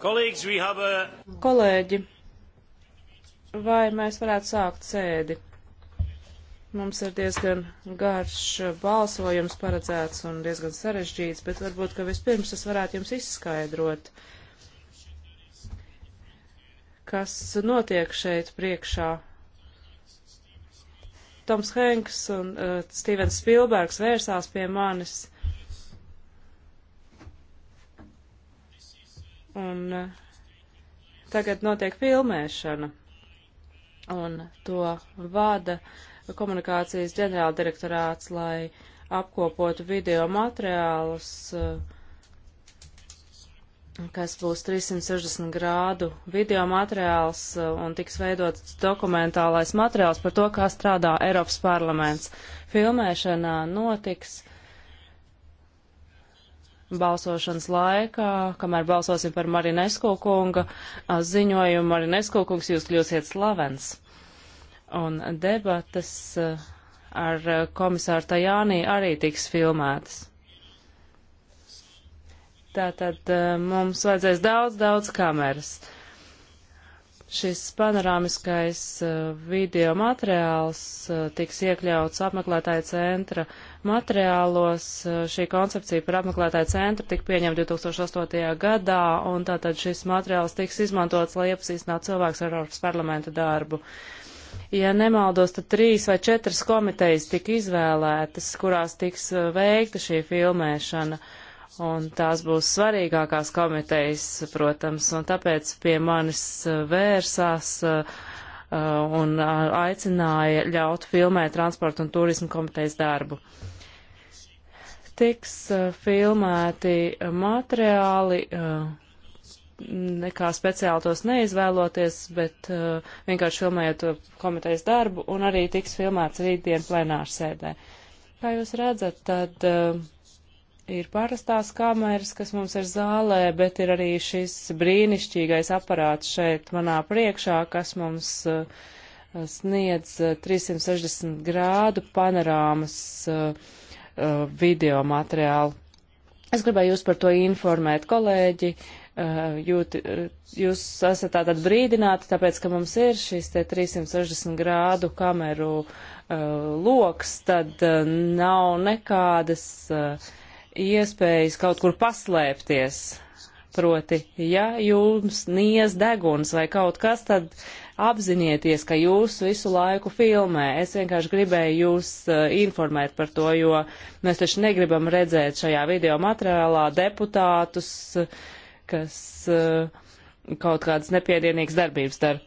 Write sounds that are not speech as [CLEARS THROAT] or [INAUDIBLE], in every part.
Kolēģi, vai mēs varētu sākt sēdi? Mums ir diezgan garš balsojums paredzēts un diezgan sarežģīts, bet varbūt, ka vispirms es varētu jums izskaidrot, kas notiek šeit priekšā Toms Henks un uh, Stevens Spilbergs vērsās pie manis Un eh, tagad notiek filmēšana, un to vada komunikācijas ģenerāldirektorāts, lai apkopotu video materiālus, eh, kas būs 360 grādu video materiāls eh, un tiks veidots dokumentālais materiāls par to, kā strādā Eiropas parlaments. Filmēšanā notiks balsošanas laikā, kamēr balsosim par Marinesko kunga ziņojumu. Marinesko kungs, jūs kļūsiet slavens. Un debatas ar komisāru Tajānī arī tiks filmētas. Tātad mums vajadzēs daudz, daudz kameras. Uh, Šis panorāmiskais uh, video materiāls uh, tiks iekļauts apmeklētāja centra materiālos. Uh, šī koncepcija par apmeklētāja centru tika pieņemta 2008. gadā, un tātad šis materiāls tiks izmantots, lai iepazīstinātu cilvēks ar Eiropas parlamenta darbu. Ja nemaldos, tad trīs vai četras komitejas tika izvēlētas, kurās tiks veikta šī filmēšana. Uh, Un tās būs svarīgākās komitejas, protams, un tāpēc pie manis uh, vērsās uh, uh un uh, aicināja ļaut filmēt transporta un turismu komitejas darbu. Tiks uh, filmēti materiāli, uh, nekā speciāli tos neizvēloties, bet vienkārši filmējot komitejas darbu un arī tiks filmēts rītdien plenārsēdē. Kā jūs redzat, tad uh, ir parastās kameras, kas mums ir zālē, bet ir arī šis brīnišķīgais aparāts šeit manā priekšā, kas mums uh, sniedz 360 uh, grādu panorāmas uh, video materiālu. Es gribēju jūs par to informēt, kolēģi. Jūt, jūs esat tātad brīdināti, tāpēc, ka mums ir šis te 360 grādu kameru uh, loks, tad uh, nav nekādas uh, iespējas kaut kur paslēpties. Proti, ja jums niez deguns vai kaut kas, tad apzinieties, ka jūs visu laiku filmē. Es vienkārši gribēju jūs uh, informēt par to, jo mēs taču negribam redzēt šajā video materiālā deputātus, kas uh, kaut kādas nepiedienīgas darbības dara.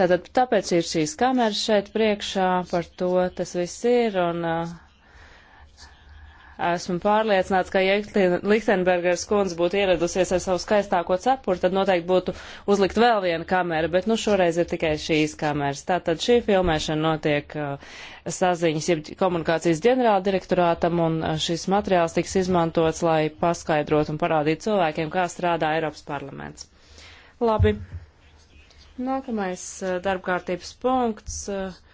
Tātad tāpēc ir šīs kameras šeit priekšā, par to tas viss ir, un uh, Esmu pārliecināts, ka ja Lichtenbergers kundze būtu ieradusies ar savu skaistāko cepuri, tad noteikti būtu uzlikt vēl viena kamera, bet nu šoreiz ir tikai šīs kameras. Tātad šī filmēšana notiek uh, saziņas, jeb komunikācijas ģenerāla direktorātam, un uh, šis materiāls tiks izmantots, lai paskaidrotu un parādītu cilvēkiem, kā strādā Eiropas parlaments. Labi. Nākamais uh, darbkārtības punkts. Uh,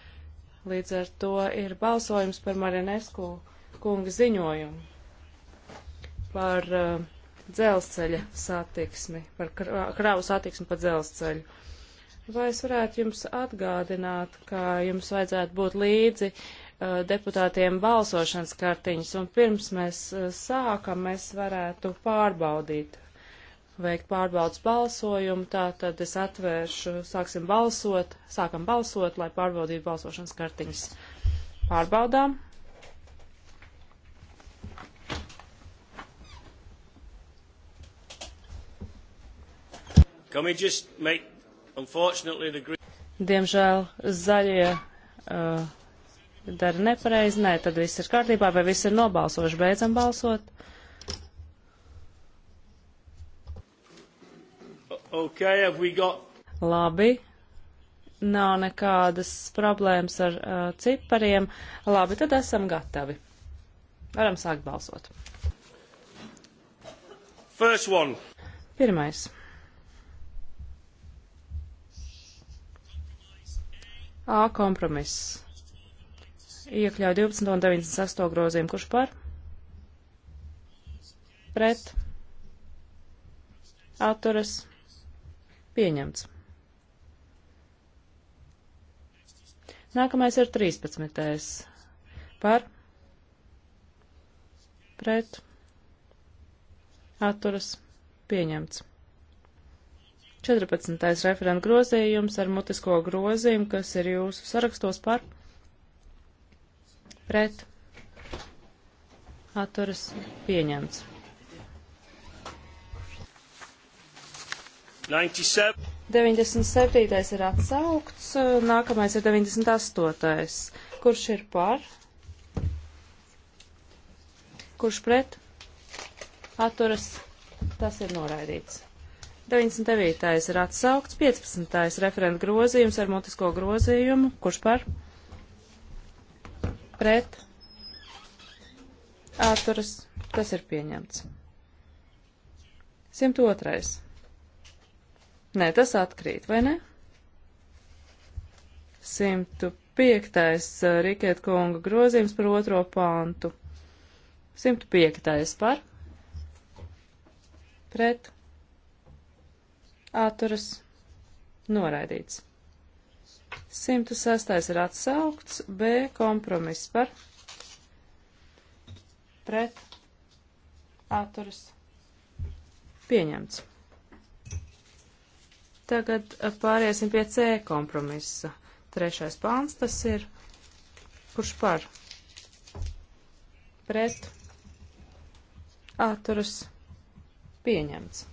Līdz ar to ir balsojums par Marinesku kunga ziņojumu par uh, dzelzceļa satiksmi, par kravu satiksmi pa dzelzceļu. Vai es varētu jums atgādināt, ka jums vajadzētu būt līdzi uh, deputātiem balsošanas kartiņas, un pirms mēs uh, sākam, mēs varētu pārbaudīt, veikt pārbaudas balsojumu, tā tad es atvēršu, sāksim balsot, sākam balsot, lai pārbaudītu balsošanas kartiņas. Pārbaudām. Make, the... Diemžēl zaļie uh, dara nepareizi. Nē, tad viss ir kārtībā, vai viss ir nobalsoši. Beidzam balsot. Okay, have we got... Labi. Nav nekādas problēmas ar uh, cipariem. Labi, tad esam gatavi. Varam sākt balsot. First one. Pirmais. A kompromiss. Iekļauj 12 un 98 grozījumu. Kurš par? Pret. Atturas. Pieņemts. Nākamais ir 13. Par. Pret. Atturas. Pieņemts. 14. referenta grozījums ar mutisko grozījumu, kas ir jūsu sarakstos par pret atturas pieņemts. 97. 97. ir atsaukts, nākamais ir 98. Kurš ir par? Kurš pret? Atturas. Tas ir noraidīts. 99. ir atsaukts, 15. referenta grozījums ar mutisko grozījumu. Kurš par? Pret. Āturas. Tas ir pieņemts. 102. Nē, tas atkrīt, vai ne? 105. Uh, Rikēt kunga grozījums par otro pāntu. 105. par. Pret atturas noraidīts. 106. ir atsaukts, B kompromiss par pret atturas pieņemts. Tagad eh, pāriesim pie C kompromisa. Trešais pāns tas ir, kurš par pret atturas pieņemts.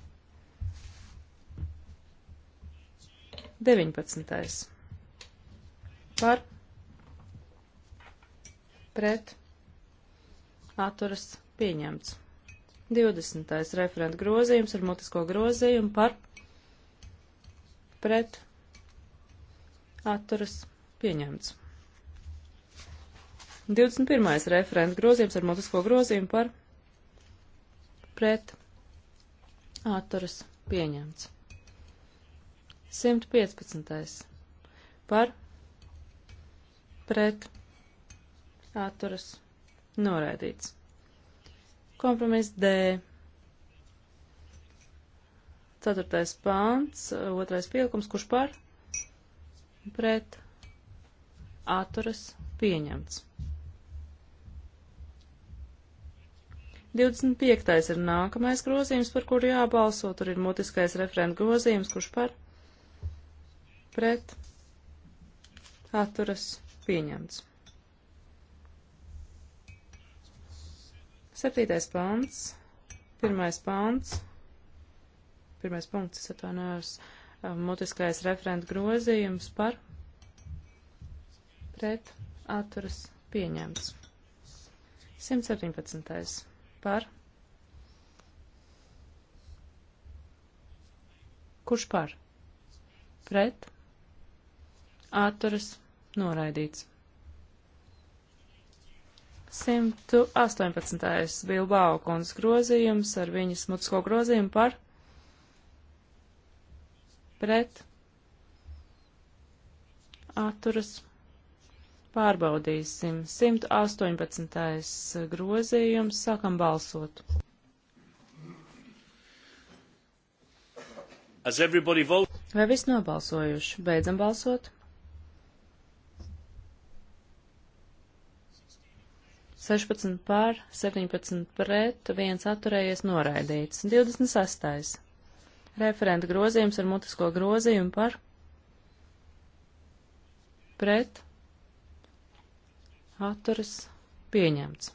19. par pret atturas pieņemts. 20. referenta grozījums ar mutisko grozījumu par pret atturas pieņemts. 21. referenta grozījums ar mutisko grozījumu par pret atturas pieņemts. 115. par pret atturas noraidīts. Kompromiss D. Ceturtais pāns, otrais pielikums, kurš par pret atturas pieņemts. 25. ir nākamais grozījums, par kuru jābalso. Tur ir mutiskais referenta grozījums, kurš par pret atturas pieņemts. Septītais pants, pirmais pants, pirmais punkts, es atvainojos, um, mutiskais referenta grozījums par pret atturas pieņemts. 117. par. Kurš par? Pret atturas noraidīts. 118. Bilbao kundzes grozījums ar viņas mutisko grozījumu par pret atturas pārbaudīsim. 118. grozījums sākam balsot. Vai viss nobalsojuši? Beidzam balsot. 16 pār, 17 pret, 1 atturējies noraidīts. 26. Referenta grozījums ar mutisko grozījumu par pret atturas pieņemts.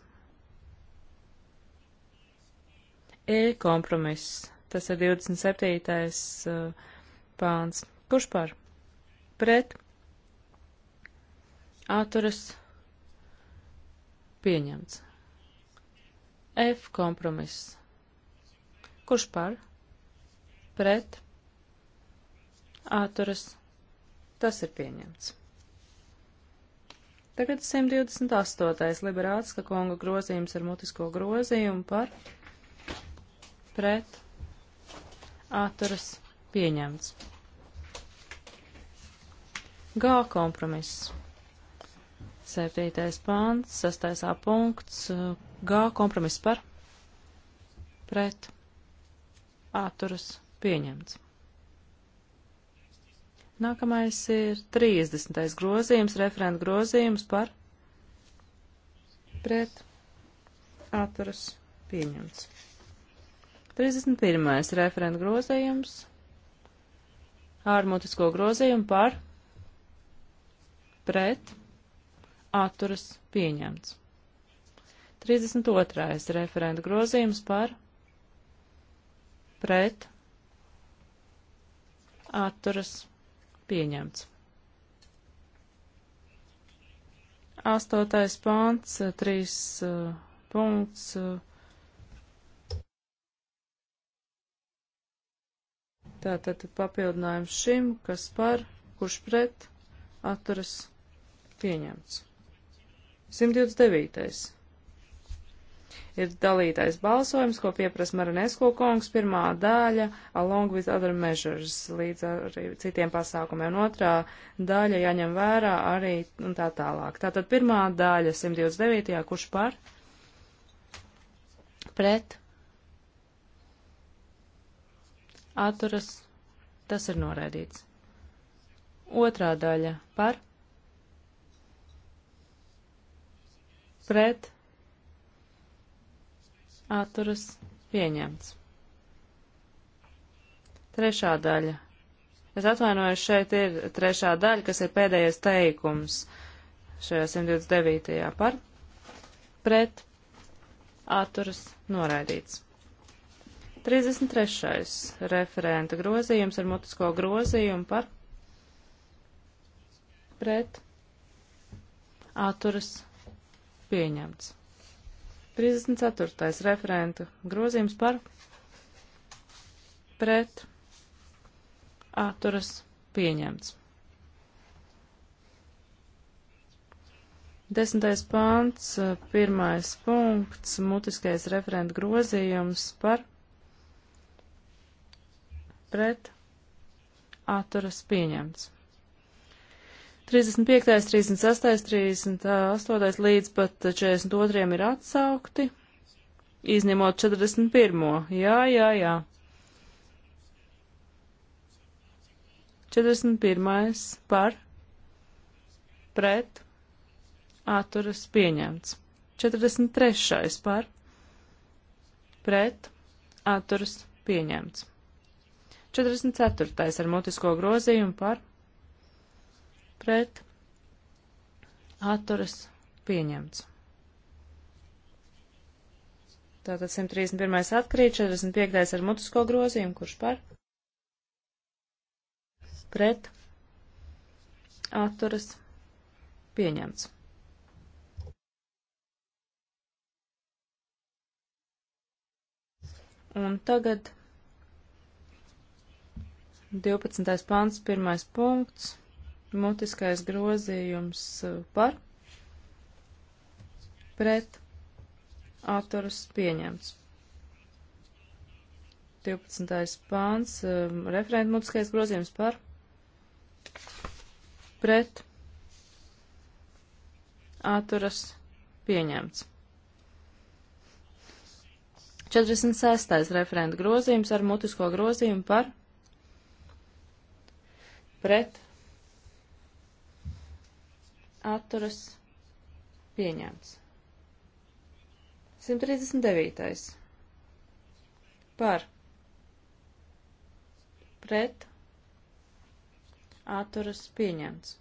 E kompromiss, tas ir 27. Uh, pāns. Kurš par? Pret atturas pieņemts Pieņemts. F kompromiss. Kurš par? Pret. Āturas. Tas ir pieņemts. Tagad 128. liberātska konga grozījums ar mutisko grozījumu par pret atturas pieņemts. G kompromiss. Septītais pants, sastais A punkts, G kompromiss par, pret, atturas pieņemts. Nākamais ir 30. grozījums, referenta grozījums par pret atturas pieņemts. 31. referenta grozījums ar mutisko grozījumu par pret atturas pieņemts. 32. referenta grozījums par pret atturas pieņemts. 8. pants, 3 uh, punkts. Uh. Tātad papildinājums šim, kas par, kurš pret, atturas pieņemts. 129. Ir dalītais balsojums, ko pieprasa Marinesko kungs, pirmā daļa, along with other measures, līdz ar citiem pasākumiem, un otrā daļa jāņem vērā arī un tā tālāk. Tātad pirmā daļa 129. kurš par? Pret? Atturas? Tas ir noraidīts. Otrā daļa par? pret atturas pieņemts. Trešā daļa. Es atvainojos, šeit ir trešā daļa, kas ir pēdējais teikums šajā 129. par pret atturas noraidīts. 33. referenta grozījums ar mutisko grozījumu par pret atturas noraidīts pieņemts. 34. referenta grozījums par pret atturas pieņemts. 10. pāns, 1. punkts, mutiskais referenta grozījums par pret atturas pieņemts. 35., 36., 38. līdz pat 42. ir atsaukti, izņemot 41. Jā, jā, jā. 41. par, pret, atturas pieņemts. 43. par, pret, atturas pieņemts. 44. ar mutisko grozījumu par, pret atturas pieņemts. Tātad 131. atkrīt, 45. ar mutisko grozījumu, kurš par? Pret atturas pieņemts. Un tagad 12. pants, 1. punkts. Mutiskais grozījums uh, par pret atturas pieņemts. 12. pāns, um, referenta mutiskais grozījums par pret atturas pieņemts. 46. referenta grozījums ar mutisko grozījumu par pret atturas pieņemts. 139. par pret atturas pieņemts.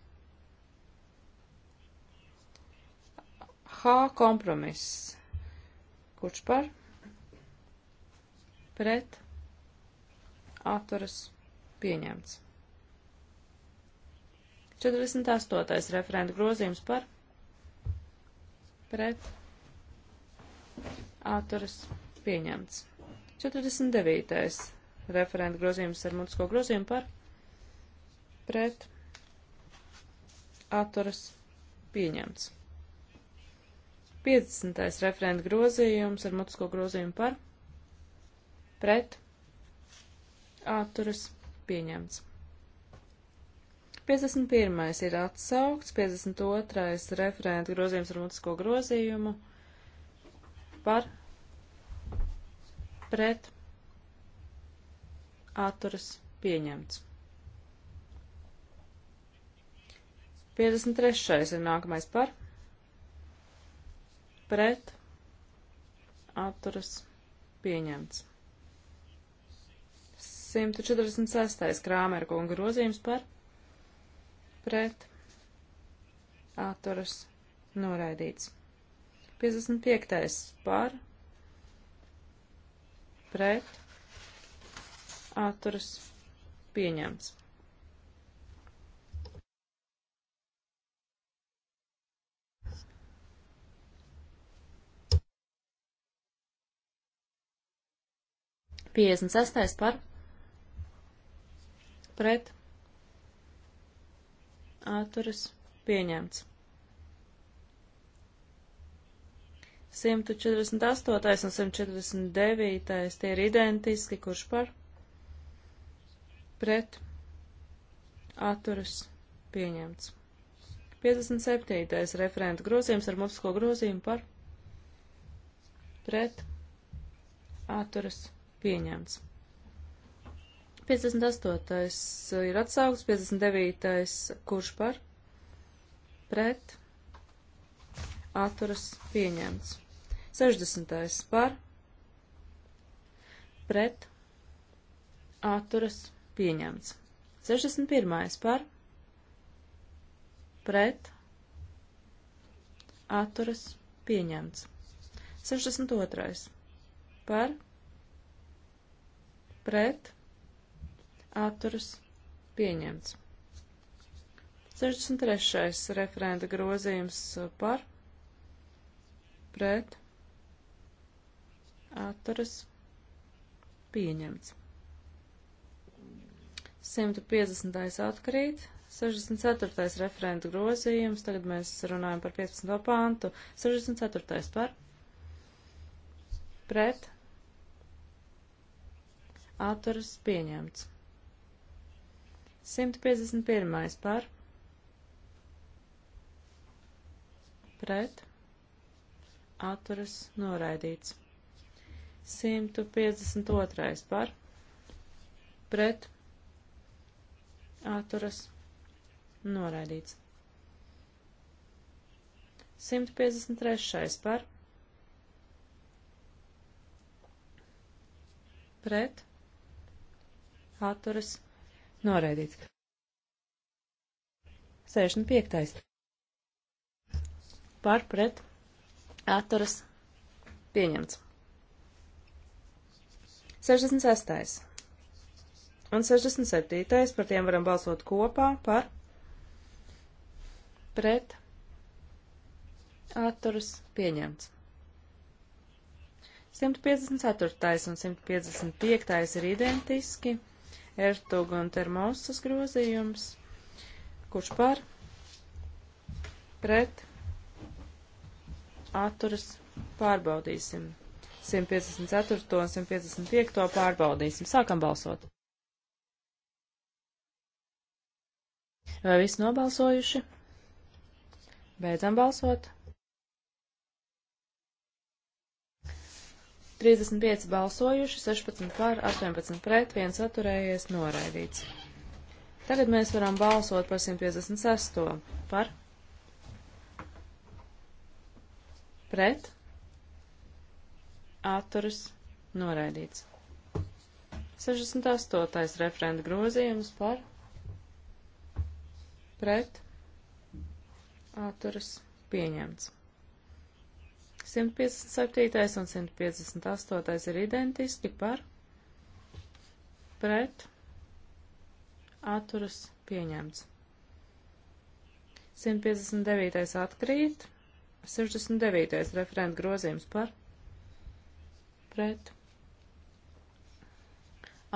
H kompromiss. Kurš par? Pret atturas pieņemts. 48. referenta grozījums par pret atturas pieņemts. 49. referenta grozījums ar mutisko grozījumu par pret atturas pieņemts. 50. referenta grozījums ar mutisko grozījumu par pret atturas pieņemts. 51. ir atsaukts, 52. referenta grozījums ar mutisko grozījumu par pret atturas pieņemts. 53. ir nākamais par pret atturas pieņemts. 146. krāmerkunga grozījums par pret pret atturas noraidīts. 55. par pret atturas pieņemts. Piecdesmit sestais par pret atturas pieņemts. 148. un 149. tie ir identiski, kurš par pret atturas pieņemts. 57. referenta grozījums ar mutisko grozījumu par pret atturas pieņemts. 58. Uh, ir atsaukts, 59. kurš par pret atturas pieņemts. 60. par pret atturas pieņemts. 61. par pret atturas pieņemts. 62. par pret atturas pieņemts. 63. referenta grozījums par pret atturas pieņemts. 150. atkrīt, 64. referenta grozījums, tagad mēs runājam par 15. pāntu, 64. par pret atturas pieņemts. 151. par pret atturas noraidīts. 152. par pret atturas noraidīts. 153. par pret atturas noraidīts Noraidīts. 65. Par pret atturas pieņemts. 66. Un 67. par tiem varam balsot kopā par pret atturas pieņemts. 154. un 155. ir identiski Ertuga un Termausas grozījums. Kurš par? Pret? Atturas pārbaudīsim. 154. un 155. pārbaudīsim. Sākam balsot. Vai viss nobalsojuši? Beidzam balsot. 35 balsojuši, 16 par, 18 pret, 1 atturējies, noraidīts. Tagad mēs varam balsot par 156. Par? Pret? Atturis? Noraidīts. 68. referenta grozījums par? Pret? Atturis? Pieņemts. 157. un 158. ir identiski par pret atturas pieņemts. 159. atkrīt, 69. referenta grozījums par pret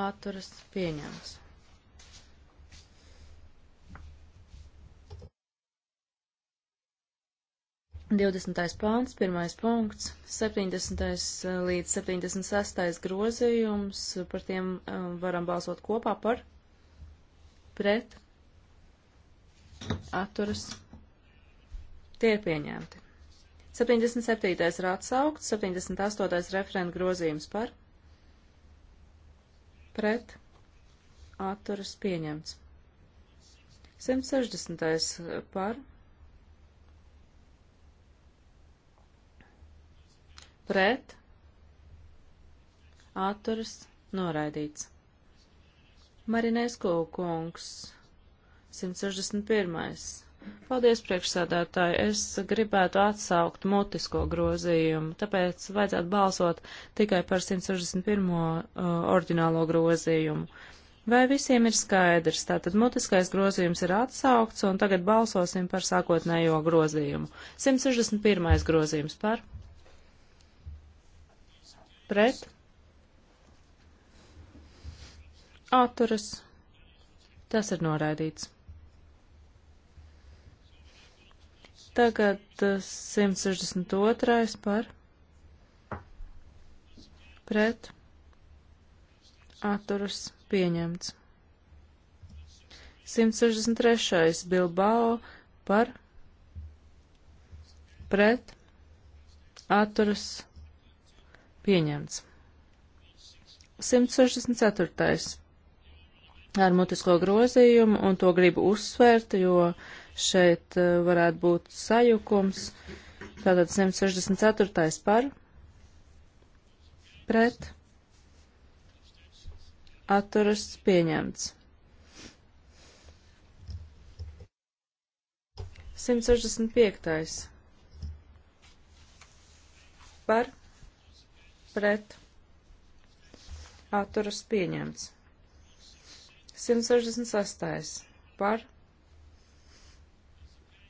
atturas pieņemts. 20. pāns, 1. punkts, 70. Eh, līdz 76. grozījums, par tiem eh, varam balsot kopā par, pret, atturas, tie ir pieņemti. 77. ir atsaukts, 78. referenta grozījums par, pret, atturas pieņemts. 160. Eh, par, pret, pret, atturas, noraidīts. Marinesko kungs, 161. Paldies, priekšsādātāji. Es gribētu atsaukt mutisko grozījumu, tāpēc vajadzētu balsot tikai par 161. Uh, orģinālo grozījumu. Vai visiem ir skaidrs? Tātad mutiskais grozījums ir atsaukts, un tagad balsosim par sākotnējo grozījumu. 161. grozījums par pret, atturas, tas ir noraidīts. Tagad 162. Eh, par pret atturas pieņemts. 163. Bilbao par pret atturas pieņemts Pieņemts. 164. ar mutisko grozījumu, un to gribu uzsvērt, jo šeit eh, varētu būt sajukums. Tātad 164. par, pret, atturas pieņemts. 165. par, pret atturas pieņemts. 166. par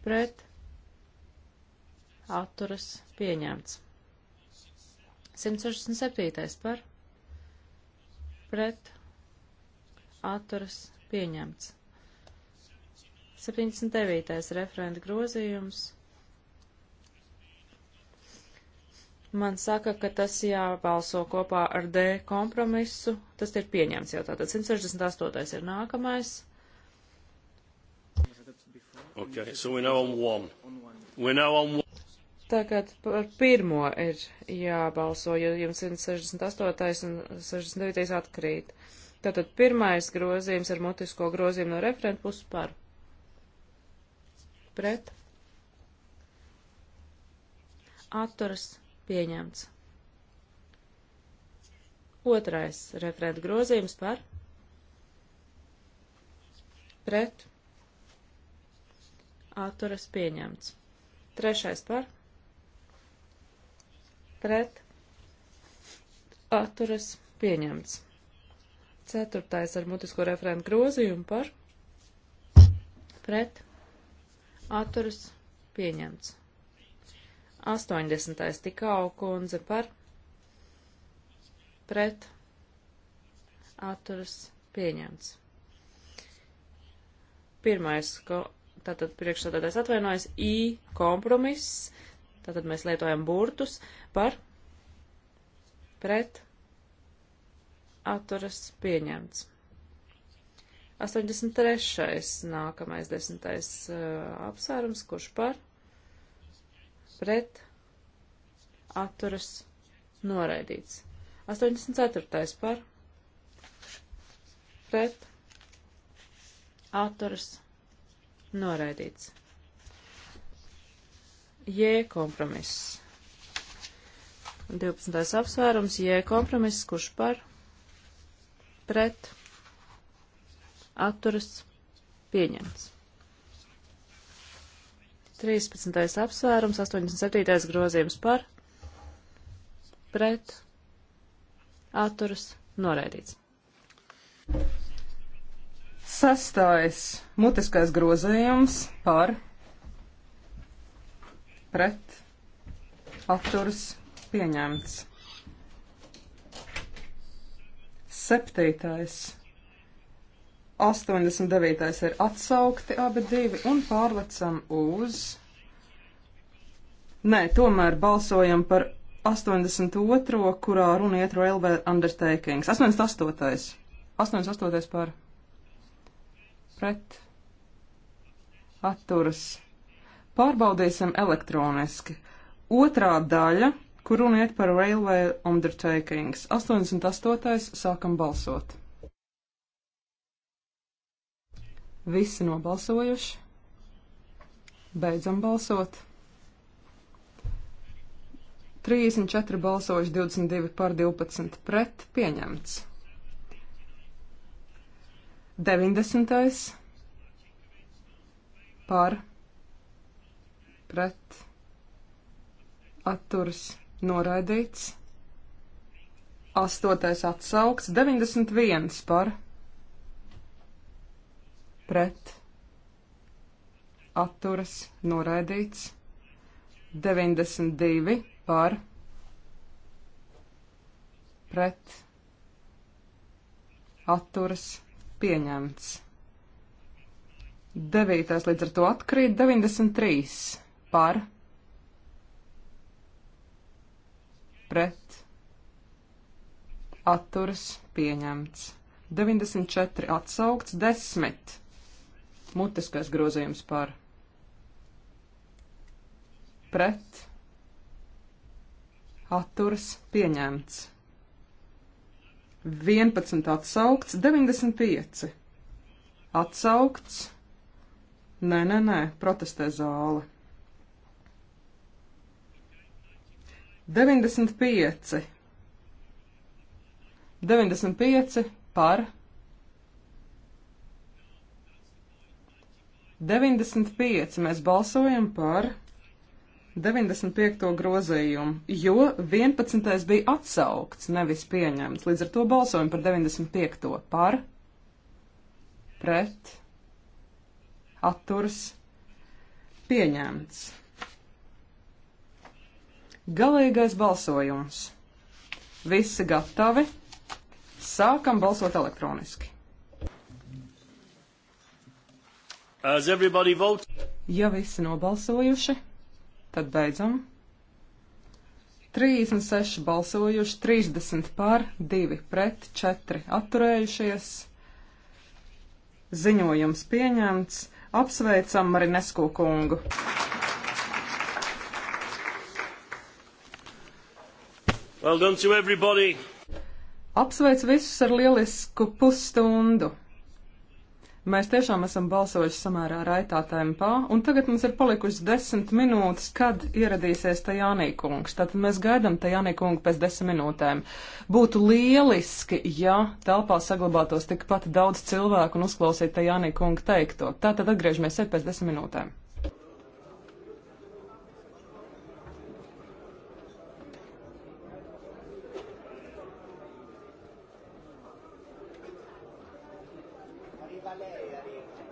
pret atturas pieņemts. 167. par pret atturas pieņemts. 79. referenta grozījums Man saka, ka tas jābalso kopā ar D kompromisu. Tas ir pieņemts jau tātad. 168. ir nākamais. Okay, so we're now on one. We're now on one. Tagad par pirmo ir jābalso, jo jums 168. un 69. atkrīt. Tātad pirmais grozījums ar mutisko grozījumu no referenta puses par. Pret. Atturas. Pieņemts. Otrais referenta grozījums par pret atturas pieņemts. Trešais par pret atturas pieņemts. Ceturtais ar mutisko referentu grozījumu par pret atturas pieņemts. 80. tikau kundze par pret atturas pieņemts. Pirmais, ko, tātad priekšsādātais atvainojas, I kompromiss, tātad mēs lietojam burtus par pret atturas pieņemts. 83. nākamais desmitais uh, apsvērums, kurš par pret pret atturas noraidīts. 84. par pret atturas noraidīts. J kompromiss. 12. apsvērums J kompromiss, kurš par pret atturas pieņemts. 13. apsvērums, 87. grozījums par, pret, atturas, noraidīts. Sastais mutiskais grozījums par, pret, atturas, pieņemts. Septītais 89. ir atsaukti abi divi un pārlecam uz. Nē, tomēr balsojam par 82. kurā runa iet Railway Undertakings. 88. 88. par pret atturas. Pārbaudīsim elektroniski. Otrā daļa, kur runa iet par Railway Undertakings. 88. sākam balsot. Visi nobalsojuši. Beidzam balsot. 34 balsojuši, 22 par 12 pret pieņemts. 90. par pret atturs noraidīts. 8. atsaukts, 91 par pret pret, atturas, noraidīts, 92 par, pret, atturas, pieņemts. 9. līdz ar to atkrīt 93 par, pret, atturas, pieņemts. 94 atsaukts, 10 Mutiskais grozījums par pret atturas pieņemts. 11 atsaukts, 95 atsaukts. Nē, nē, nē, protestē zāle. 95 95 par 95. Mēs balsojam par 95. grozījumu, jo 11. bija atsaukts, nevis pieņemts. Līdz ar to balsojam par 95. par, pret, atturs, pieņemts. Galīgais balsojums. Visi gatavi. Sākam balsot elektroniski. Ja visi nobalsojuši, tad beidzam. 36 balsojuši, 30 pār, 2 pret, 4 atturējušies. Ziņojums pieņemts. Apsveicam Marinesku kungu. Well done to everybody. Apsveic visus ar lielisku pusstundu. Mēs tiešām esam balsojuši samērā raitā tempā, un tagad mums ir palikusi desmit minūtes, kad ieradīsies te Jānīkungs. Tātad mēs gaidām te Jānīkungu pēc desmit minūtēm. Būtu lieliski, ja telpā saglabātos tikpat daudz cilvēku un uzklausītu te Jānīkungu teikto. Tātad atgriežamies šeit pēc desmit minūtēm. a lei, arrivederci.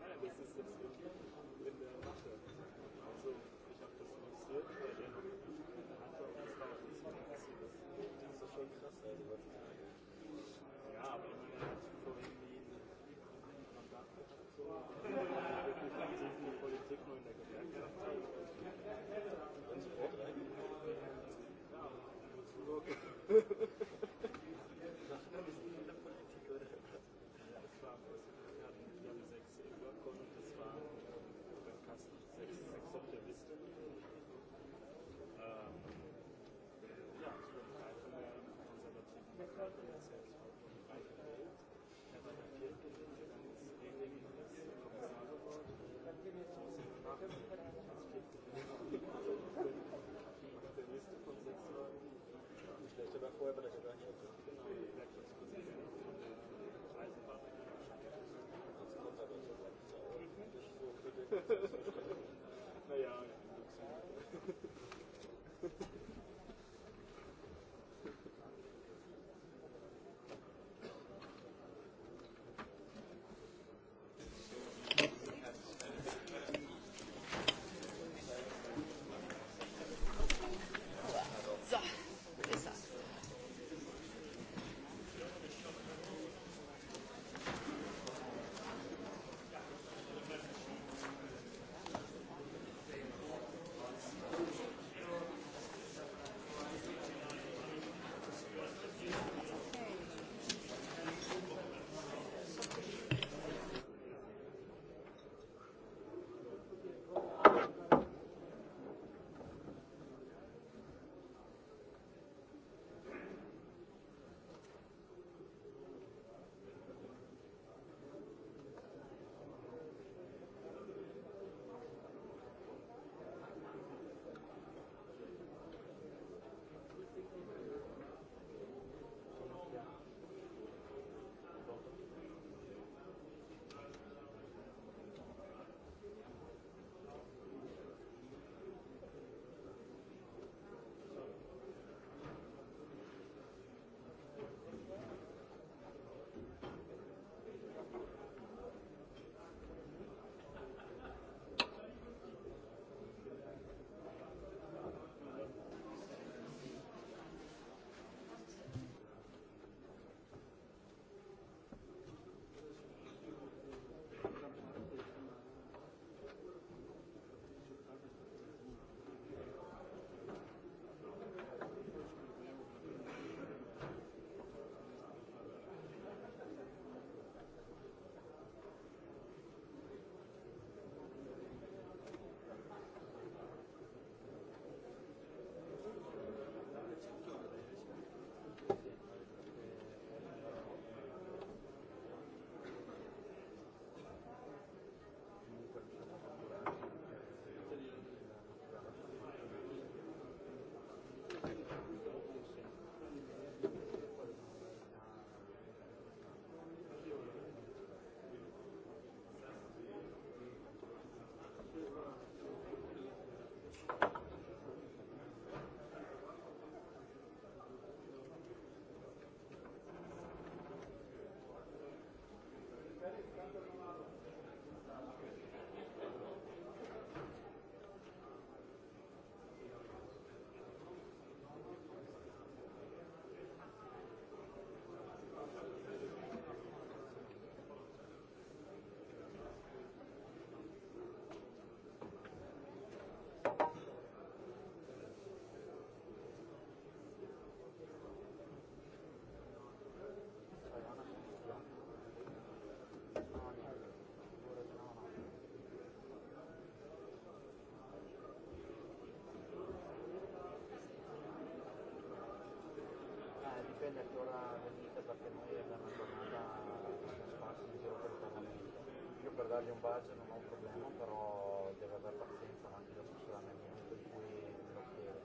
appena è tornata venita perché noi abbiamo tornata a sparsi in giro per il Parlamento. Io per dargli un budget non ho un problema, però deve avere pazienza anche da solo nel momento in cui me lo chiede.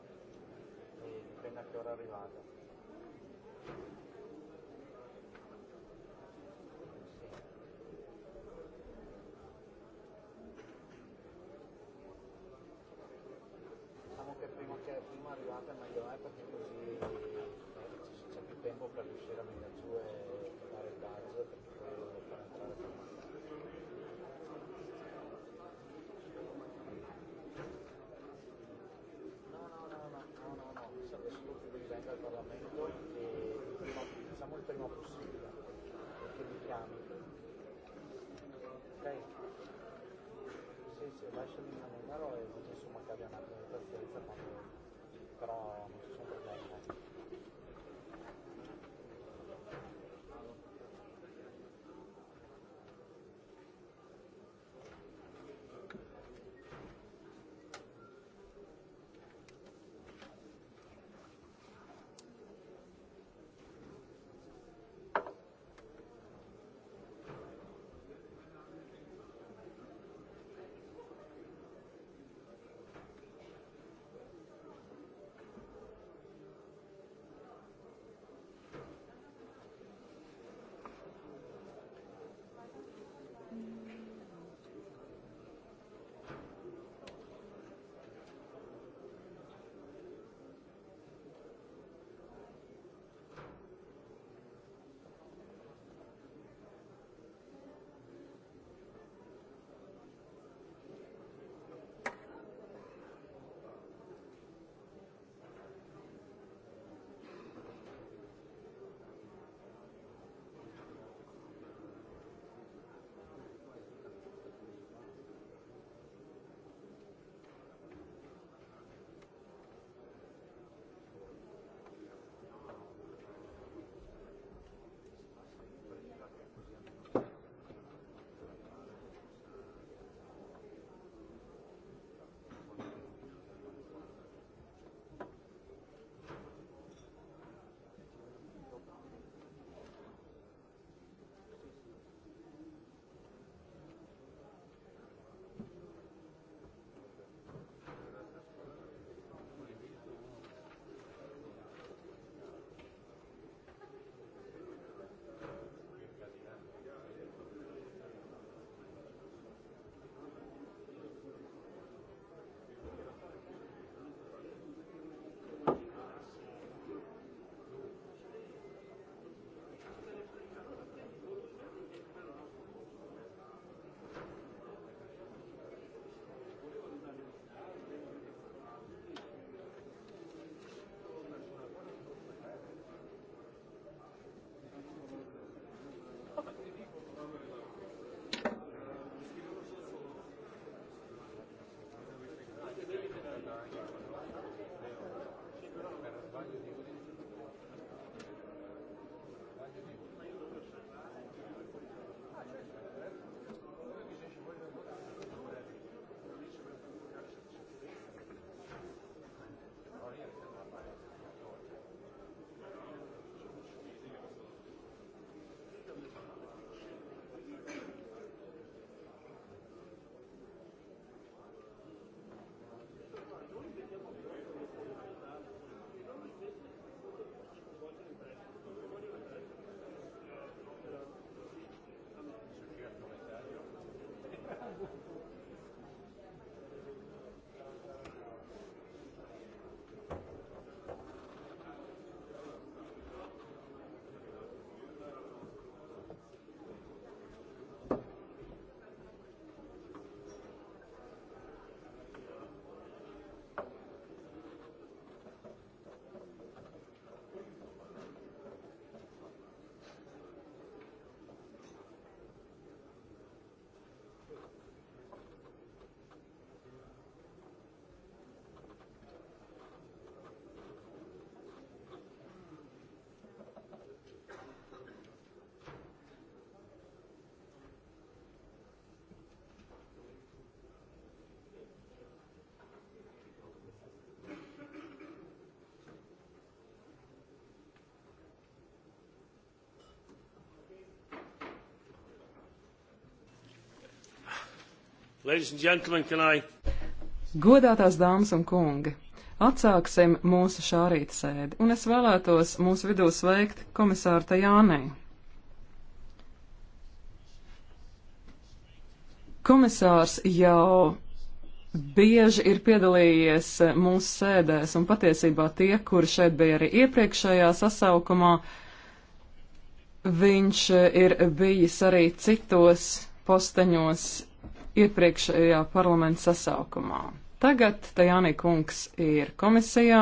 E dipende a che ora è arrivata. Godātās dāmas un kungi, atsāksim mūsu šā rīta sēdi, un es vēlētos mūsu vidū sveikt komisāru Tajānī. Komisārs jau bieži ir piedalījies mūsu sēdēs, un patiesībā tie, kuri šeit bija arī iepriekšējā sasaukumā, viņš ir bijis arī citos posteņos iepriekšējā parlamenta sasaukumā. Tagad Tajānī kungs ir komisijā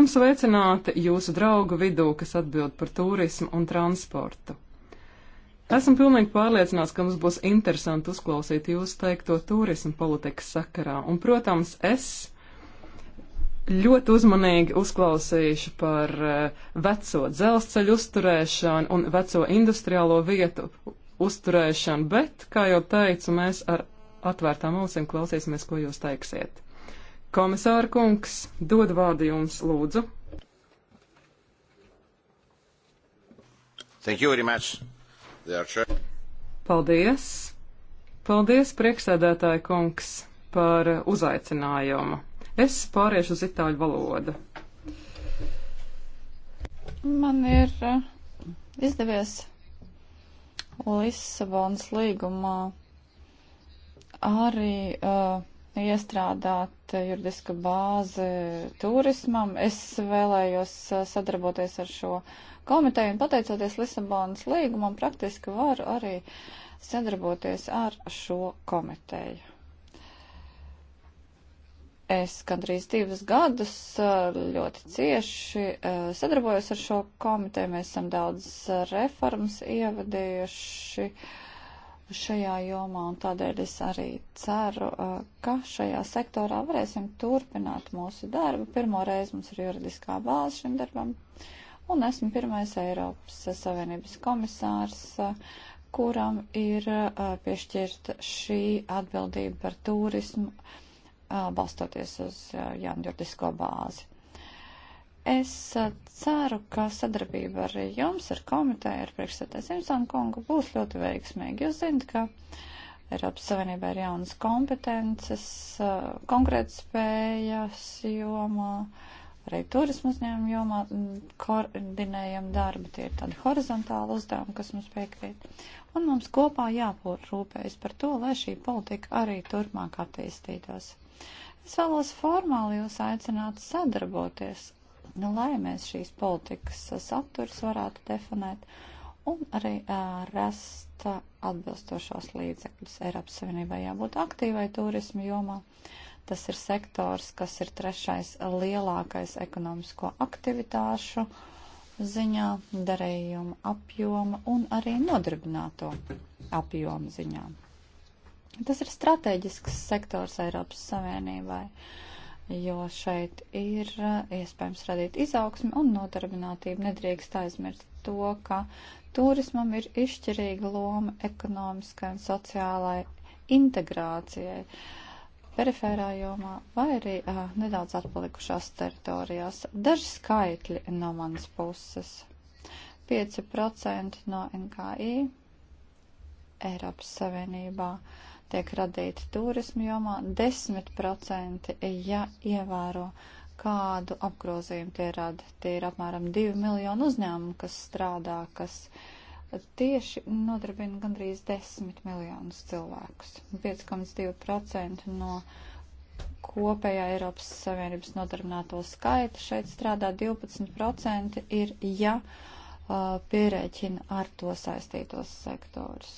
un sveicināti jūsu draugu vidū, kas atbild par turismu un transportu. Esmu pilnīgi pārliecināts, ka mums būs interesanti uzklausīt jūsu teikto turismu politikas sakarā. Un, protams, es ļoti uzmanīgi uzklausījuši par eh, veco dzelzceļu uzturēšanu un veco industriālo vietu uzturēšanu, bet, kā jau teicu, mēs ar atvērtām ausīm klausīsimies, ko jūs teiksiet. Komisāra kungs, dod vārdu jums, lūdzu. Thank you very much. Paldies. Paldies, priekšsēdētāja kungs, par uzaicinājumu. Es pāriešu uz itāļu valodu. Man ir eh, izdevies Lisabonas līgumā arī uh, iestrādāt juridiska bāze turismam. Es vēlējos uh, sadarboties ar šo komiteju un pateicoties Lisabonas līgumam praktiski varu arī sadarboties ar šo komiteju. Es gandrīz divus gadus eh, ļoti cieši eh, sadarbojos ar šo komiteju. Mēs esam daudz eh, reformas ievadījuši šajā jomā, un tādēļ es arī ceru, ka šajā sektorā varēsim turpināt mūsu darbu. Pirmo reizi mums ir juridiskā bāze šim darbam, un esmu pirmais Eiropas Savienības komisārs, kuram ir piešķirta šī atbildība par turismu balstoties uz jaunu juridisko bāzi. Es ceru, ka sadarbība ar jums, ar komiteju, ar priekšsētā Simpsonu kungu būs ļoti veiksmīga. Jūs zinat, ka Eiropas Savienībā ir jaunas kompetences, konkrētspējas jomā, arī turismu uzņēmumu jomā koordinējam darbu. Tie ir tādi horizontāli uzdevumi, kas mums piekrīt. Un mums kopā jāpūr rūpējas par to, lai šī politika arī turpmāk attīstītos. Es vēlos formāli jūs aicināt sadarboties, nu, lai mēs šīs politikas saturs varētu definēt un arī uh, rast atbilstošos līdzekļus. Eiropas Savienībai jābūt aktīvai turismu jomā. Tas ir sektors, kas ir trešais lielākais ekonomisko aktivitāšu ziņā, darījuma apjoma un arī nodarbināto apjoma ziņā. Tas ir strateģisks sektors Eiropas Savienībai, jo šeit ir uh, iespējams radīt izaugsmi un nodarbinātību. Nedrīkst aizmirst to, ka turismam ir izšķirīga loma ekonomiskai un sociālai integrācijai. Uh, perifērā jomā vai arī uh, nedaudz atpalikušās teritorijās. Daži skaitļi no manas puses. 5% no NKI Eiropas Savienībā uh, tiek radīti turismu jomā, 10% ja ievēro kādu apgrozījumu tie rada. Tie ir apmēram 2 miljonu uzņēmumu, kas strādā, kas tieši nodarbina gandrīz 10 miljonus cilvēkus. 5,2% no kopējā Eiropas Savienības nodarbināto skaitu šeit strādā 12% ir, ja uh, pierēķina ar to saistītos sektorus.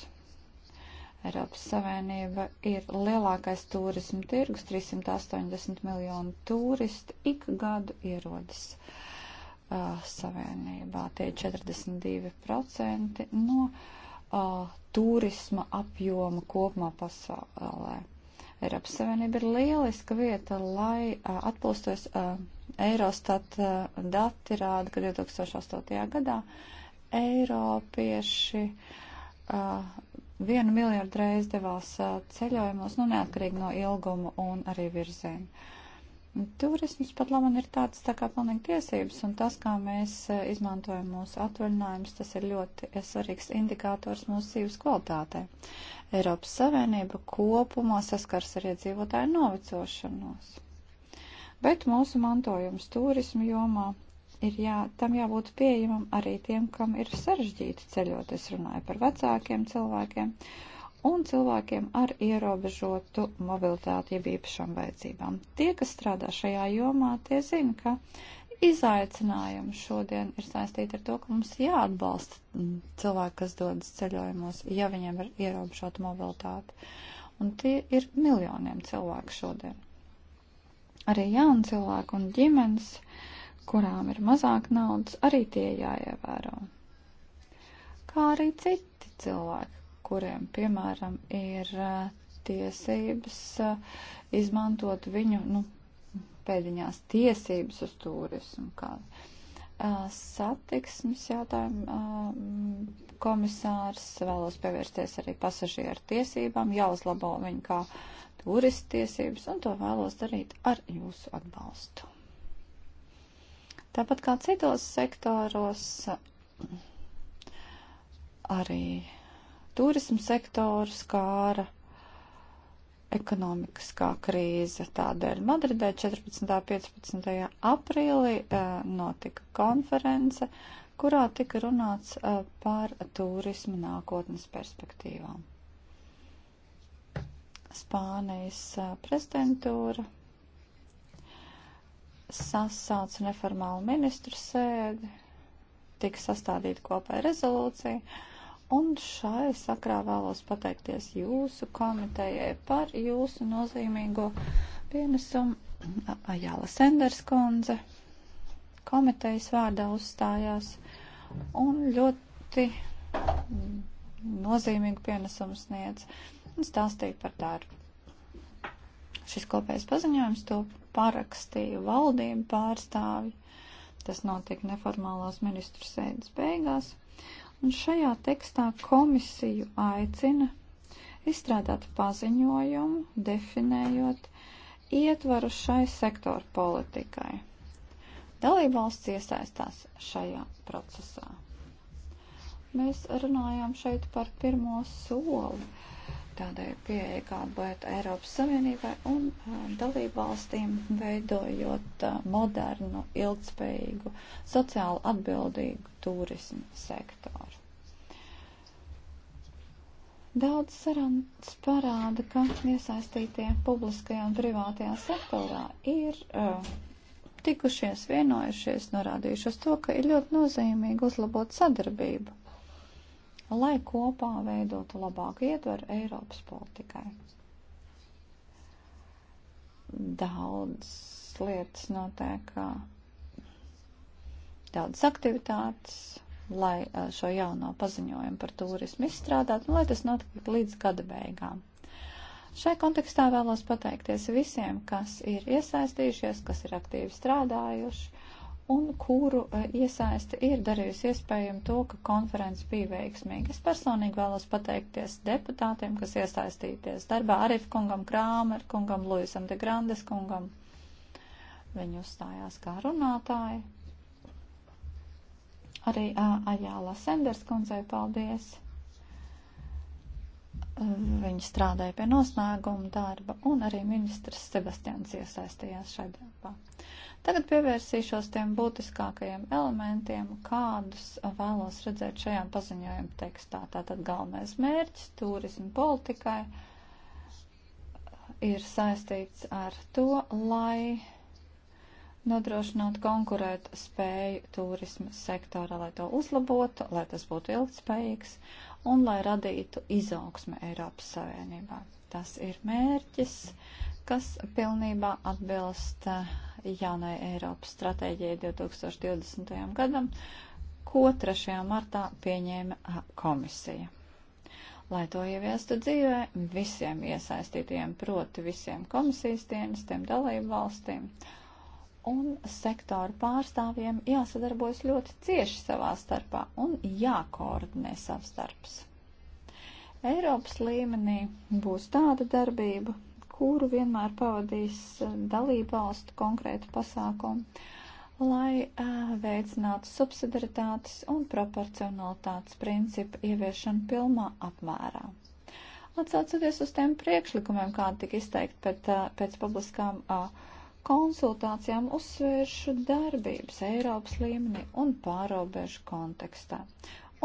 Eiropas Savienība ir lielākais turismu tirgus, 380 miljonu turistu ik gadu ierodas uh, Savienībā. Tie 42% no uh, turisma apjoma kopumā pasaulē. Eiropas Savienība ir lieliska vieta, lai uh, atpūstos uh, Eirostat uh, dati rāda, ka 2008. gadā Eiropieši uh, vienu miljardu reizi devās ceļojumos, nu neatkarīgi no ilguma un arī virziena. Turisms pat labi ir tāds tā kā pilnīgi tiesības, un tas, kā mēs izmantojam mūsu atvaļinājumus, tas ir ļoti svarīgs indikators mūsu dzīves kvalitātei. Eiropas Savienība kopumā saskars ar iedzīvotāju novecošanos. Bet mūsu mantojums turismu jomā ir jā, tam jābūt pieejamam arī tiem, kam ir sarežģīti ceļot. Es runāju par vecākiem cilvēkiem un cilvēkiem ar ierobežotu mobilitāti, jeb īpašām vajadzībām. Tie, kas strādā šajā jomā, tie zina, ka izaicinājumi šodien ir saistīti ar to, ka mums jāatbalsta mm, cilvēki, kas dodas ceļojumos, ja viņiem ir ierobežota mobilitāte. Un tie ir miljoniem cilvēku šodien. Arī jauni cilvēki un ģimenes uh, kurām ir mazāk naudas, arī tie jāievēro. Kā arī citi cilvēki, kuriem, piemēram, ir eh, tiesības eh, izmantot viņu, nu, pēdiņās tiesības uz turismu, kā eh, satiksmes jautājumu komisārs, vēlos pievērsties arī pasažieru tiesībām, jāuzlabo viņu kā turistiesības, un to vēlos darīt ar jūsu atbalstu. Tāpat kā citos sektoros, arī turismu sektoru skāra ekonomiskā krīze. Tādēļ Madridē 14. un 15. aprīlī eh, notika konference, kurā tika runāts eh, par turismu nākotnes perspektīvām. Spānijas eh, prezidentūra sasauc neformālu ministru sēdi, tika sastādīta kopēja rezolūcija, un šai sakrā vēlos pateikties jūsu komitejai par jūsu nozīmīgo pienesumu. Ajāla Senders kundze komitejas vārdā uzstājās un ļoti nozīmīgu pienesumu sniedz un stāstīja par darbu. Šis kopējais paziņojums to parakstīja valdību pārstāvi. Tas notika neformālās ministru sēdes beigās. Un šajā tekstā komisiju aicina izstrādāt paziņojumu, definējot ietvaru šai sektoru politikai. Dalībvalsts iesaistās šajā procesā. Mēs runājām šeit par pirmo soli tādai pieeja, kāda būtu Eiropas Savienībai un dalību valstīm, veidojot modernu, ilgspējīgu, sociāli atbildīgu turismu sektoru. Daudz sarunas parāda, ka iesaistītie publiskajā un privātajā sektorā ir uh, tikušies, vienojušies, norādījuši uz to, ka ir ļoti nozīmīgi uzlabot sadarbību lai kopā veidotu labāku ietvaru Eiropas politikai. Daudz lietas notiek, daudz aktivitātes, lai uh, šo jauno paziņojumu par turismu izstrādātu un nu, lai tas notika līdz gada beigām. Šai kontekstā vēlos pateikties visiem, kas ir iesaistījušies, kas ir aktīvi strādājuši un kuru e, iesaisti ir darījusi iespējami to, ka konferences bija veiksmīga. Es personīgi vēlos pateikties deputātiem, kas iesaistīties darbā Arif kungam, Krāmer kungam, Luisam de Grandes kungam. Viņi uzstājās kā runātāji. Arī e, Ajāla Senders kundzei paldies. E, Viņa strādāja pie noslēguma darba, un arī ministrs Sebastians iesaistījās šajā darbā. Tagad pievērsīšos tiem būtiskākajiem elementiem, kādus vēlos redzēt šajā paziņojuma tekstā. Tātad galvenais mērķis turismu politikai ir saistīts ar to, lai nodrošinātu konkurēt spēju turismu sektorā, lai to uzlabotu, lai tas būtu ilgtspējīgs un lai radītu izaugsme Eiropas Savienībā. Tas ir mērķis, kas pilnībā atbilst uh, jaunai Eiropas stratēģijai 2020. gadam, ko 3. martā pieņēma komisija. Lai to ieviestu dzīvē, visiem iesaistītiem, proti visiem komisijas dienestiem, dalību valstīm un sektoru pārstāvjiem jāsadarbojas ļoti cieši savā starpā un jākoordinē savs darbs. Eiropas līmenī būs tāda darbība, kuru vienmēr pavadīs eh, dalību valstu konkrētu pasākumu, lai eh, veicinātu subsidaritātes un proporcionalitātes principu ieviešanu pilnā apmērā. Atsaucoties uz tiem priekšlikumiem, kādi tika izteikti pēc, eh, pēc publiskām konsultācijām, uzsvēršu darbības Eiropas līmenī un pārobežu kontekstā.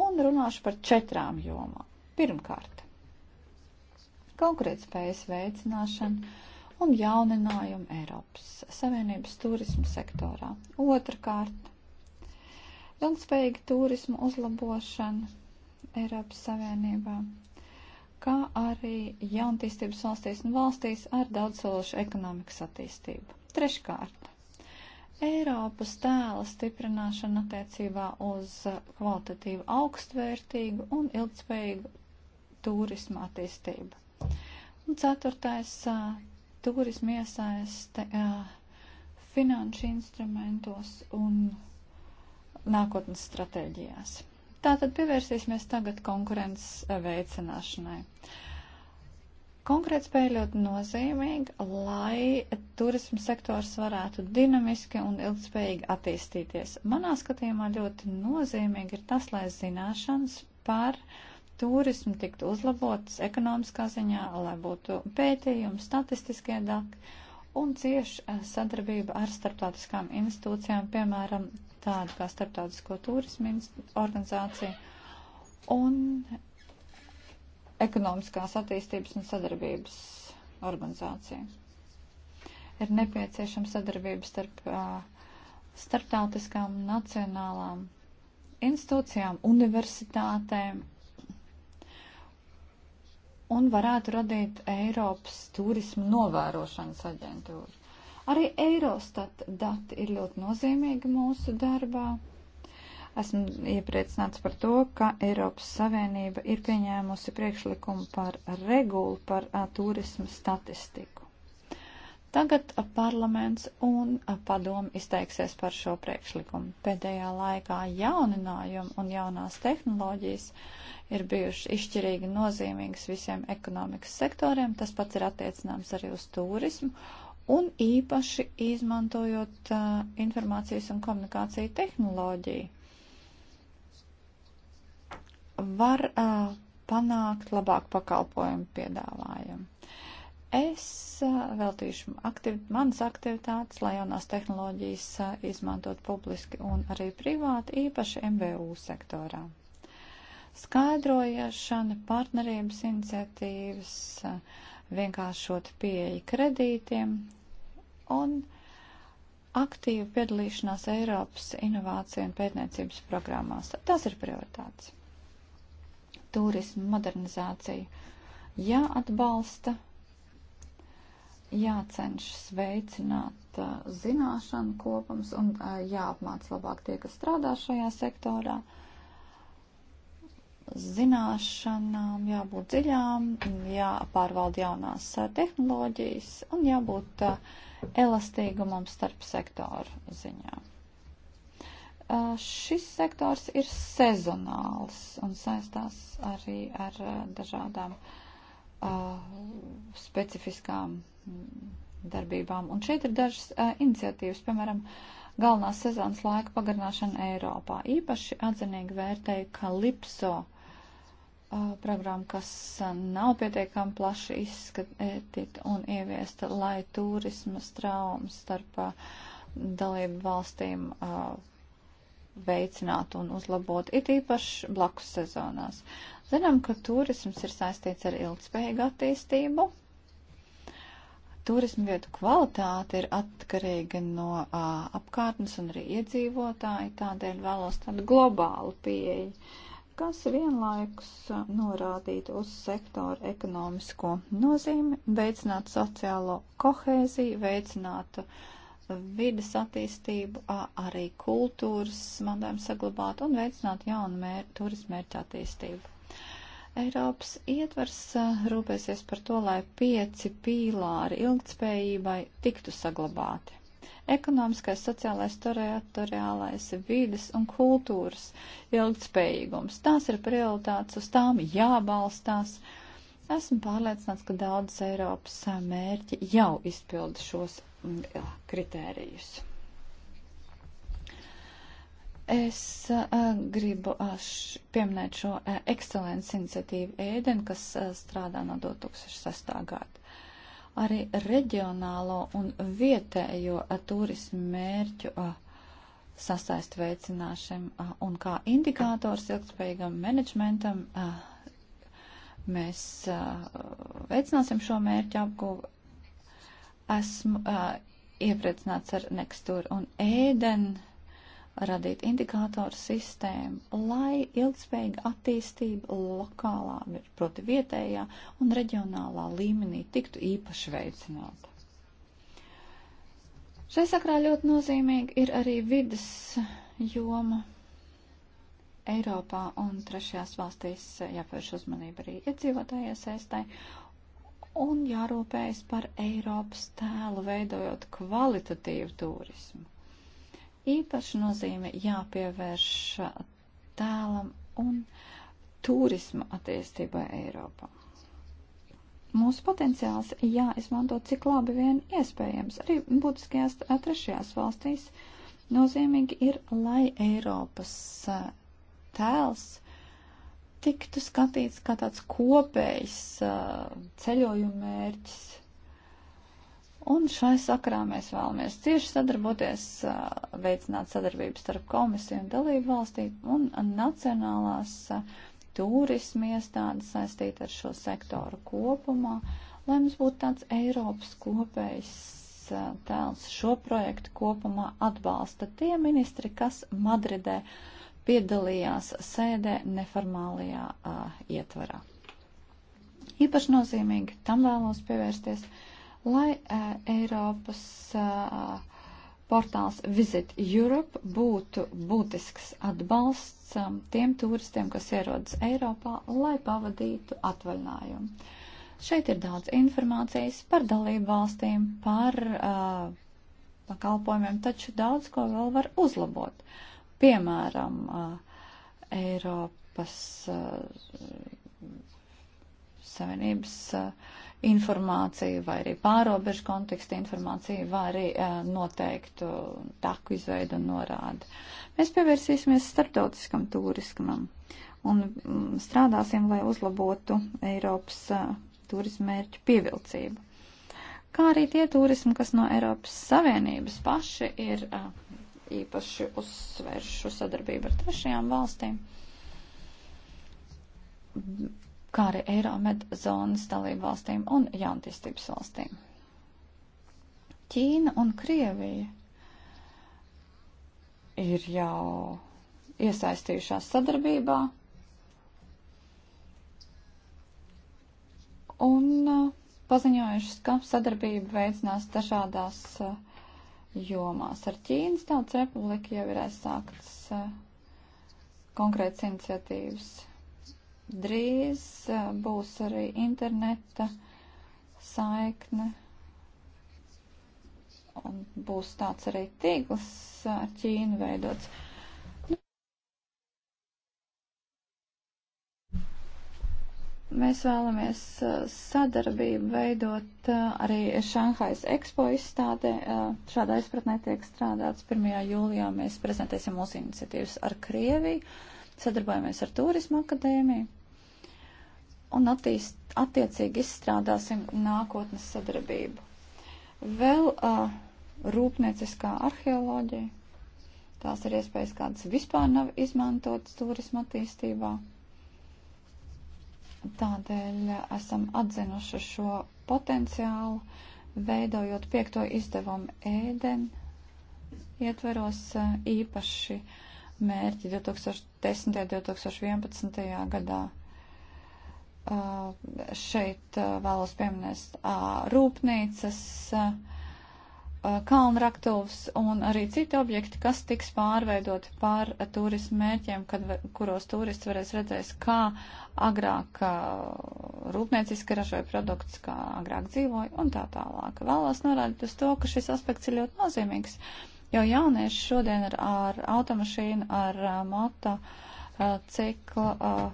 Un runāšu par četrām jomām. Pirmkārt, konkurētspējas veicināšanu un jauninājumu Eiropas Savienības turismu sektorā. Otrakārt, ilgspējīga turismu uzlabošana Eiropas Savienībā, kā arī jauntīstības valstīs un valstīs ar daudzsološu ekonomikas attīstību. Treškārt, Eiropas tēla stiprināšana attiecībā uz kvalitatīvu augstvērtīgu un ilgspējīgu turismu attīstību. Un ceturtais - turismu iesaiste finanšu instrumentos un nākotnes stratēģijās. Tātad pievērsīsimies tagad konkurences veicināšanai. Konkrēti spēja ļoti nozīmīga, lai turismu sektors varētu dinamiski un ilgspējīgi attīstīties. Manā skatījumā ļoti nozīmīgi ir tas, lai zināšanas par uh, turismu tiktu uzlabotas ekonomiskā ziņā, lai būtu pētījumi, statistiskie dati un cieša eh, sadarbība ar starptautiskām institūcijām, piemēram, tādu kā Starptautisko turismu organizāciju un ekonomiskās attīstības un sadarbības organizāciju. Ir nepieciešama sadarbība starp uh, starptautiskām nacionālām institūcijām, universitātēm un varētu radīt Eiropas turismu novērošanas aģentūru. Arī Eirostat dati ir ļoti nozīmīgi mūsu darbā. Esmu iepriecināts par to, ka Eiropas Savienība ir pieņēmusi priekšlikumu par regulu par a, turismu statistiku. Tagad parlaments un padomu izteiksies par šo priekšlikumu. Pēdējā laikā jauninājumi un jaunās tehnoloģijas ir bijuši izšķirīgi nozīmīgas visiem ekonomikas sektoriem. Tas pats ir attiecināms arī uz turismu un īpaši izmantojot uh, informācijas un komunikāciju tehnoloģiju. Var uh, panākt labāku pakalpojumu piedāvājumu Es veltīšu aktivit manas aktivitātes, lai jaunās tehnoloģijas izmantot publiski un arī privāti, īpaši MBU sektorā. Skaidrojošana, partnerības iniciatīvas, vienkāršot pieeja kredītiem un aktīvu piedalīšanās Eiropas inovāciju un pētniecības programmās. Tas ir prioritāts. Turismu modernizācija jāatbalsta. Ja jācenšas veicināt uh, zināšanu kopums un uh, jāapmāc labāk tie, kas strādā šajā sektorā. Zināšanām jābūt dziļām, jāpārvalda jaunās uh, tehnoloģijas un jābūt elastīgumam starp sektoru ziņā. Šis sektors ir sezonāls un saistās arī ar dažādām uh, specifiskām darbībām. Un šeit ir dažas uh, iniciatīvas, piemēram, galvenā sezonas laika pagarināšana Eiropā. Īpaši atzinīgi vērtēju Kalipso uh, programmu, kas nav pietiekami plaši izskatīta un ieviesta, lai turisma straums starp uh, dalību valstīm uh, veicināt un uzlabot, it īpaši blakus sezonās. Zinām, ka turisms ir saistīts ar ilgspējīgu attīstību. Turismu vietu kvalitāte ir atkarīga no a, apkārtnes un arī iedzīvotāji, tādēļ vēlos tādu globālu pieeju, kas vienlaikus norādītu uz sektoru ekonomisko nozīmi, veicinātu sociālo kohēziju, veicinātu uh, vidas attīstību, arī kultūras mantojumu saglabāt un veicināt jaunu mēr turismu mērķu attīstību. Eiropas ietvers rūpēsies par to, lai pieci pīlāri ilgtspējībai tiktu saglabāti. Ekonomiskais, sociālais, teritoriālais, vides un kultūras ilgtspējīgums. Tās ir prioritātes, uz tām jābalstās. Esmu pārliecināts, ka daudzas Eiropas mērķi jau izpilda šos kritērijus. Es uh, gribu uh, š, pieminēt šo uh, ekscelences iniciatīvu ēdien, kas uh, strādā no 2006. gada. Arī reģionālo un vietējo uh, turismu mērķu uh, sasaistu veicināšanu uh, un kā indikātors ilgspējīgam menedžmentam uh, mēs uh, veicināsim šo mērķu apgūvu. Esmu uh, iepriecināts ar Nextur un ēdenu radīt indikātoru sistēmu, lai ilgspējīga attīstība lokālā, proti vietējā un reģionālā līmenī tiktu īpaši veicināta. Šai sakrā ļoti nozīmīgi ir arī vidas joma. Eiropā un trešajās valstīs jāpērš uzmanība arī iedzīvotāja saistai un jārūpējas par Eiropas tēlu veidojot kvalitatīvu turismu. Īpaši nozīme jāpievērš tēlam un turisma attīstībai Eiropā. Mūsu potenciāls jāizmanto cik labi vien iespējams. Arī būtiskajās trešajās valstīs nozīmīgi ir, lai Eiropas eh, tēls tiktu skatīts kā tāds kopējs eh, ceļojuma mērķis Un šai sakrā mēs vēlamies cieši sadarboties, veicināt sadarbību starp komisiju un dalību valstīm un nacionālās turismu iestādes saistīt ar šo sektoru kopumā, lai mums būtu tāds Eiropas kopējs tēls. Šo projektu kopumā atbalsta tie ministri, kas Madridē piedalījās sēdē neformālajā uh, ietvarā. Īpaši nozīmīgi tam vēlos pievērsties lai uh, Eiropas uh, portāls Visit Europe būtu būtisks atbalsts um, tiem turistiem, kas ierodas Eiropā, lai pavadītu atvaļinājumu. Šeit ir daudz informācijas par dalību valstīm, par uh, pakalpojumiem, taču daudz ko vēl var uzlabot. Piemēram, uh, Eiropas uh, Savienības uh, informāciju, vai arī pārobežu konteksta informāciju, vai arī uh, noteiktu taku izveidu un norādi. Mēs pievērsīsimies starptautiskam turismam un mm, strādāsim, lai uzlabotu Eiropas uh, turisma mērķu pievilcību. Kā arī tie turismi, kas no Eiropas Savienības paši ir uh, īpaši uzsveršu sadarbību ar trešajām valstīm kā arī Eiromed zonas dalību valstīm un jauntīstības valstīm. Ķīna un Krievija ir jau iesaistījušās sadarbībā. Un uh, paziņojušas, ka sadarbība veicinās dažādās uh, jomās. Ar Ķīnas tautas republiku jau ir aizsāktas uh, konkrētas iniciatīvas drīz eh, būs arī interneta saikne un būs tāds arī tīkls ar eh, Ķīnu veidots. Mēs vēlamies eh, sadarbību veidot arī Šanhais Expo izstādē. Šādā izpratnē tiek strādāts 1. jūlijā. Mēs prezentēsim mūsu iniciatīvas ar Krieviju, sadarbojamies ar Turismu akadēmiju un attīst, attiecīgi izstrādāsim nākotnes sadarbību. Vēl uh, rūpnieciskā arheoloģija. Tās ir iespējas, kādas vispār nav izmantotas turisma attīstībā. Tādēļ esam atzinuši šo potenciālu, veidojot piekto izdevumu ēdeni, ietveros uh, īpaši mērķi 2010. un 2011. gadā Eh, šeit eh, vēlos pieminēt eh, rūpnīcas, kalnraktuvs un arī citi objekti, kas tiks pārveidoti par turismu mērķiem, kad, kuros turists varēs redzēs, kā agrāk rūpnieciski ražoja produkts, kā agrāk dzīvoja un tā tālāk. Vēlos norādīt uz to, ka šis aspekts ir ļoti nozīmīgs, jo jaunieši šodien ar, ar automašīnu, ar moto, uh, cikla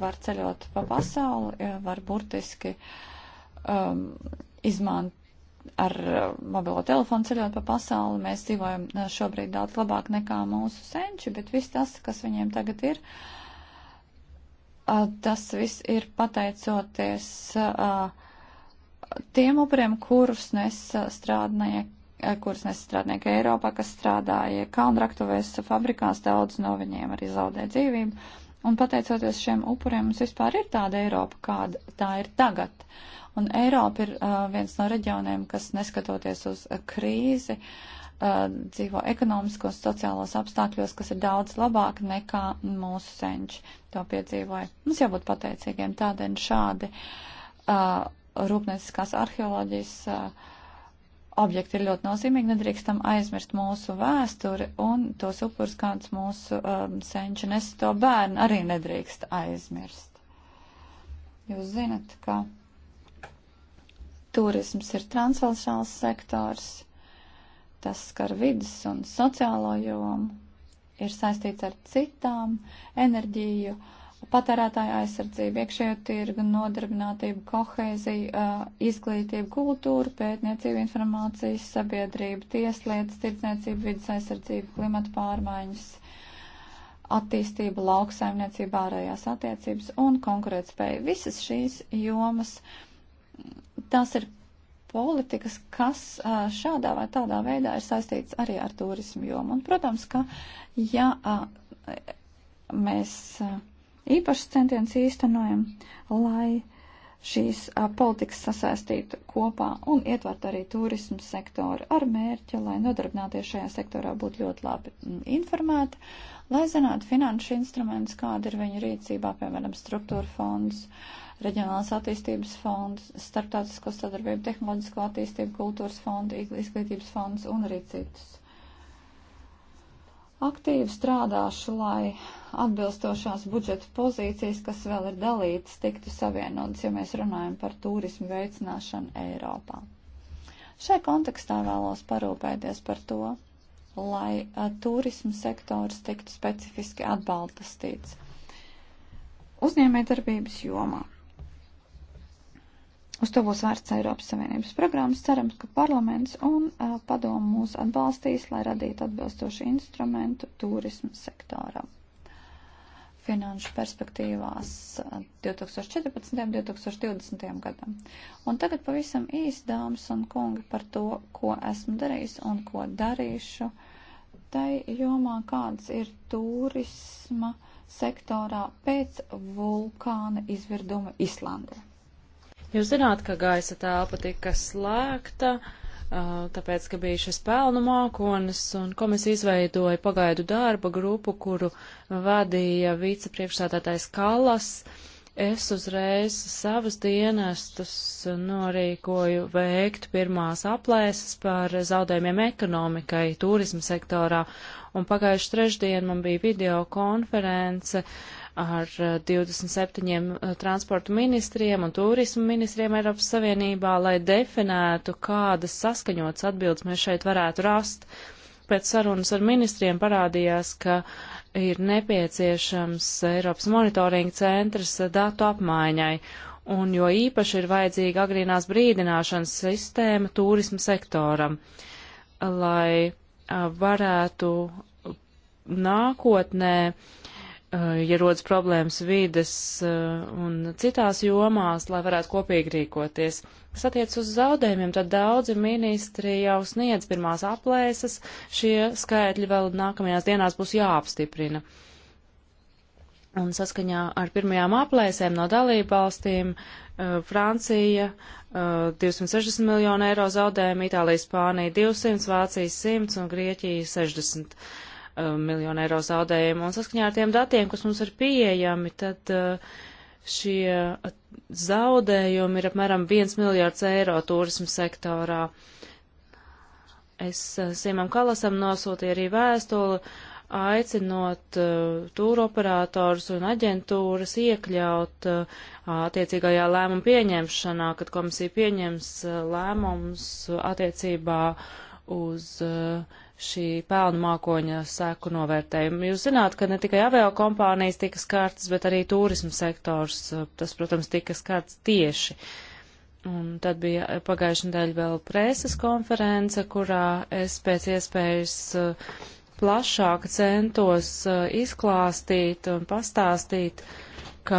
var ceļot pa pasauli, var burtiski um, izmantot ar mobilo telefonu ceļot pa pasauli. Mēs dzīvojam šobrīd daudz labāk nekā mūsu senči, bet viss tas, kas viņiem tagad ir, tas viss ir pateicoties tiem upuriem, kurus nes strādnieki Eh, kuras nesastrādnieki Eiropā, kas strādāja kalnraktuvēs fabrikās, daudz no viņiem arī zaudēja dzīvību. Un pateicoties šiem upuriem, mums vispār ir tāda Eiropa, kāda tā ir tagad. Un Eiropa ir uh, viens no reģioniem, kas neskatoties uz uh, krīzi, uh, dzīvo ekonomiskos, sociālos apstākļos, kas ir daudz labāk nekā mūsu senči to piedzīvoja. Mums jābūt pateicīgiem tādien šādi uh, rūpnieciskās arheoloģijas. Uh, objekti ir ļoti nozīmīgi, nedrīkstam aizmirst mūsu vēsturi un tos upurus, kāds mūsu um, senči nes to bērnu, arī nedrīkst aizmirst. Jūs zinat, ka turisms ir transversāls sektors, tas skar vidas un sociālo jomu, ir saistīts ar citām enerģiju. Uh, patērētāju aizsardzību, iekšējo tirgu, nodarbinātību, kohēziju, izglītību, kultūru, pētniecību, informācijas, sabiedrību, tieslietas, tirdzniecību, vidas aizsardzību, klimata pārmaiņas, attīstību, lauksaimniecību, ārējās attiecības un konkurētspēju. Visas šīs jomas, tās ir politikas, kas šādā vai tādā veidā ir saistīts arī ar turismu jomu. Un, protams, ka ja mēs īpašas centiens īstenojam, lai šīs a, politikas sasaistītu kopā un ietvert arī turismu sektoru ar mērķi, lai nodarbināties šajā sektorā būtu ļoti labi mm, informēti, lai zinātu finanšu instrumentus, kāda ir viņu rīcībā, piemēram, struktūra fonds, reģionālās attīstības fonds, starptautisko sadarbību, tehnoloģisko attīstību, kultūras fondu, izglītības fonds un arī citus aktīvi strādāšu, lai atbilstošās budžeta pozīcijas, kas vēl ir dalītas, tiktu savienotas, ja mēs runājam par turismu veicināšanu Eiropā. Šai kontekstā vēlos parūpēties par to, lai a, turismu sektors tiktu specifiski atbalstīts uzņēmējdarbības jomā uz to būs vērts Eiropas Savienības programmas. Cerams, ka parlaments un uh, padomu mūs atbalstīs, lai radītu atbilstošu instrumentu turismu sektoram. Finanšu perspektīvās 2014. un 2020. gadam. Un tagad pavisam īsi, dāmas un kungi, par to, ko esmu darījis un ko darīšu tai jomā, kāds ir turisma sektorā pēc vulkāna izvirduma Islandē. Jūs zināt, ka gaisa telpa tika slēgta, tāpēc, ka bija šis pelnu mākonis, un komisija izveidoja pagaidu darba grupu, kuru vadīja vicepriekšsādātais Kalas. Es uzreiz savus dienestus norīkoju veikt pirmās aplēses par zaudējumiem ekonomikai turisma sektorā, un pagājuši trešdien man bija video konference uh, ar 27 eh, eh, transportu ministriem un turismu ministriem Eiropas Savienībā, lai definētu, kādas saskaņotas atbildes mēs šeit varētu rast. Pēc sarunas ar ministriem parādījās, ka ir nepieciešams Eiropas monitoringa centrs datu apmaiņai, un jo īpaši ir vajadzīga agrīnās brīdināšanas sistēma turismu sektoram, lai eh, varētu nākotnē uh, Uh, ja rodas problēmas vides uh, un citās jomās, lai varētu kopīgi rīkoties. Kas attiec uz zaudējumiem, tad daudzi ministri jau sniedz pirmās aplēses, šie skaitļi vēl nākamajās dienās būs jāapstiprina. Un saskaņā ar pirmajām aplēsēm no dalību valstīm uh, Francija 260 miljonu eiro zaudējumu, Itālija, Spānija 200, Vācija 100 un Grieķija 60 miljonu Um, miljonu eiro zaudējumu. Un saskaņā ar tiem datiem, kas mums ir pieejami, tad uh, šie zaudējumi ir apmēram 1 miljārds eiro turismu sektorā. Es uh, Simam Kalasam nosūtīju arī vēstuli, aicinot uh, tūroperatorus un aģentūras iekļaut uh, attiecīgajā lēmuma pieņemšanā, kad komisija pieņems uh, lēmums attiecībā uz uh, šī pelnu mākoņa seku novērtējumu. Jūs zināt, ka ne tikai avio kompānijas tika skartas, bet arī turismu sektors, eh, tas, protams, tika skarts tieši. Un tad bija pagājušajā nedēļa vēl preses konference, kurā es pēc iespējas eh, plašāk centos eh, izklāstīt un pastāstīt uh, ka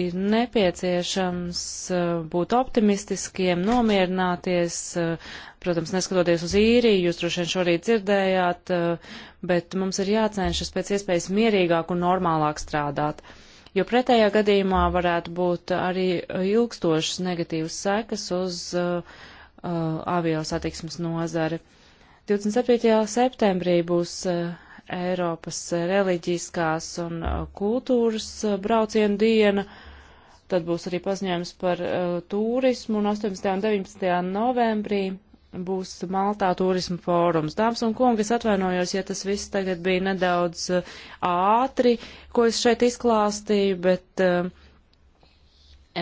ir nepieciešams eh, būt optimistiskiem, nomierināties, eh, protams, neskatoties uz īriju, jūs droši vien šorīt dzirdējāt, eh, bet mums ir jācenšas pēc iespējas mierīgāk un normālāk strādāt, jo pretējā gadījumā varētu būt arī ilgstošas negatīvas sekas uz uh, avio satiksmes nozari. 27. septembrī būs uh, Eiropas reliģiskās un uh, kultūras uh, braucienu diena. Tad būs arī paziņojums par uh, turismu un 18. un 19. novembrī būs Maltā turisma fórums. Dāmas un kungi, es atvainojos, ja tas viss tagad bija nedaudz uh, ātri, ko es šeit izklāstīju, bet uh,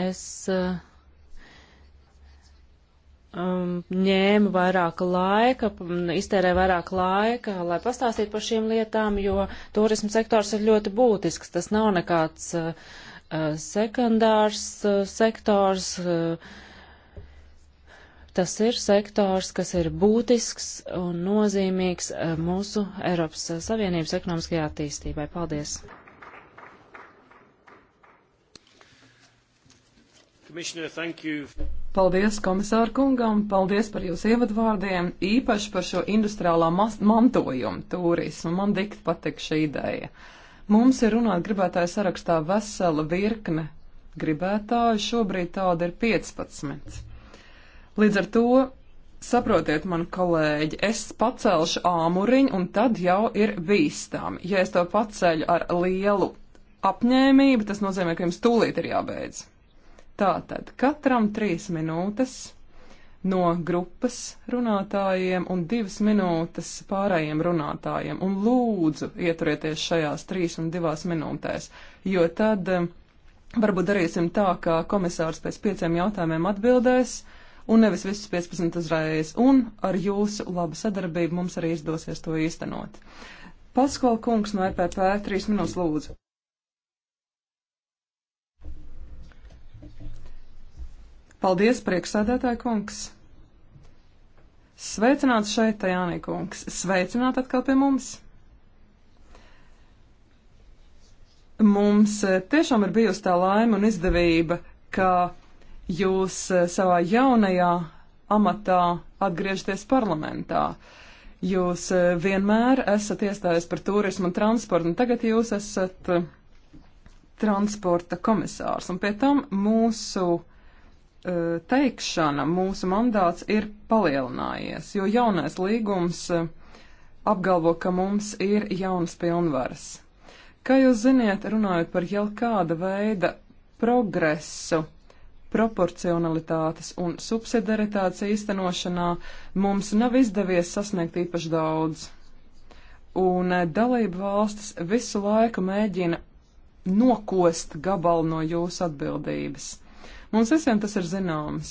es. Uh, um, ņēma vairāk laika, iztērēja vairāk laika, lai pastāstītu par šīm lietām, jo turismu sektors ir ļoti būtisks. Tas nav nekāds uh, uh sekundārs uh, sektors. Uh, Tas ir sektors, kas ir būtisks un nozīmīgs uh, mūsu Eiropas Savienības ekonomiskajā attīstībai. Paldies! Commissioner, thank you. Paldies komisāru kungam, paldies par jūsu ievadvārdiem, īpaši par šo industriālā mantojuma turismu. Man dikt patīk šī ideja. Mums ir runāt gribētāju sarakstā vesela virkne gribētāju, šobrīd tāda ir 15. Līdz ar to Saprotiet, man kolēģi, es pacelšu āmuriņu, un tad jau ir bīstami. Ja es to paceļu ar lielu apņēmību, tas nozīmē, ka jums tūlīt ir jābeidz. Tātad katram trīs minūtes no grupas runātājiem un divas minūtes pārējiem runātājiem. Un lūdzu, ieturieties šajās trīs un divās minūtēs, jo tad um, varbūt darīsim tā, ka komisārs pēc pieciem jautājumiem atbildēs, un nevis visus 15 uzreiz, un ar jūsu labu sadarbību mums arī izdosies to īstenot. Paskola kungs no EPP, trīs minūtes lūdzu. Paldies, prieksēdētāji kungs! Sveicināts šeit, Tajānī kungs! Sveicināt atkal pie mums! Mums eh, tiešām ir bijusi tā laima un izdevība, ka jūs eh, savā jaunajā amatā atgriežaties parlamentā. Jūs eh, vienmēr esat iestājies par turismu un transportu, un tagad jūs esat transporta komisārs, un pie tam mūsu uh, Eh, teikšana, mūsu mandāts ir palielinājies, jo jaunais līgums eh, apgalvo, ka mums ir jaunas pilnvaras. Kā jūs ziniet, runājot par jau kāda veida progresu proporcionalitātes un subsidiaritātes īstenošanā, mums nav izdevies sasniegt īpaši daudz. Un eh, dalību valstis visu laiku mēģina nokost gabalu no jūsu atbildības. Mums visiem tas ir zināms.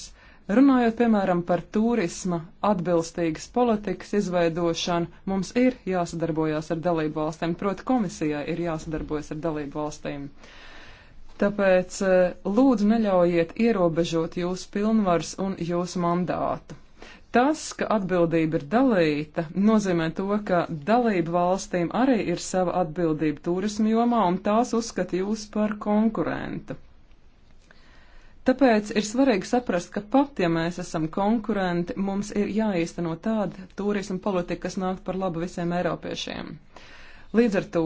Runājot, piemēram, par turisma atbilstīgas politikas izveidošanu, mums ir jāsadarbojas ar dalību valstīm, proti komisijai ir jāsadarbojas ar dalību valstīm. Tāpēc eh, lūdzu neļaujiet ierobežot jūsu pilnvars un jūsu mandātu. Tas, ka atbildība ir dalīta, nozīmē to, ka dalību valstīm arī ir sava atbildība turismu jomā un tās uzskata jūs par konkurentu. Tāpēc ir svarīgi saprast, ka pat, ja mēs esam konkurenti, mums ir jāīsteno tāda turisma politika, kas nāk par labu visiem eiropiešiem. Līdz ar to,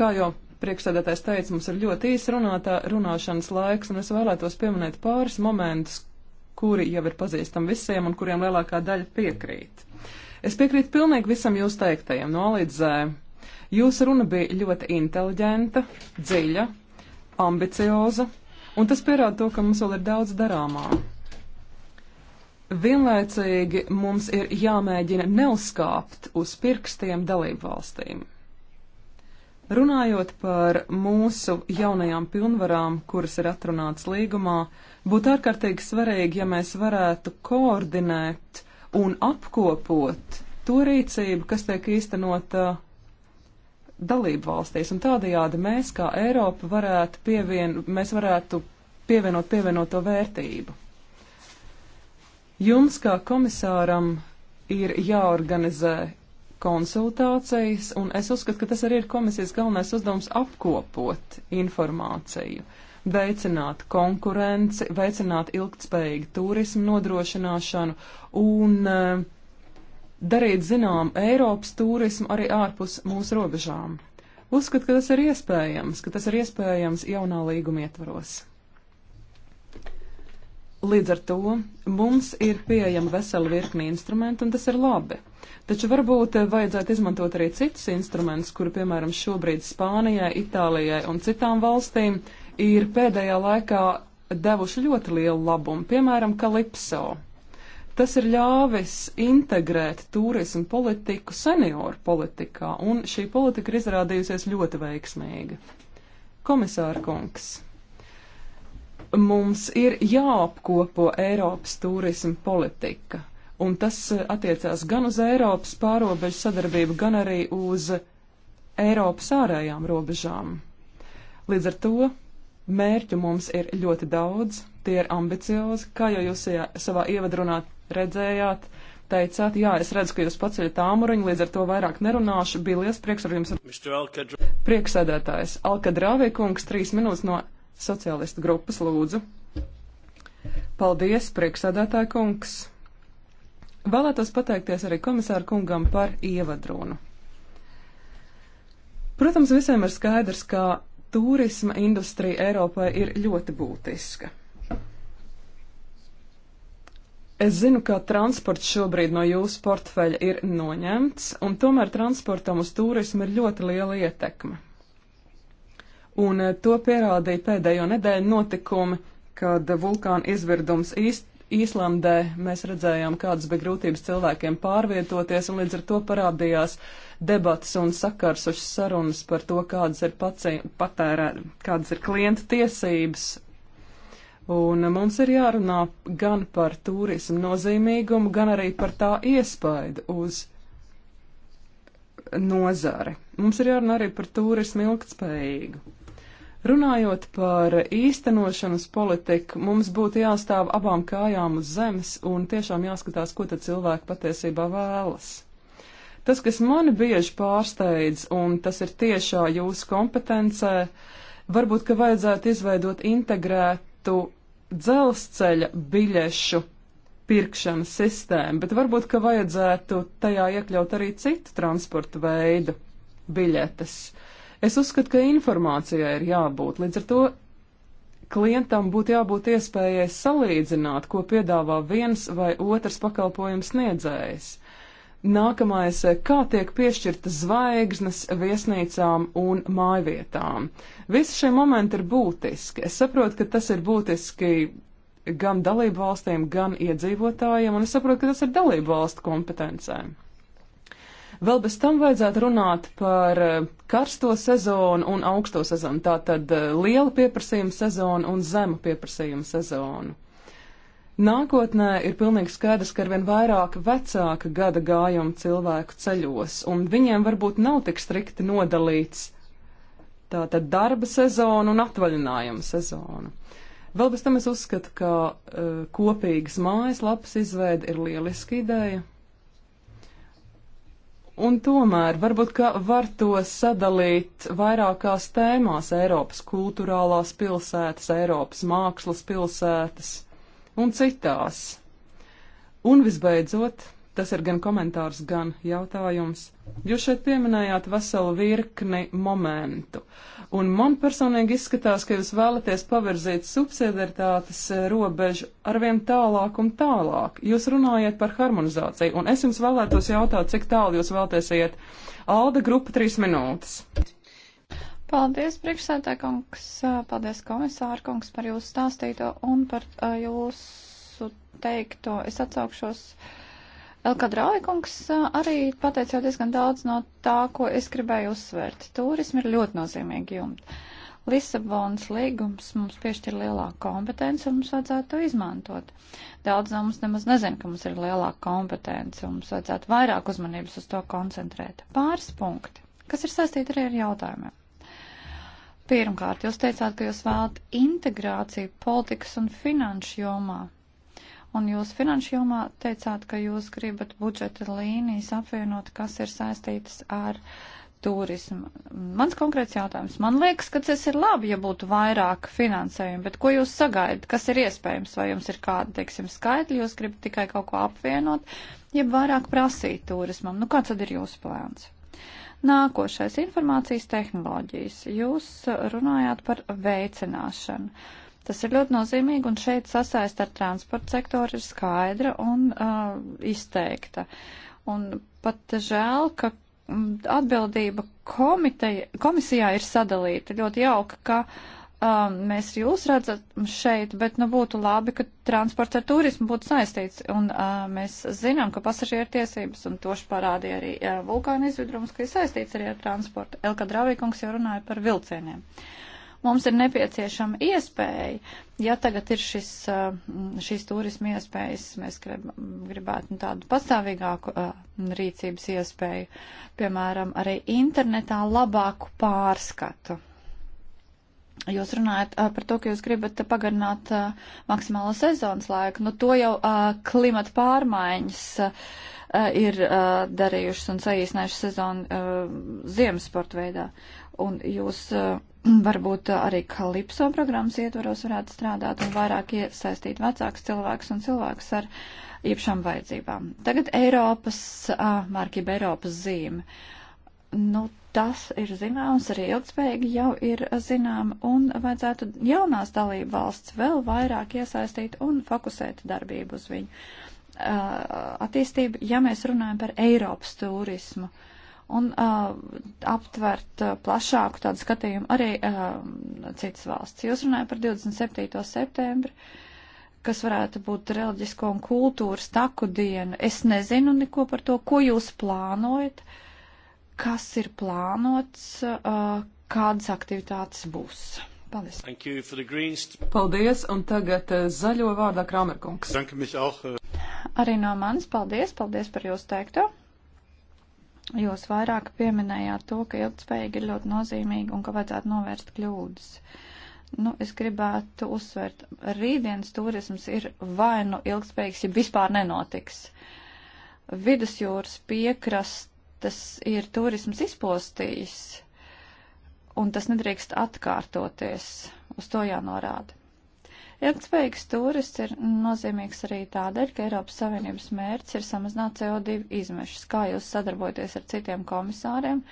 kā jau priekšsēdētājs teica, mums ir ļoti īsa runātā, runāšanas laiks, un es vēlētos pieminēt pāris momentus, kuri jau ir pazīstami visiem un kuriem lielākā daļa piekrīt. Es piekrītu pilnīgi visam jūs teiktajam, no līdz zē. Jūsu runa bija ļoti inteliģenta, dziļa, ambicioza, Un tas pierāda to, ka mums vēl ir daudz darāmā. Vienlaicīgi mums ir jāmēģina neuzkāpt uz pirkstiem dalību valstīm. Runājot par mūsu jaunajām pilnvarām, kuras ir atrunāts līgumā, būtu ārkārtīgi svarīgi, ja mēs varētu koordinēt un apkopot to rīcību, kas tiek īstenota dalību valstīs, un tādajādi mēs kā Eiropa varētu, pievien, mēs varētu pievienot pievienoto vērtību. Jums kā komisāram ir jāorganizē konsultācijas, un es uzskatu, ka tas arī ir komisijas galvenais uzdevums apkopot informāciju, veicināt konkurenci, veicināt ilgtspējīgu turismu nodrošināšanu un uh, darīt zinām Eiropas turismu arī ārpus mūsu robežām. Uzskat, ka tas ir iespējams, ka tas ir iespējams jaunā līguma ietvaros. Līdz ar to mums ir pieejama vesela virkni instrumentu, un tas ir labi. Taču varbūt eh, vajadzētu izmantot arī citus instrumentus, kuri, piemēram, šobrīd Spānijai, Itālijai un citām valstīm ir pēdējā laikā devuši ļoti lielu labumu, piemēram, Kalipso. Tas ir ļāvis integrēt turismu politiku senioru politikā, un šī politika ir izrādījusies ļoti veiksmīga. Komisāra kungs, mums ir jāapkopo Eiropas turismu politika, un tas eh, attiecās gan uz Eiropas pārobežu sadarbību, gan arī uz Eiropas ārējām robežām. Līdz ar to mērķu mums ir ļoti daudz, tie ir ambiciozi, kā jau jūs savā ievadrunāt redzējāt, teicāt, jā, es redzu, ka jūs paceļat āmuriņu, līdz ar to vairāk nerunāšu. Bija liels prieks ar jums. Prieksēdētājs Alkadrāvī kungs, trīs minūtes no sociālistu grupas lūdzu. Paldies, prieksēdētāja kungs. Vēlētos pateikties arī komisāru kungam par ievadrunu. Protams, visiem ir skaidrs, ka turisma industrija Eiropai ir ļoti būtiska. Es zinu, ka transports šobrīd no jūsu portfeļa ir noņemts, un tomēr transportam uz turismu ir ļoti liela ietekme. Un eh, to pierādīja pēdējo nedēļu notikumi, kad vulkāna izvirdums īst, Īslandē mēs redzējām, kādas bija grūtības cilvēkiem pārvietoties, un līdz ar to parādījās debats un sakarsušas sarunas par to, kādas ir, pacī, patērē, kādas ir klienta tiesības Un mums ir jārunā gan par turismu nozīmīgumu, gan arī par tā iespaidu uz nozari. Mums ir jārunā arī par turismu ilgtspējīgu. Runājot par īstenošanas politiku, mums būtu jāstāv abām kājām uz zemes un tiešām jāskatās, ko tad cilvēki patiesībā vēlas. Tas, kas mani bieži pārsteidz, un tas ir tiešā jūsu kompetencē, varbūt, ka vajadzētu izveidot integrētu dzelzceļa biļešu pirkšanas sistēmu, bet varbūt, ka vajadzētu tajā iekļaut arī citu transporta veidu biļetes. Es uzskatu, ka informācijai ir jābūt, līdz ar to klientam būtu jābūt iespējai salīdzināt, ko piedāvā viens vai otrs pakalpojums sniedzējs. Nākamais - kā tiek piešķirtas zvaigznes viesnīcām un mājvietām. Visi šie momenti ir būtiski. Es saprotu, ka tas ir būtiski gan dalību valstīm, gan iedzīvotājiem, un es saprotu, ka tas ir dalību valstu kompetencē. Vēl bez tam vajadzētu runāt par eh, karsto sezonu un augsto sezonu, tātad eh, liela pieprasījuma sezonu un zema pieprasījuma sezonu. Nākotnē ir pilnīgi skaidrs, ka arvien vairāk vecāka gada gājuma cilvēku ceļos, un viņiem varbūt nav tik strikti nodalīts tātad darba sezona un atvaļinājuma sezona. Vēl bez tam es uzskatu, ka uh, kopīgas mājaslapas izveida ir lieliska ideja. Un tomēr varbūt, ka var to sadalīt vairākās tēmās - Eiropas kultūrālās pilsētas, Eiropas mākslas pilsētas un citās. Un visbeidzot, tas ir gan komentārs, gan jautājums. Jūs šeit pieminējāt veselu virkni momentu, un man personīgi izskatās, ka jūs vēlaties pavirzīt subsidiaritātes robežu arvien tālāk un tālāk. Jūs runājat par harmonizāciju, un es jums vēlētos jautāt, cik tālu jūs vēlaties iet. Alda grupa trīs minūtes. Paldies, priekšsētāj kungs, paldies, komisāra kungs, par jūsu stāstīto un par uh, jūsu teikto. Es atsaukšos. Elka Draukungs arī pateica jau diezgan daudz no tā, ko es gribēju uzsvērt. Turismi ir ļoti nozīmīgi jumti. Lisabonas līgums mums piešķir lielāku kompetenci un mums vajadzētu to izmantot. Daudz no mums nemaz nezina, ka mums ir lielāka kompetence un mums vajadzētu vairāk uzmanības uz to koncentrēt. Pāris punkti, kas ir saistīti arī ar jautājumiem. Pirmkārt, jūs teicāt, ka jūs vēlat integrāciju politikas un finanšu jomā. Un jūs finanšu jomā teicāt, ka jūs gribat budžeta līnijas apvienot, kas ir saistītas ar turismu. Mans konkrēts jautājums. Man liekas, ka tas ir labi, ja būtu vairāk finansējumu, bet ko jūs sagaidat? Kas ir iespējams? Vai jums ir kādi, teiksim, skaitļi, jūs gribat tikai kaut ko apvienot, jeb vairāk prasīt turismam? Nu, kāds tad ir jūsu plāns? Nākošais - informācijas tehnoloģijas. Jūs runājāt par veicināšanu. Tas ir ļoti nozīmīgi, un šeit sasaist ar transporta sektoru ir skaidra un uh, izteikta. Un pat žēl, ka mm, atbildība komiteja, komisijā ir sadalīta. Ļoti jauka, ka uh, um, mēs jūs redzat šeit, bet nu, būtu labi, ka transports ar turismu būtu saistīts. Un uh, mēs zinām, ka pasažieru tiesības, un toši parādīja arī uh, vulkāna izvidrums, ka ir saistīts arī ar transportu. Elka Dravīkungs jau runāja par vilcieniem. Mums ir nepieciešama iespēja, ja tagad ir šis, uh, šīs turisma iespējas, mēs grib, gribētu nu, tādu pastāvīgāku uh, rīcības iespēju, piemēram, arī internetā labāku pārskatu Jūs runājat par to, ka jūs gribat pagarināt maksimālo sezonas laiku. Nu, to jau klimata pārmaiņas ir darījušas un saīsinājušas sezonu ziemas sporta veidā. Un jūs [CLEARS THROAT] varbūt arī Kalipso programmas ietvaros varētu strādāt un vairāk iesaistīt vecāks cilvēks un cilvēks ar īpašām vajadzībām. Tagad Eiropas, markība Eiropas zīme. Nu, Tas ir zināms, arī ilgspējīgi jau ir zinām, un vajadzētu jaunās dalību valsts vēl vairāk iesaistīt un fokusēt darbību uz viņu. Uh, attīstību, ja mēs runājam par Eiropas turismu, un uh, aptvert uh, plašāku tādu skatījumu arī citas valsts. Jūs runājat par 27. septembri kas varētu būt reliģisko un kultūras taku diena. Es nezinu neko par to, ko jūs plānojat. Uh, kas ir plānots, kādas aktivitātes būs. Paldies. Paldies, un tagad zaļo vārdā Kramerkungs. Arī no manis paldies, paldies par jūsu teikto. Jūs vairāk pieminējāt to, ka ilgspējīgi ir ļoti nozīmīgi un ka vajadzētu novērst kļūdas. Nu, es gribētu uzsvērt, rītdienas turisms ir vai nu ilgspējīgs, ja vispār nenotiks. Vidusjūras piekrast lietas ir turisms izpostījis, un tas nedrīkst atkārtoties. Uz to jānorāda. Ilgtspējīgs turists ir nozīmīgs arī tādēļ, ka Eiropas Savienības mērķis ir samazināt CO2 izmešus. Kā jūs sadarbojaties ar citiem komisāriem,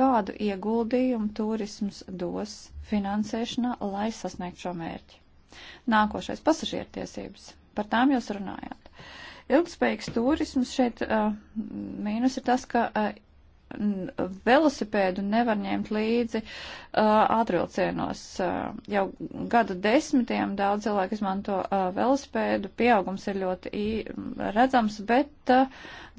kādu ieguldījumu turisms dos finansēšanā, lai sasniegtu šo mērķi? Nākošais - pasažiertiesības. Par tām jūs runājāt. Ilgspējīgs turisms šeit uh, mīnus ir tas, ka uh, velosipēdu nevar ņemt līdzi uh, atvilcienos. Uh, jau gadu desmitiem daudz cilvēku izmanto uh, velosipēdu, pieaugums ir ļoti ī, redzams, bet uh,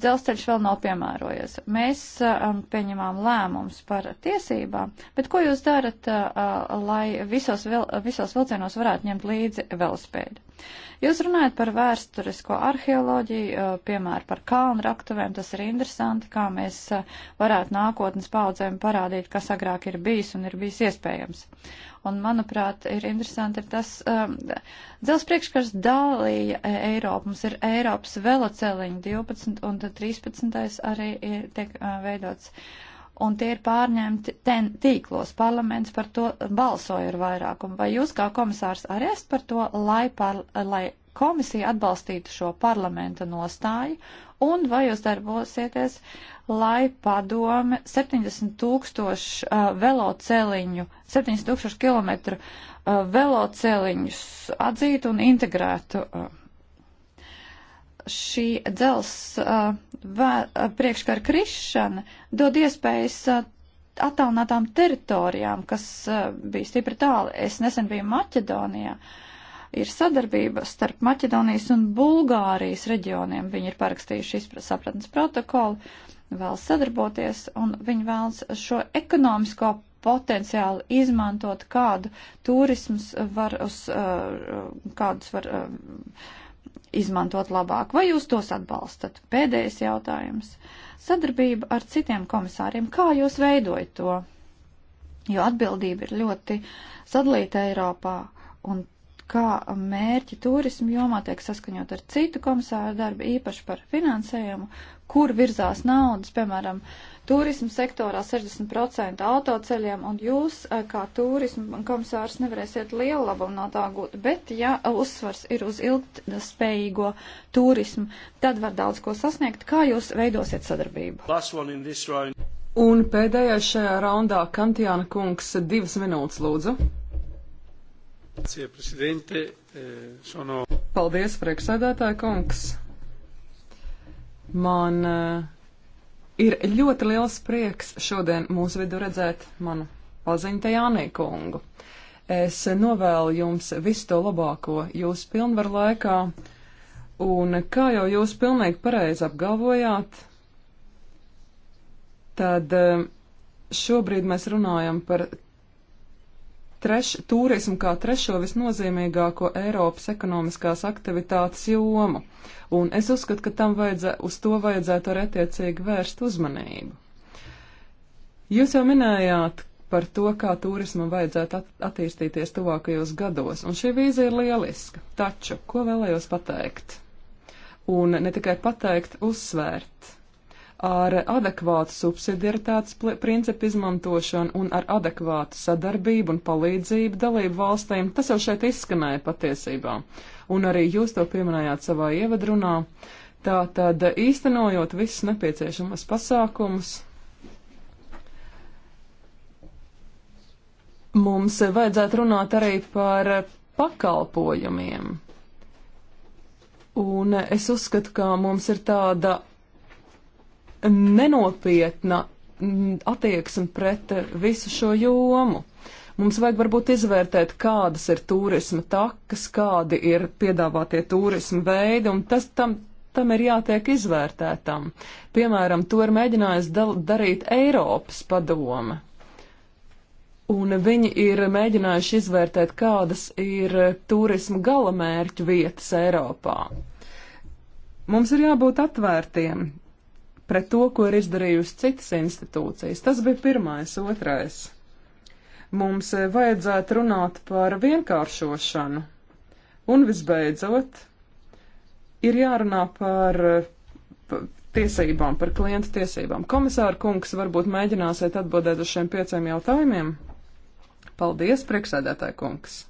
dzelzceļš vēl nav piemērojies. Mēs uh, pieņemām lēmums par tiesībām, bet ko jūs darat, uh, lai visos, vil, visos vilcienos varētu ņemt līdzi velosipēdu? Jūs runājat par vēsturisko arheoloģiju, piemēram, par kalnu raktuvēm. Tas ir interesanti, kā mēs varētu nākotnes paudzēm parādīt, kas agrāk ir bijis un ir bijis iespējams. Un, manuprāt, ir interesanti ir tas, um, dzels priekškars dalīja Eiropu. Mums ir Eiropas veloceliņi 12 un 13 arī tiek uh, veidots. Uh, un tie ir pārņemti ten tīklos. Parlaments par to balsoja ar vairākumu. Vai jūs kā komisārs arī esat par to, lai, par, lai komisija atbalstītu šo parlamenta nostāju, un vai jūs darbosieties, lai padome 70 tūkstošu uh, veloceliņu, 70 tūkstošu kilometru uh, veloceliņus atzītu un integrētu? Uh, šī dzels uh, uh, priekškara krišana dod iespējas uh, attālinātām teritorijām, kas bija stipri tālu. Es nesen biju Maķedonijā. Ir sadarbība starp Maķedonijas un Bulgārijas reģioniem. Viņi ir parakstījuši sapratnes protokolu, vēlas sadarboties, un viņi vēlas šo ekonomisko potenciāli izmantot, kādu turismus var uz, kādus var izmantot labāk. Vai jūs tos atbalstat? Pēdējais jautājums. Sadarbība ar citiem komisāriem. Kā jūs veidojat to? Jo atbildība ir ļoti sadalīta Eiropā un kā mērķi turismu jomā tiek saskaņot ar citu komisāru darbu, īpaši par finansējumu, kur virzās naudas, piemēram, turismu sektorā 60% autoceļiem, un jūs, eh, kā turismu komisārs, nevarēsiet lielu labumu no tā gūt. Bet, ja uzsvars ir uz ilgspējīgo turismu, tad var daudz ko sasniegt. Kā jūs veidosiet sadarbību? Un pēdējais šajā raundā Kantiāna kungs divas minūtes lūdzu. Eh, Paldies, priekšsēdētāja kungs. Man uh, ir ļoti liels prieks šodien mūsu vidu redzēt manu paziņta Jānīkungu. Es novēlu jums visu to labāko jūsu pilnvaru laikā, un kā jau jūs pilnīgi pareizi apgalvojāt, tad uh, šobrīd mēs runājam par treš, turismu kā trešo visnozīmīgāko Eiropas ekonomiskās aktivitātes jomu, un es uzskatu, ka tam vajadzē, uz to vajadzētu arī attiecīgi vērst uzmanību. Jūs jau minējāt par to, kā turismam vajadzētu at attīstīties tuvākajos gados, un šī vīzija ir lieliska. Taču, ko vēlējos pateikt? Un ne tikai pateikt, uzsvērt ar adekvātu subsidiaritātes principu izmantošanu un ar adekvātu sadarbību un palīdzību dalību valstīm. Tas jau šeit izskanēja patiesībā, un arī jūs to pieminējāt savā ievadrunā. Tātad, īstenojot visus nepieciešamas pasākumus, mums vajadzētu runāt arī par pakalpojumiem. Un es uzskatu, ka mums ir tāda nenopietna mm, attieksme pret visu šo jomu. Mums vajag varbūt izvērtēt, kādas ir turisma takas, kādi ir piedāvātie turisma veidi, un tas tam, tam ir jātiek izvērtētam. Piemēram, to ir mēģinājis darīt Eiropas padome. Un viņi ir mēģinājuši izvērtēt, kādas ir turisma galamērķu vietas Eiropā. Mums ir jābūt atvērtiem, pret to, ko ir izdarījusi citas institūcijas. Tas bija pirmais, otrais. Mums vajadzētu runāt par vienkāršošanu. Un visbeidzot, ir jārunā par tiesībām, par klientu tiesībām. Komisāra kungs, varbūt mēģināsiet atbildēt uz šiem pieciem jautājumiem? Paldies, priekšsēdētāja kungs!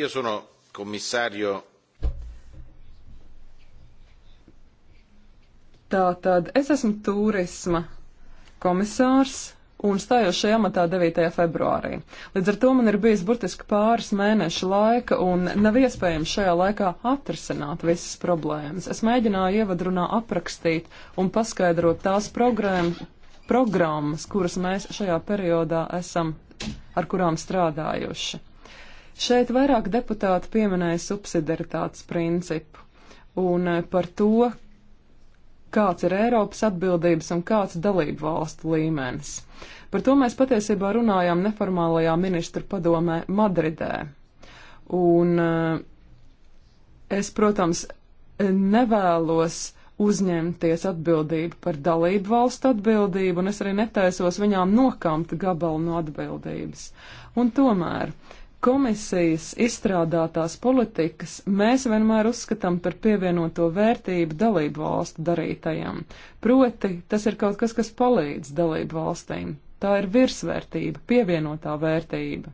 Io sono commissario Tātad es esmu turisma komisārs un stājos šajā amatā 9. februārī. Līdz ar to man ir bijis burtiski pāris mēnešu laika un nav iespējams šajā laikā atrisināt visas problēmas. Es mēģināju ievadrunā aprakstīt un paskaidrot tās programmas, kuras mēs šajā periodā esam, ar kurām strādājuši. Šeit vairāk deputāti pieminēja subsidiaritātes principu un par to, kāds ir Eiropas atbildības un kāds dalību valstu līmenis. Par to mēs patiesībā runājām neformālajā ministru padomē Madridē. Un eh, es, protams, nevēlos uzņemties atbildību par dalību valstu atbildību, un es arī netaisos viņām nokamt gabalu no atbildības. Un tomēr komisijas izstrādātās politikas mēs vienmēr uzskatām par pievienoto vērtību dalību valstu darītajam. Proti, tas ir kaut kas, kas palīdz dalību valstīm. Tā ir virsvērtība, pievienotā vērtība.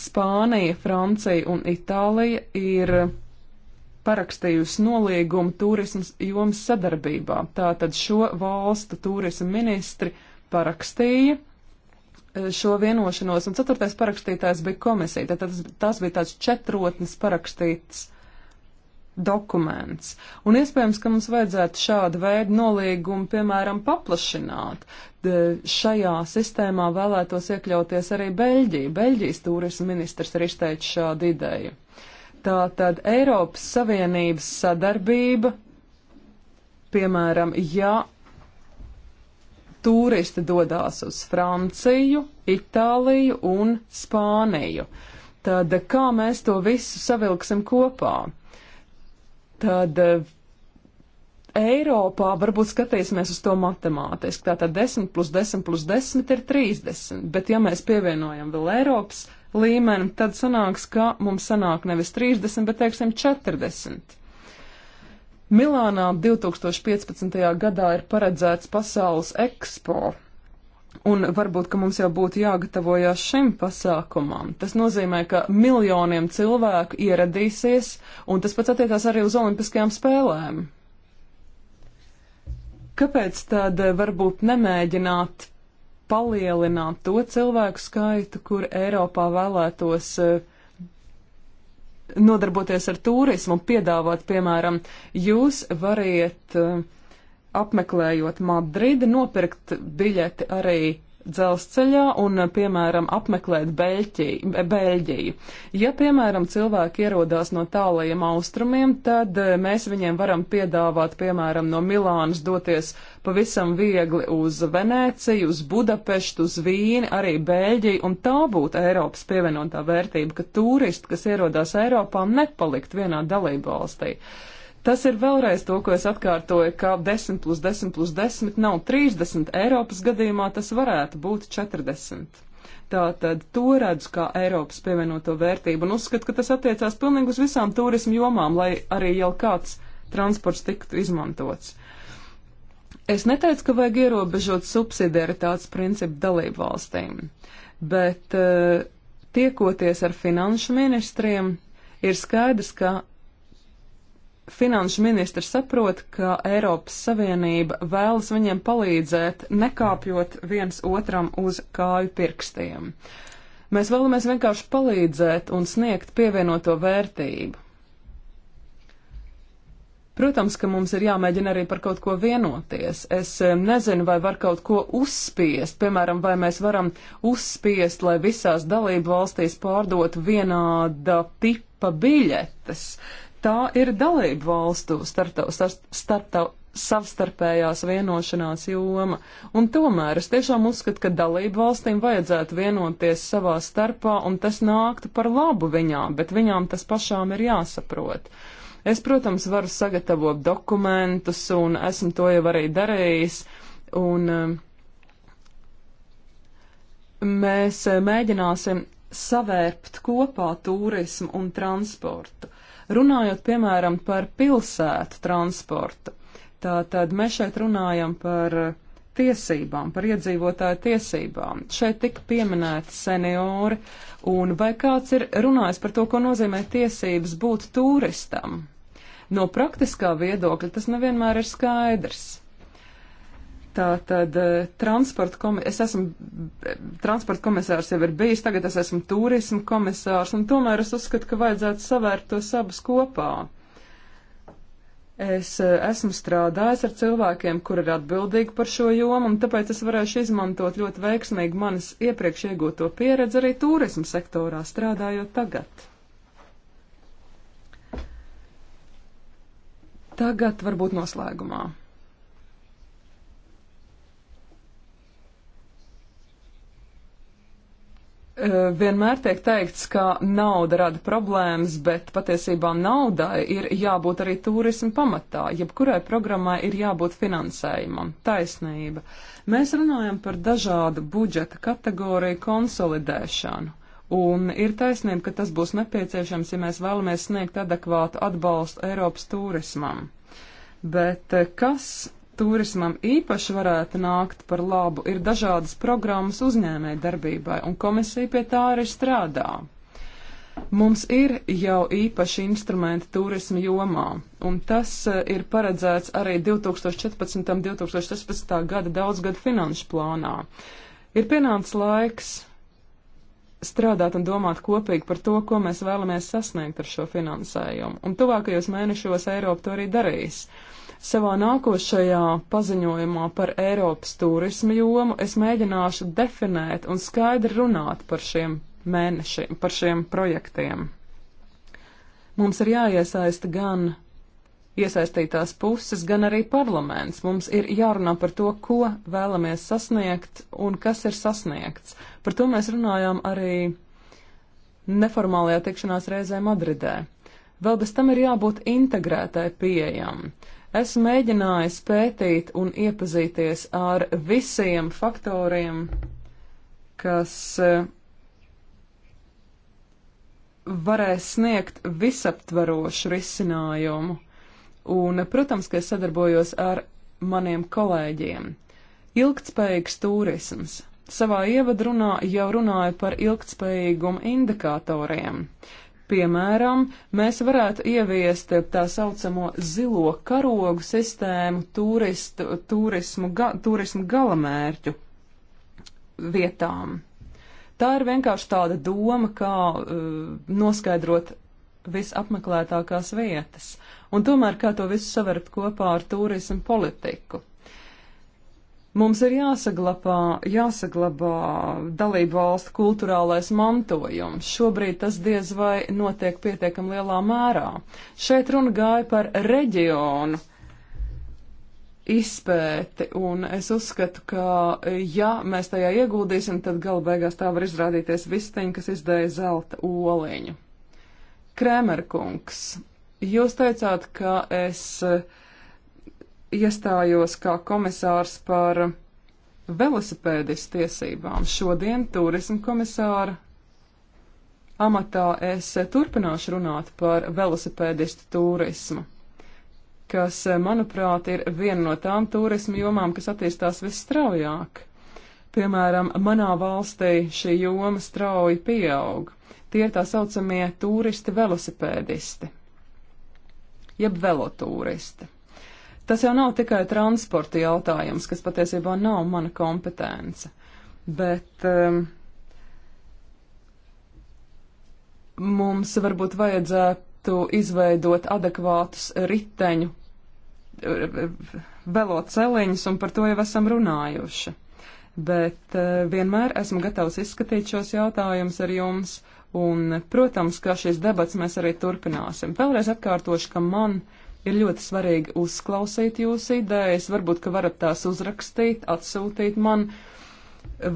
Spānija, Francija un Itālija ir parakstījusi noliegumu turismas jomas sadarbībā. Tātad šo valstu turisma ministri parakstīja Eh, šo vienošanos, un ceturtais parakstītājs bija komisija. Tad tas bija tāds četrotnis parakstīts dokuments. Un iespējams, ka mums vajadzētu šādu veidu nolīgumu, piemēram, paplašināt. De, šajā sistēmā vēlētos iekļauties arī Beļģija. Beļģijas turisma ministrs ir izteicis šādu ideju. Tā tad Eiropas Savienības sadarbība, piemēram, ja turisti dodās uz Franciju, Itāliju un Spāniju. Tad kā mēs to visu savilksim kopā? Tad eh, Eiropā varbūt skatīsimies uz to matemātiski. Tātad 10 plus 10 plus 10 ir 30, bet ja mēs pievienojam vēl Eiropas līmeni, tad sanāks, ka mums sanāk nevis 30, bet teiksim 40. Milānā 2015. gadā ir paredzēts pasaules ekspo. Un varbūt, ka mums jau būtu jāgatavojās šim pasākumam. Tas nozīmē, ka miljoniem cilvēku ieradīsies, un tas pats attiecās arī uz Olimpiskajām spēlēm. Kāpēc tad varbūt nemēģināt palielināt to cilvēku skaitu, kur Eiropā vēlētos uh, nodarboties ar turismu un piedāvāt, piemēram, jūs variet eh, apmeklējot Madridi, nopirkt biļeti arī dzelzceļā un, piemēram, apmeklēt Beļķiju, Beļģiju. Ja, piemēram, cilvēki ierodās no tālajiem austrumiem, tad eh, mēs viņiem varam piedāvāt, piemēram, no Milānas doties pavisam viegli uz Venēciju, uz Budapeštu, uz Vīni, arī Beļģiju, un tā būtu Eiropas pievienotā vērtība, ka turisti, kas ierodās Eiropā, nepalikt vienā dalībvalstī. valstī. Tas ir vēlreiz to, ko es atkārtoju, ka 10 plus 10 plus 10 nav 30. Eiropas gadījumā tas varētu būt 40. Tātad to redzu kā Eiropas pievienoto vērtību un uzskatu, ka tas attiecās pilnīgi uz visām turismu jomām, lai arī jau kāds transports tiktu izmantots. Es neteicu, ka vajag ierobežot subsidiaritātes principu dalību valstīm, bet eh, tiekoties ar finanšu ministriem, ir skaidrs, ka finanšu ministri saprot, ka Eiropas Savienība vēlas viņiem palīdzēt, nekāpjot viens otram uz kāju pirkstiem. Mēs vēlamies vienkārši palīdzēt un sniegt pievienoto vērtību. Protams, ka mums ir jāmēģina arī par kaut ko vienoties. Es eh, nezinu, vai var kaut ko uzspiest, piemēram, vai mēs varam uzspiest, lai visās dalību valstīs pārdotu vienāda tipa biļetes tā ir dalību valstu starptav, starptav, savstarpējās vienošanās joma, un tomēr es tiešām uzskatu, ka dalību valstīm vajadzētu vienoties savā starpā, un tas nāktu par labu viņām, bet viņām tas pašām ir jāsaprot. Es, protams, varu sagatavot dokumentus, un esmu to jau arī darījis, un um, mēs eh, mēģināsim savērpt kopā turismu un transportu. Runājot, piemēram, par pilsētu transportu, tā tad mēs šeit runājam par eh, tiesībām, par iedzīvotāju tiesībām. Šeit tika pieminēti seniori, un vai kāds ir runājis par to, ko nozīmē tiesības būt turistam? No praktiskā viedokļa tas nevienmēr ir skaidrs. Tātad eh, transporta komisārs, es esmu eh, transporta komisārs jau ir bijis, tagad es esmu turismu komisārs, un tomēr es uzskatu, ka vajadzētu savērt tos abus kopā. Es eh, esmu strādājis ar cilvēkiem, kur ir atbildīgi par šo jomu, un tāpēc es varēšu izmantot ļoti veiksmīgi manas iepriekš iegūto pieredzi arī turismu sektorā strādājot tagad. Tagad varbūt noslēgumā. Eh, vienmēr tiek teikts, ka nauda rada problēmas, bet patiesībā naudai ir jābūt arī turismu pamatā. Jebkurai programmai ir jābūt finansējumam. Taisnība. Mēs runājam par dažādu budžeta kategoriju konsolidēšanu. Un ir taisnība, ka tas būs nepieciešams, ja mēs vēlamies sniegt adekvātu atbalstu Eiropas turismam. Bet eh, kas turismam īpaši varētu nākt par labu, ir dažādas programmas uzņēmē darbībai, un komisija pie tā arī strādā. Mums ir jau īpaši instrumenti turisma jomā, un tas eh, ir paredzēts arī 2014. un 2016. gada daudzgada finanšu plānā. Ir pienācis laiks strādāt un domāt kopīgi par to, ko mēs vēlamies sasniegt ar šo finansējumu, un tuvākajos mēnešos Eiropa to arī darīs. Uh, Savā nākošajā paziņojumā par Eiropas turismu jomu es mēģināšu definēt un skaidri runāt par šiem mēnešiem, par šiem projektiem. Mums ir jāiesaista gan iesaistītās puses, gan arī parlaments. Mums ir jārunā par to, ko vēlamies sasniegt un kas ir sasniegts. Par to mēs runājām arī neformālajā tikšanās reizē Madridē. Vēl bez tam ir jābūt integrētai pieejam. Esmu mēģinājis pētīt un iepazīties ar visiem faktoriem, kas eh, varēs sniegt visaptvarošu risinājumu. Un, protams, ka es sadarbojos ar maniem kolēģiem. Ilgtspējīgs turisms. Savā ievadrunā jau runāju par ilgtspējīgumu indikatoriem. Piemēram, mēs varētu ieviest tā saucamo zilo karogu sistēmu turistu, turismu, ga, turismu galamērķu vietām. Tā ir vienkārši tāda doma, kā uh, noskaidrot visapmeklētākās vietas, un tomēr kā to visu savert kopā ar turismu politiku. Mums ir jāsaglabā, jāsaglabā dalību valstu kultūrālais mantojums. Šobrīd tas diez vai notiek pietiekam lielā mērā. Šeit runa gāja par reģionu izpēti, un es uzskatu, ka ja mēs tajā ieguldīsim, tad galu beigās tā var izrādīties vistiņa, kas izdēja zelta oliņu. Krēmerkungs, jūs teicāt, ka es uh, iestājos kā komisārs par velosipēdis tiesībām. Šodien turismu komisāra amatā es turpināšu runāt par velosipēdistu turismu, kas, manuprāt, ir viena no tām turismu jomām, kas attīstās visstraujāk. Piemēram, manā valstī šī joma strauji pieaug. Tie ir tā saucamie turisti velosipēdisti, jeb velotūristi. Tas jau nav tikai transporta jautājums, kas patiesībā nav mana kompetence, bet um, mums varbūt vajadzētu izveidot adekvātus riteņu veloceliņus, un par to jau esam runājuši. Bet uh, vienmēr esmu gatavs izskatīt šos jautājumus ar jums, un, protams, ka šīs debats mēs arī turpināsim. Vēlreiz atkārtošu, ka man uh, Ir ļoti svarīgi uzklausīt jūsu idejas, varbūt, ka varat tās uzrakstīt, atsūtīt man.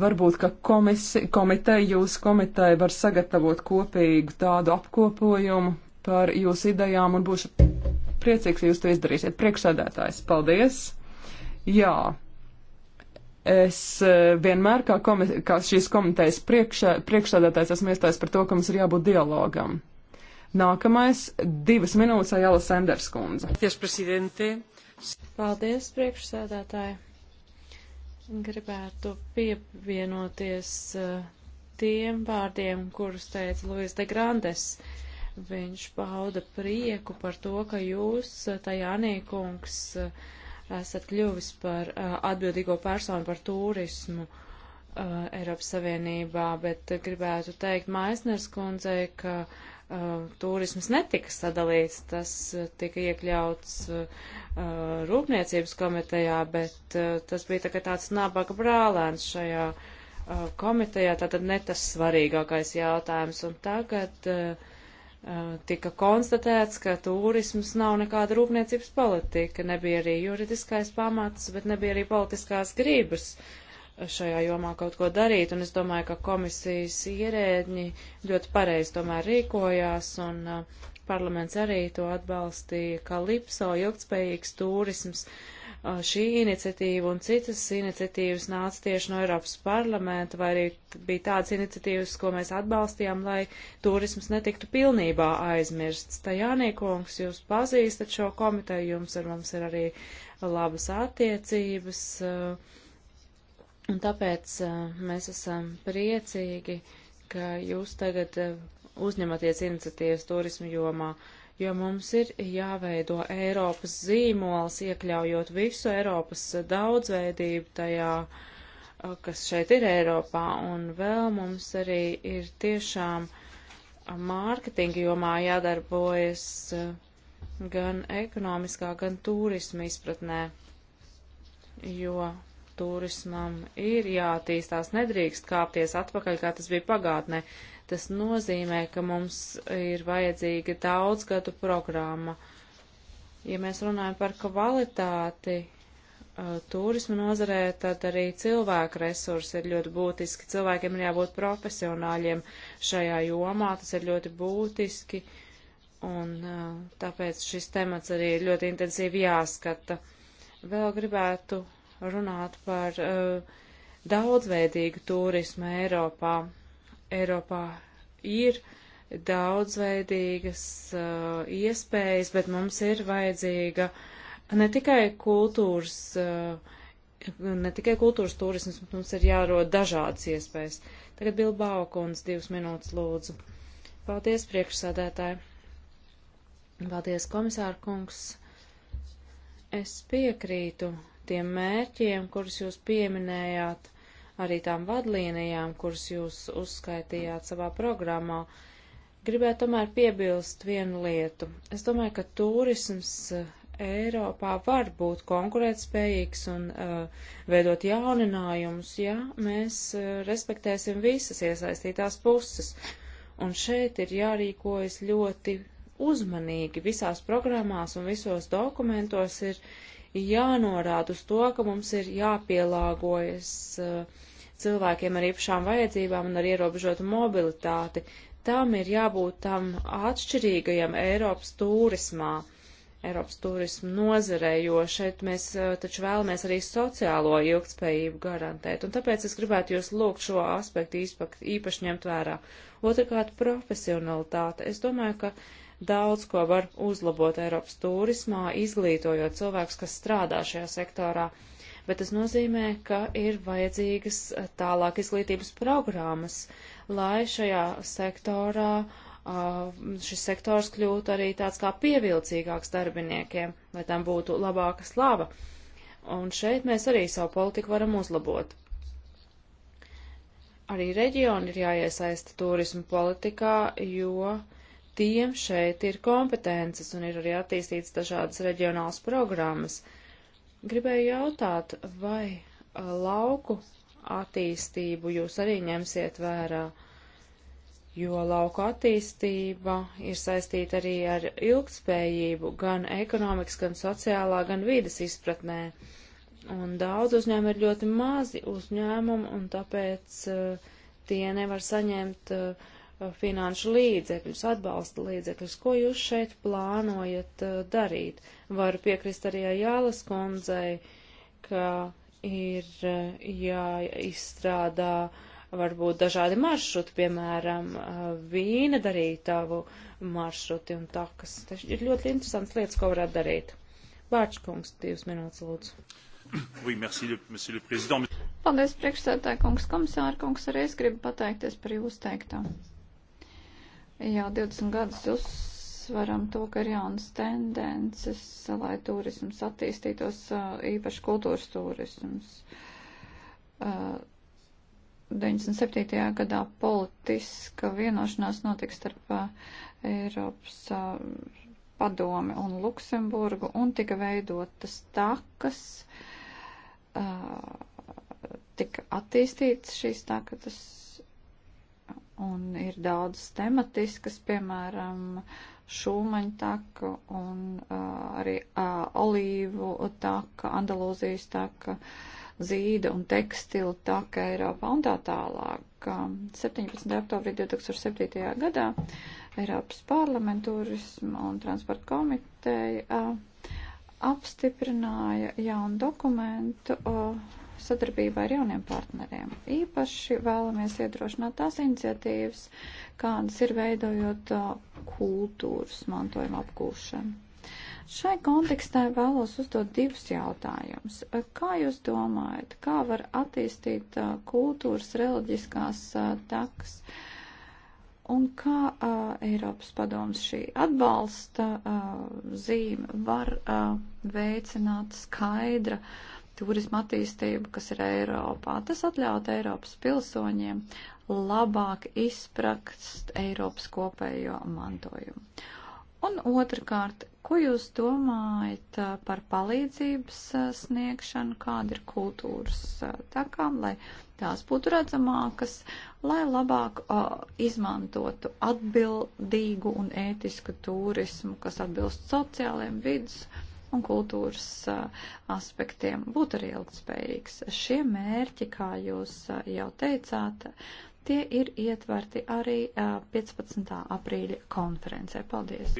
Varbūt, ka komisi, komiteja, jūsu komiteja var sagatavot kopīgu tādu apkopojumu par jūsu idejām un būšu priecīgs, ja jūs to izdarīsiet. Priekšsēdētājs, paldies! Jā, es e, vienmēr kā, komi kā šīs komitejas priekš priekšsēdētājs esmu iestājis par to, ka mums ir jābūt dialogam. Nākamais - divas minūtes Ajala Sanders kundze. Paldies, priekšsēdētāji. Gribētu pievienoties eh, tiem vārdiem, kurus teica Luis de Grandes. Viņš pauda prieku par to, ka jūs, eh, Tajānī kungs, eh, esat kļuvis par atbildīgo personu par turismu. Uh, Eiropas Savienībā, bet gribētu teikt Maisners kundzei, ka uh, Uh, turismas netika sadalīts, tas uh, tika iekļauts uh, rūpniecības komitejā, bet tas bija tā tāds nabaga brālēns šajā komitejā, tātad ne tas svarīgākais jautājums. Un tagad tika konstatēts, ka turisms nav nekāda rūpniecības politika, nebija arī juridiskais pamats, bet nebija arī politiskās grības šajā jomā kaut ko darīt, un es domāju, ka komisijas ierēdņi ļoti pareizi tomēr rīkojās, un uh, parlaments arī to atbalstīja, ka Lipso ilgtspējīgs turisms uh, šī iniciatīva un citas iniciatīvas nāca tieši no Eiropas parlamenta, vai arī bija tādas iniciatīvas, ko mēs atbalstījām, lai turisms netiktu pilnībā aizmirsts. Tā Jānīkungs, jūs pazīstat šo komiteju, jums ar mums ir arī labas attiecības. Uh, Un tāpēc mēs esam priecīgi, ka jūs tagad uzņematies iniciatīvas turismu jomā, jo mums ir jāveido Eiropas zīmols, iekļaujot visu Eiropas daudzveidību tajā, kas šeit ir Eiropā, un vēl mums arī ir tiešām mārketinga jomā jādarbojas gan ekonomiskā, gan turisma izpratnē, jo turismam ir jātīstās, nedrīkst kāpties atpakaļ, kā tas bija pagātnē. Tas nozīmē, ka mums ir vajadzīga daudzgadu programma. Ja mēs runājam par kvalitāti uh, turisma nozarē, tad arī cilvēku resursi ir ļoti būtiski. Cilvēkiem ir jābūt profesionāļiem šajā jomā, tas ir ļoti būtiski, un uh, tāpēc šis temats arī ļoti intensīvi jāskata. Vēl gribētu runāt par uh, daudzveidīgu turismu Eiropā. Eiropā ir daudzveidīgas uh, iespējas, bet mums ir vajadzīga ne tikai kultūras, uh, ne tikai kultūras turismas, bet mums ir jārod dažādas iespējas. Tagad Bilbao kundze divas minūtes lūdzu. Paldies priekšsādētāji. Paldies komisāra kungs. Es piekrītu tiem mērķiem, kurus jūs pieminējāt, arī tām vadlīnijām, kuras jūs uzskaitījāt savā programmā. Gribētu tomēr piebilst vienu lietu. Es domāju, ka turisms eh, Eiropā var būt konkurētspējīgs un uh, veidot jauninājumus, ja mēs uh, respektēsim visas iesaistītās puses. Un šeit ir jārīkojas ļoti uzmanīgi. Visās programmās un visos dokumentos ir jānorāda uz to, ka mums ir jāpielāgojas eh, cilvēkiem ar īpašām vajadzībām un ar ierobežotu mobilitāti. Tam ir jābūt tam atšķirīgajam Eiropas turismā, Eiropas turismu nozarē, jo šeit mēs eh, taču vēlamies arī sociālo ilgtspējību garantēt. Un tāpēc es gribētu jūs lūgt šo aspektu īpaši ņemt vērā. Otrakārt, profesionalitāte. Es domāju, ka uh, daudz ko var uzlabot Eiropas turismā, izglītojot cilvēkus, kas strādā šajā sektorā, bet tas nozīmē, ka ir vajadzīgas eh, tālāk izglītības programmas, lai šajā sektorā eh, šis sektors kļūtu arī tāds kā pievilcīgāks darbiniekiem, lai tam būtu labāka slava. Un šeit mēs arī savu politiku varam uzlabot. Arī reģioni ir jāiesaista turismu politikā, jo uh, tiem šeit ir kompetences un ir arī attīstīts dažādas reģionālas programmas. Gribēju jautāt, vai uh, lauku attīstību jūs arī ņemsiet vērā, jo lauku attīstība ir saistīta arī ar ilgtspējību gan ekonomikas, gan sociālā, gan vides izpratnē. Un daudz uzņēmumu ir ļoti mazi uzņēmumi, un tāpēc uh, tie nevar saņemt uh, Uh, finanšu līdzekļus, atbalsta līdzekļus, ko jūs šeit plānojat uh, darīt. Varu piekrist arī Jālas kundzei, ka ir uh, jāizstrādā varbūt dažādi maršruti, piemēram, vīna darītavu maršruti un takas. Tas ir ļoti interesants lietas, ko varētu darīt. Bārčkungs, divas minūtes lūdzu. Oui, merci, le, monsieur le président. Paldies, priekšsētāji kungs, komisāri kungs, arī es gribu pateikties par jūsu teikto jau 20 gadus uzsveram to, ka ir jaunas tendences, lai turisms attīstītos, īpaši kultūras turisms. 97. gadā politiska vienošanās notiks starp Eiropas padomi un Luksemburgu un tika veidotas takas, tika attīstīts šīs takas Un ir daudz tematiskas, piemēram, šūmaņu taka un uh, arī uh, olīvu taka, Andalūzijas taka, zīda un tekstila taka Eiropā un tā tālāk. 17. oktobrī 2007. gadā Eiropas parlamentūrisma un transporta komiteja uh, apstiprināja jaunu dokumentu. Uh, sadarbībā ar jauniem partneriem. Īpaši vēlamies iedrošināt tās iniciatīvas, kādas ir veidojot kultūras mantojuma apgūšanu. Šai kontekstā vēlos uzdot divus jautājumus. Kā jūs domājat, kā var attīstīt kultūras reliģiskās taks? un kā uh, Eiropas padoms šī atbalsta uh, zīme var uh, veicināt skaidra turismu attīstību, kas ir Eiropā. Tas atļaut Eiropas pilsoņiem labāk izprast Eiropas kopējo mantojumu. Un otrkārt, ko jūs domājat uh, par palīdzības uh, sniegšanu, kāda ir kultūras uh, takām, lai tās būtu redzamākas, lai labāk uh, izmantotu atbildīgu un ētisku turismu, kas atbilst sociāliem vidus un kultūras aspektiem, būtu arī ilgtspējīgs. Šie mērķi, kā jūs jau teicāt, tie ir ietverti arī 15. aprīļa konferencē. Paldies!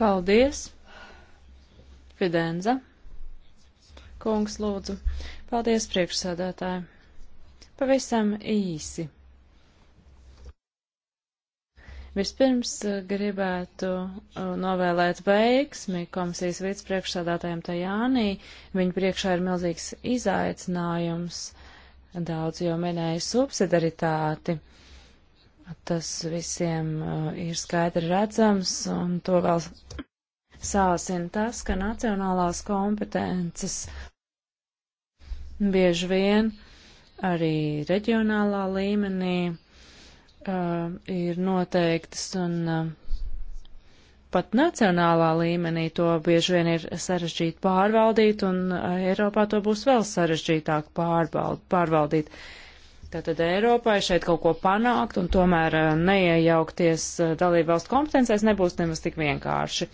Paldies! Fidenza! Kungs, lūdzu! Paldies, priekšsēdētāji! Pavisam īsi! Vispirms eh, gribētu eh, novēlēt veiksmi komisijas vicepriekšsādātājiem Tajānī. Viņa priekšā ir milzīgs izaicinājums. Daudz jau minēja subsidaritāti. Tas visiem eh, ir skaidri redzams, un to vēl sāsina tas, ka nacionālās kompetences bieži vien arī reģionālā līmenī uh, ir noteiktas un uh, pat nacionālā līmenī to bieži vien ir sarežģīti pārvaldīt un uh, Eiropā to būs vēl sarežģītāk pārbald, pārvaldīt. Tātad Eiropai šeit kaut ko panākt un tomēr uh, neiejaukties uh, dalību valstu kompetencēs nebūs nemaz tik vienkārši.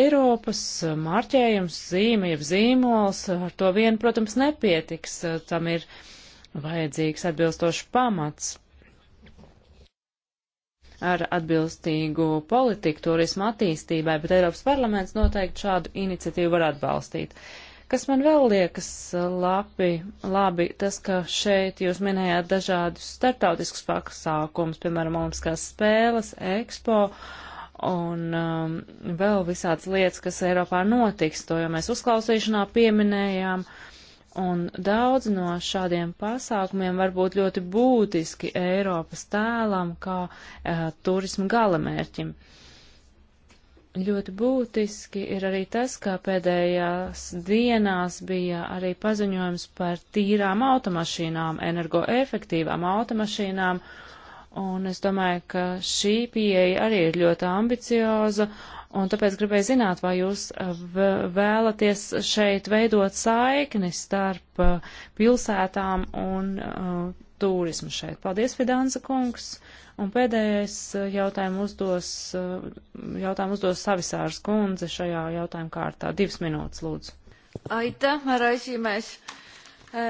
Eiropas uh, marķējums, zīme, jeb zīmols, uh, ar to vien, protams, nepietiks. Uh, tam ir vajadzīgs atbilstošs pamats ar atbilstīgu politiku turismu attīstībai, bet Eiropas parlaments noteikti šādu iniciatīvu var atbalstīt. Kas man vēl liekas uh, labi, labi tas, ka šeit jūs minējāt dažādus startautiskus pasākumus, piemēram, Olimpiskās spēles, Expo un um, vēl visādas lietas, kas Eiropā notiks, to jau mēs uzklausīšanā pieminējām. Uh, Un daudz no šādiem pasākumiem var būt ļoti būtiski Eiropas tēlam kā uh, turismu galamērķim. Ļoti būtiski ir arī tas, ka pēdējās dienās bija arī paziņojums par tīrām automašīnām, energoefektīvām automašīnām, un es domāju, ka šī pieeja arī ir ļoti ambicioza Un tāpēc gribēju zināt, vai jūs eh, vēlaties šeit veidot saikni starp eh, pilsētām un uh, turismu šeit. Paldies, Fidanza kungs. Un pēdējais jautājumu uzdos, jautājumu uzdos Savisārs kundze šajā jautājumu kārtā. Divas minūtes, lūdzu. Aita, raisīmēs. E...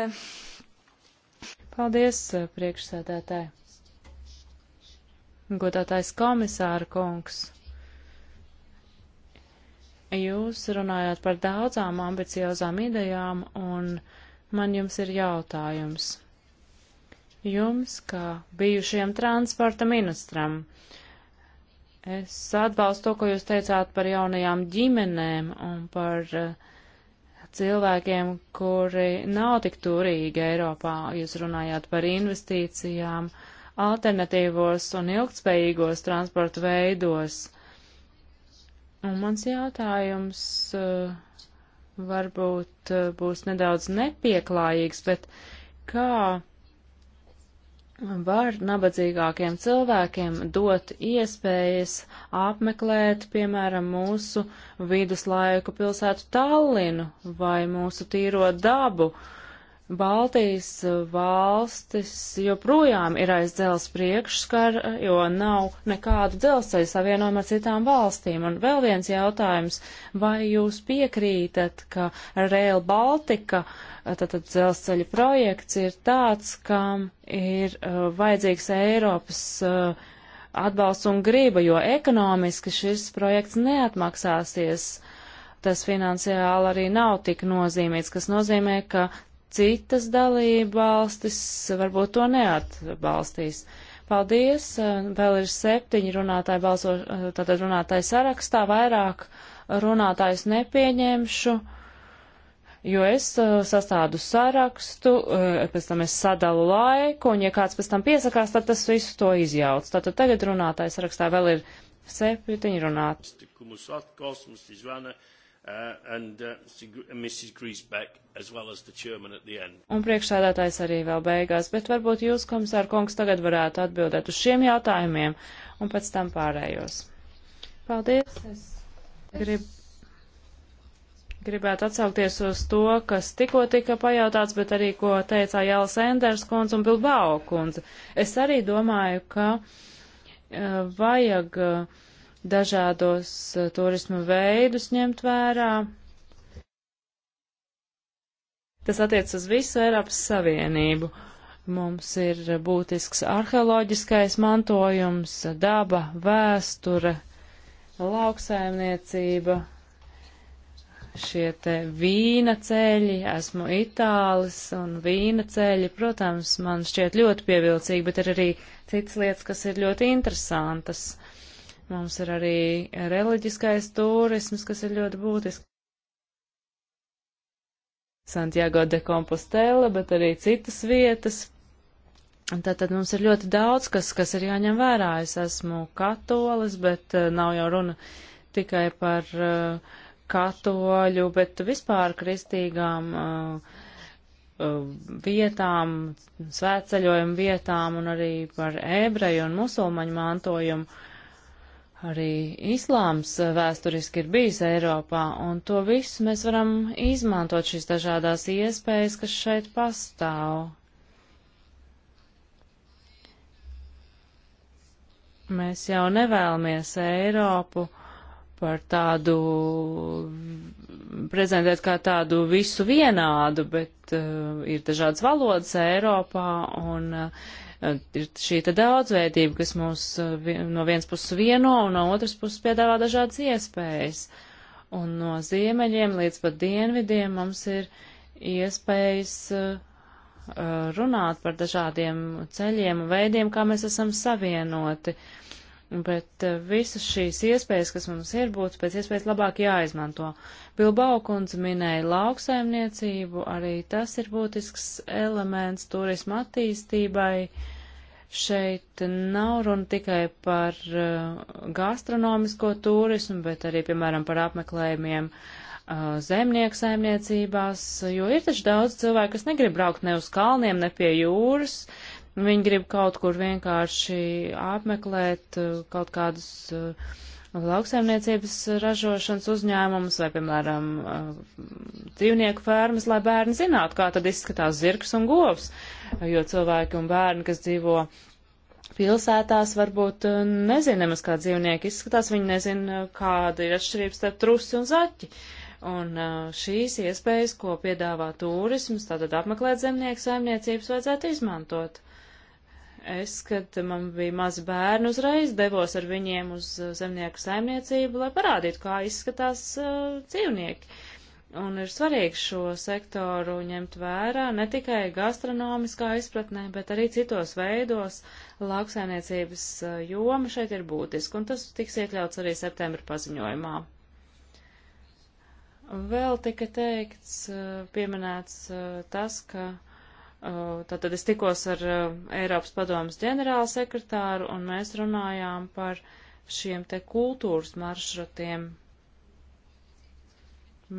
Paldies, priekšsēdētāji. Godātais komisāra kungs. Jūs runājāt par daudzām ambiciozām idejām, un man jums ir jautājums. Jums, kā bijušajam transporta ministram, es atbalstu to, ko jūs teicāt par jaunajām ģimenēm un par eh, cilvēkiem, kuri nav tik turīgi Eiropā. Jūs runājāt par investīcijām, alternatīvos un ilgtspējīgos transporta veidos Un mans jautājums eh, varbūt eh, būs nedaudz nepieklājīgs, bet kā var nabadzīgākiem cilvēkiem dot iespējas apmeklēt, piemēram, mūsu viduslaiku pilsētu Tallinu vai mūsu tīro dabu, uh, Baltijas uh, valstis joprojām ir aiz dzels priekšskara, jo nav nekādu dzelzceļa savienojumu ar citām valstīm. Un vēl viens jautājums, vai jūs piekrītat, ka Rail Baltica, uh, tātad dzelzceļa projekts, ir tāds, kam ir uh, vajadzīgs Eiropas uh, atbalsts un griba, jo ekonomiski šis projekts neatmaksāsies tas finansiāli arī nav tik nozīmīgs, kas nozīmē, ka citas dalība valstis varbūt to neatbalstīs. Paldies, vēl ir septiņi runātāji balso, tātad runātāji sarakstā, vairāk runātājus nepieņemšu, jo es uh, sastādu sarakstu, uh, pēc tam es sadalu laiku, un ja kāds pēc tam piesakās, tad tas visu to izjauc. Tātad tagad runātāji sarakstā vēl ir septiņi runātāji. Uh, and, uh, uh un priekšsēdētājs arī vēl beigās, bet varbūt jūs, komisāra kungs, tagad varētu atbildēt uz šiem jautājumiem un pēc tam pārējos. Paldies! Es grib, gribētu atsaukties uz to, kas tikko tika pajautāts, bet arī, ko teicā Jāla Senders kundze un Bilbao kundze. Es arī domāju, ka uh, vajag. Uh, dažādos eh, turismu veidus ņemt vērā. Tas attiec uz visu Eiropas Savienību. Mums ir būtisks arheoloģiskais mantojums, daba, vēsture, lauksaimniecība, šie te vīna ceļi, esmu itālis un vīna ceļi, protams, man šķiet ļoti pievilcīgi, bet ir arī citas lietas, kas ir ļoti interesantas. Uh, Mums ir arī reliģiskais turisms, kas ir ļoti būtisks. Santiago de Compostela, bet arī citas vietas. Tātad mums ir ļoti daudz, kas, kas ir jāņem vērā. Es esmu katolis, bet eh, nav jau runa tikai par uh, katoļu, bet vispār kristīgām uh, vietām, svētceļojumu vietām un arī par ebreju un musulmaņu mantojumu. Arī islāms eh, vēsturiski ir bijis Eiropā, un to visu mēs varam izmantot šīs dažādās iespējas, kas šeit pastāv. Mēs jau nevēlamies Eiropu par tādu, prezentēt kā tādu visu vienādu, bet uh, ir dažādas valodas Eiropā, un uh, Eh, ir šī te daudzveidība, kas mūs eh, no vienas puses vieno un no otras puses piedāvā dažādas iespējas. Un no ziemeļiem līdz pat dienvidiem mums ir iespējas eh, runāt par dažādiem ceļiem un veidiem, kā mēs esam savienoti. Uh, bet eh, visas šīs iespējas, kas mums ir, būtu pēc iespējas labāk jāizmanto. Bilbao kundze minēja lauksaimniecību, arī tas ir būtisks elements turisma attīstībai. Šeit nav runa tikai par eh, gastronomisko turismu, bet arī, piemēram, par apmeklējumiem eh, zemnieku saimniecībās, jo ir taču daudz cilvēku, kas negrib braukt ne uz kalniem, ne pie jūras, Viņi grib kaut kur vienkārši apmeklēt uh, kaut kādus uh, lauksaimniecības ražošanas uzņēmumus vai, piemēram, uh, dzīvnieku fermas, lai bērni zinātu, kā tad izskatās zirgs un govs, jo cilvēki un bērni, kas dzīvo pilsētās, varbūt nezina nemaz, kā dzīvnieki izskatās, viņi nezina, kāda ir atšķirības starp trusi un zaķi. Un šīs iespējas, ko piedāvā turisms, tātad apmeklēt zemnieku saimniecības, vajadzētu izmantot es, kad man bija mazi bērni, uzreiz devos ar viņiem uz eh, zemnieku saimniecību, lai parādītu, kā izskatās uh, dzīvnieki. Un ir svarīgi šo sektoru ņemt vērā ne tikai gastronomiskā izpratnē, bet arī citos veidos lauksaimniecības eh, joma šeit ir būtiska, un tas tiks iekļauts arī septembra paziņojumā. Vēl tika teikts, pieminēts tas, ka Uh, tātad es tikos ar uh, Eiropas padomas ģenerāla sekretāru un mēs runājām par šiem te kultūras maršrutiem.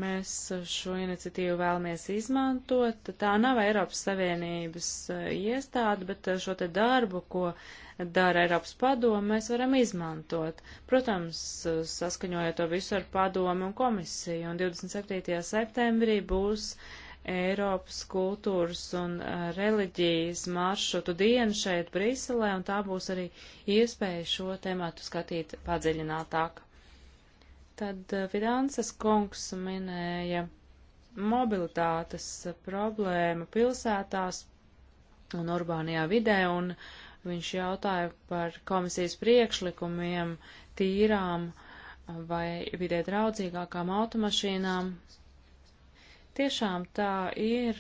Mēs uh, šo iniciatīvu vēlamies izmantot. Tā nav Eiropas Savienības iestāde, bet šo te darbu, ko dara Eiropas padoma, mēs varam izmantot. Protams, saskaņojot to visu ar padomu un komisiju. Un 27. septembrī būs uh, Eiropas kultūras un reliģijas maršrutu dienu šeit Brīselē, un tā būs arī iespēja šo tematu skatīt padziļinātāk. Tad finanses kungs minēja mobilitātes problēmu pilsētās un urbānajā vidē, un viņš jautāja par komisijas priekšlikumiem tīrām vai vidē draudzīgākām automašīnām Tiešām tā ir.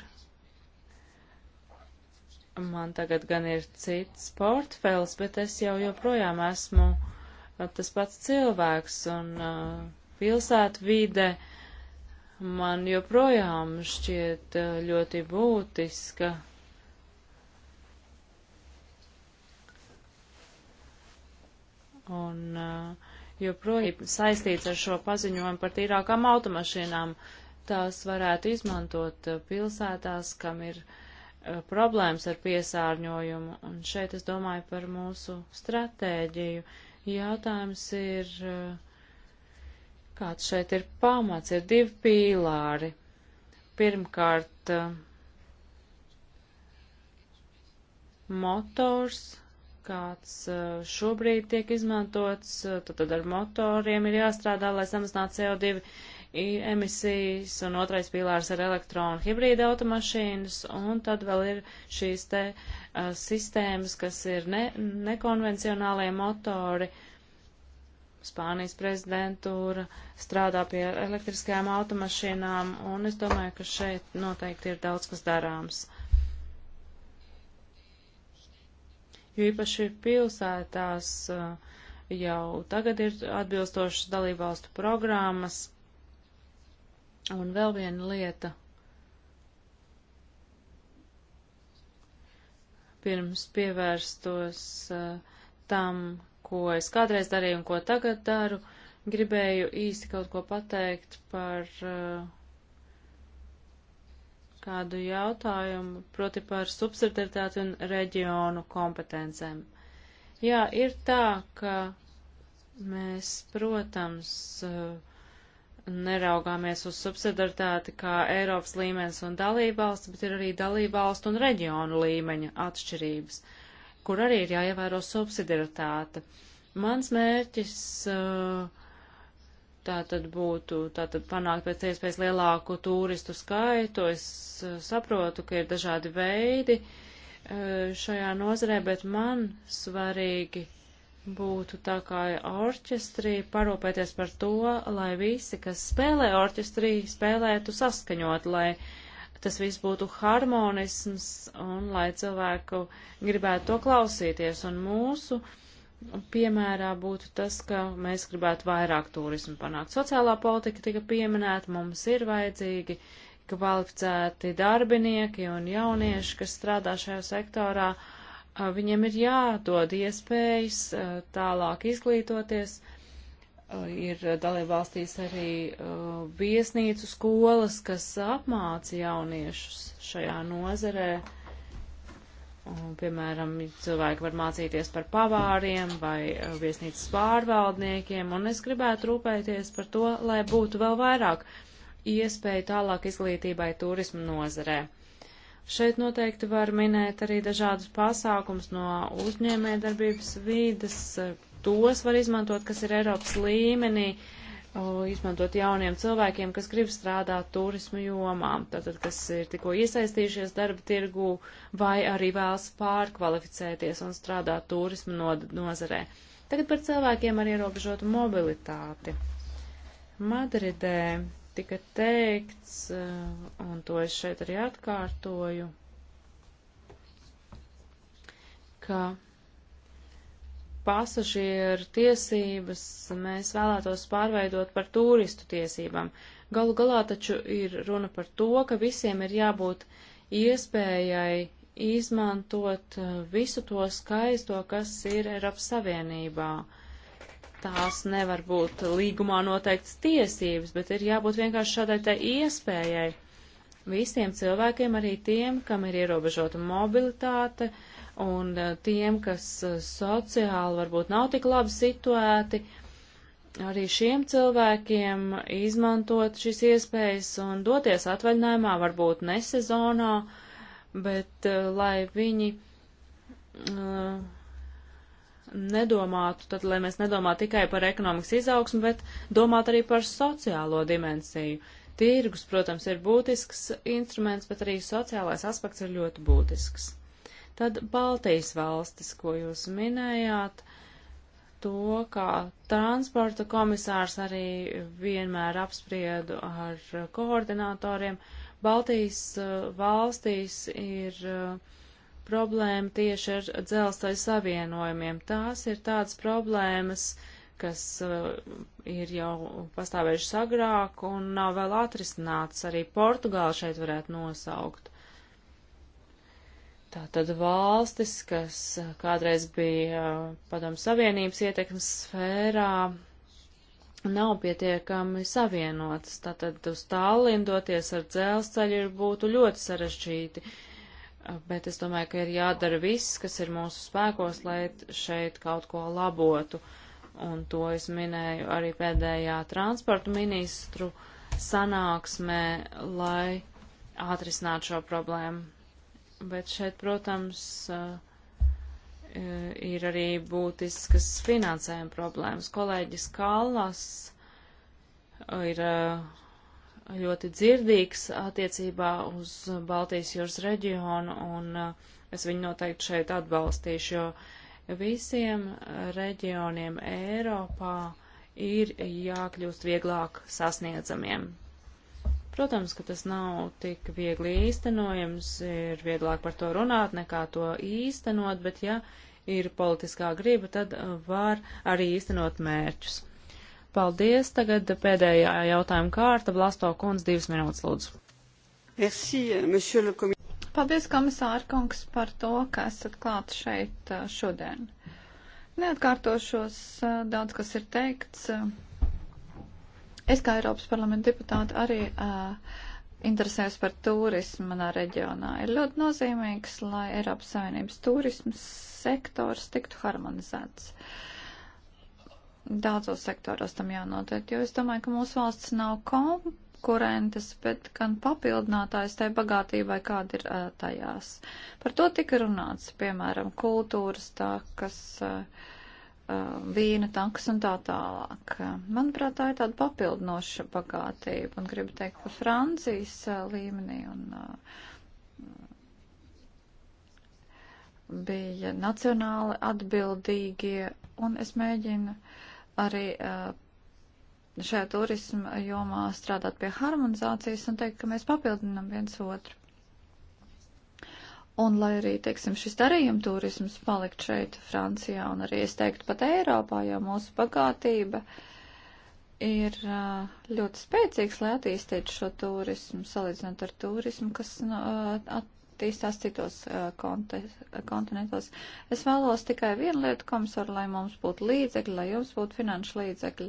Man tagad gan ir cits portfels, bet es jau joprojām esmu uh, tas pats cilvēks un uh, pilsētu vide man joprojām šķiet uh, ļoti būtiska. Un uh, joprojām saistīts ar šo paziņojumu par tīrākām automašīnām. Uh, tās varētu izmantot uh, pilsētās, kam ir uh, problēmas ar piesārņojumu. Un šeit es domāju par mūsu stratēģiju. Jautājums ir, uh, kāds šeit ir pamats, ir divi pīlāri. Pirmkārt, motors, kāds šobrīd tiek izmantots, tad ar motoriem ir jāstrādā, lai samazinātu CO2 emisijas, un otrais pīlārs ir elektronu hibrīda automašīnas, un tad vēl ir šīs te uh, sistēmas, kas ir ne, nekonvencionālie motori. Spānijas prezidentūra strādā pie elektriskajām automašīnām, un es domāju, ka šeit noteikti ir daudz kas darāms. Jo īpaši pilsētās jau tagad ir atbilstošas dalībvalstu programmas Un vēl viena lieta. Pirms pievērstos uh, tam, ko es kādreiz darīju un ko tagad daru, gribēju īsti kaut ko pateikt par uh, kādu jautājumu, proti par subsidiaritāti un reģionu kompetencēm. Jā, ir tā, ka mēs, protams, uh, neraugāmies uz subsidaritāti kā Eiropas līmenis un dalībvalsts, bet ir arī dalībvalstu un reģionu līmeņa atšķirības, kur arī ir jāievēro subsidaritāte. Mans mērķis tātad būtu tātad panākt pēc iespējas lielāku turistu skaitu. Es saprotu, ka ir dažādi veidi šajā nozarē, bet man svarīgi būtu tā kā orķestrī parūpēties par to, lai visi, kas spēlē orķestrī, spēlētu saskaņot, lai tas viss būtu harmonisms un lai cilvēku gribētu to klausīties. Un mūsu piemērā būtu tas, ka mēs gribētu vairāk turismu panākt. Sociālā politika tika pieminēta, mums ir vajadzīgi kvalificēti darbinieki un jaunieši, kas strādā šajā sektorā. Uh, viņiem ir jādod iespējas tālāk izglītoties. Ir dalībvalstīs arī viesnīcu skolas, kas apmāca jauniešus šajā nozarē. Un, piemēram, cilvēki var mācīties par pavāriem vai viesnīcas pārvaldniekiem, un es gribētu rūpēties par to, lai būtu vēl vairāk iespēju tālāk izglītībai turismu nozarē. Šeit noteikti var minēt arī dažādus pasākums no uzņēmējdarbības vīdes. Tos var izmantot, kas ir Eiropas līmenī, izmantot jauniem cilvēkiem, kas grib strādāt turismu jomā, tātad, kas ir tikko iesaistījušies darba tirgu vai arī vēlas pārkvalificēties un strādāt turismu no nozarē. Tagad par cilvēkiem ar ierobežotu mobilitāti. Madridē tika teikts, eh, un to es šeit arī atkārtoju, ka pasažieru tiesības mēs vēlētos pārveidot par turistu tiesībām. Galu galā taču ir runa par to, ka visiem ir jābūt iespējai izmantot eh, visu to skaisto, kas ir Eiropas Savienībā. Uh, tās nevar būt līgumā noteikts tiesības, bet ir jābūt vienkārši šādai tai iespējai visiem cilvēkiem, arī tiem, kam ir ierobežota mobilitāte un eh, tiem, kas eh, sociāli varbūt nav tik labi situēti, arī šiem cilvēkiem izmantot šīs iespējas un doties atvaļinājumā, varbūt nesezonā, bet eh, lai viņi. Uh, nedomātu, tad, lai mēs nedomātu tikai par ekonomikas izaugsmu, bet domātu arī par sociālo dimensiju. Tirgus, protams, ir būtisks instruments, bet arī sociālais aspekts ir ļoti būtisks. Tad Baltijas valstis, ko jūs minējāt, to, kā transporta komisārs arī vienmēr apspriedu ar koordinatoriem, Baltijas eh, valstīs ir uh, problēma tieši ar dzelzceļa savienojumiem. Tās ir tādas problēmas, kas uh, ir jau pastāvējušas agrāk un nav vēl atrisinātas. Arī Portugāla šeit varētu nosaukt. Tātad valstis, kas uh, kādreiz bija uh, padomu savienības ietekmes sfērā, nav pietiekami savienotas. Tātad uz tālu lindoties ar dzelzceļu būtu ļoti sarežģīti. Uh, bet es domāju, ka ir jādara viss, kas ir mūsu spēkos, lai šeit kaut ko labotu. Un to es minēju arī pēdējā transportu ministru sanāksmē, lai atrisinātu šo problēmu. Bet šeit, protams, eh, ir arī būtiskas finansējuma problēmas. Kolēģis Kallas ir uh, ļoti dzirdīgs attiecībā uz Baltijas jūras reģionu, un uh, es viņu noteikti šeit atbalstīšu, jo visiem uh, reģioniem Eiropā ir jākļūst vieglāk sasniedzamiem. Protams, ka tas nav tik viegli īstenojams, ir vieglāk par to runāt nekā to īstenot, bet ja ir politiskā griba, tad var arī īstenot mērķus. Paldies. Tagad pēdējā jautājuma kārta. Blasto kundze, divas minūtes lūdzu. Merci, euh, monsieur le commissaire. Paldies, komisāra kungs, par to, ka esat klāt šeit uh, šodien. Neatkārtošos uh, daudz, kas ir teikts. Es kā Eiropas parlamenta deputāta arī uh, interesējos par turismu manā reģionā. Ir ļoti nozīmīgs, lai Eiropas Savienības turismas sektors tiktu harmonizēts. Uh, Daudzos sektoros tam jānotiek, jo es domāju, ka mūsu valsts nav konkurentes, bet gan papildinātājs tai bagātībai, kāda ir uh, tajās. Par to tika runāts, piemēram, kultūras takas, uh, vīna tankas un tā tālāk. Manuprāt, tā ir tāda papildinoša bagātība un gribu teikt, ka Francijas uh, līmenī un bija nacionāli atbildīgie, un es mēģinu arī eh, šajā turisma jomā strādāt pie harmonizācijas un teikt, ka mēs papildinam viens otru. Un lai arī, teiksim, šis darījuma turisms palikt šeit, Francijā, un arī es teiktu pat Eiropā, jo mūsu bagātība ir eh, ļoti spēcīgs, lai attīstītu šo turismu, salīdzinot ar turismu, kas nu, at, attīstās citos uh, kontinentos. Es vēlos tikai vienu lietu, komisāru, lai mums būtu līdzekļi, lai jums būtu finanšu līdzekļi,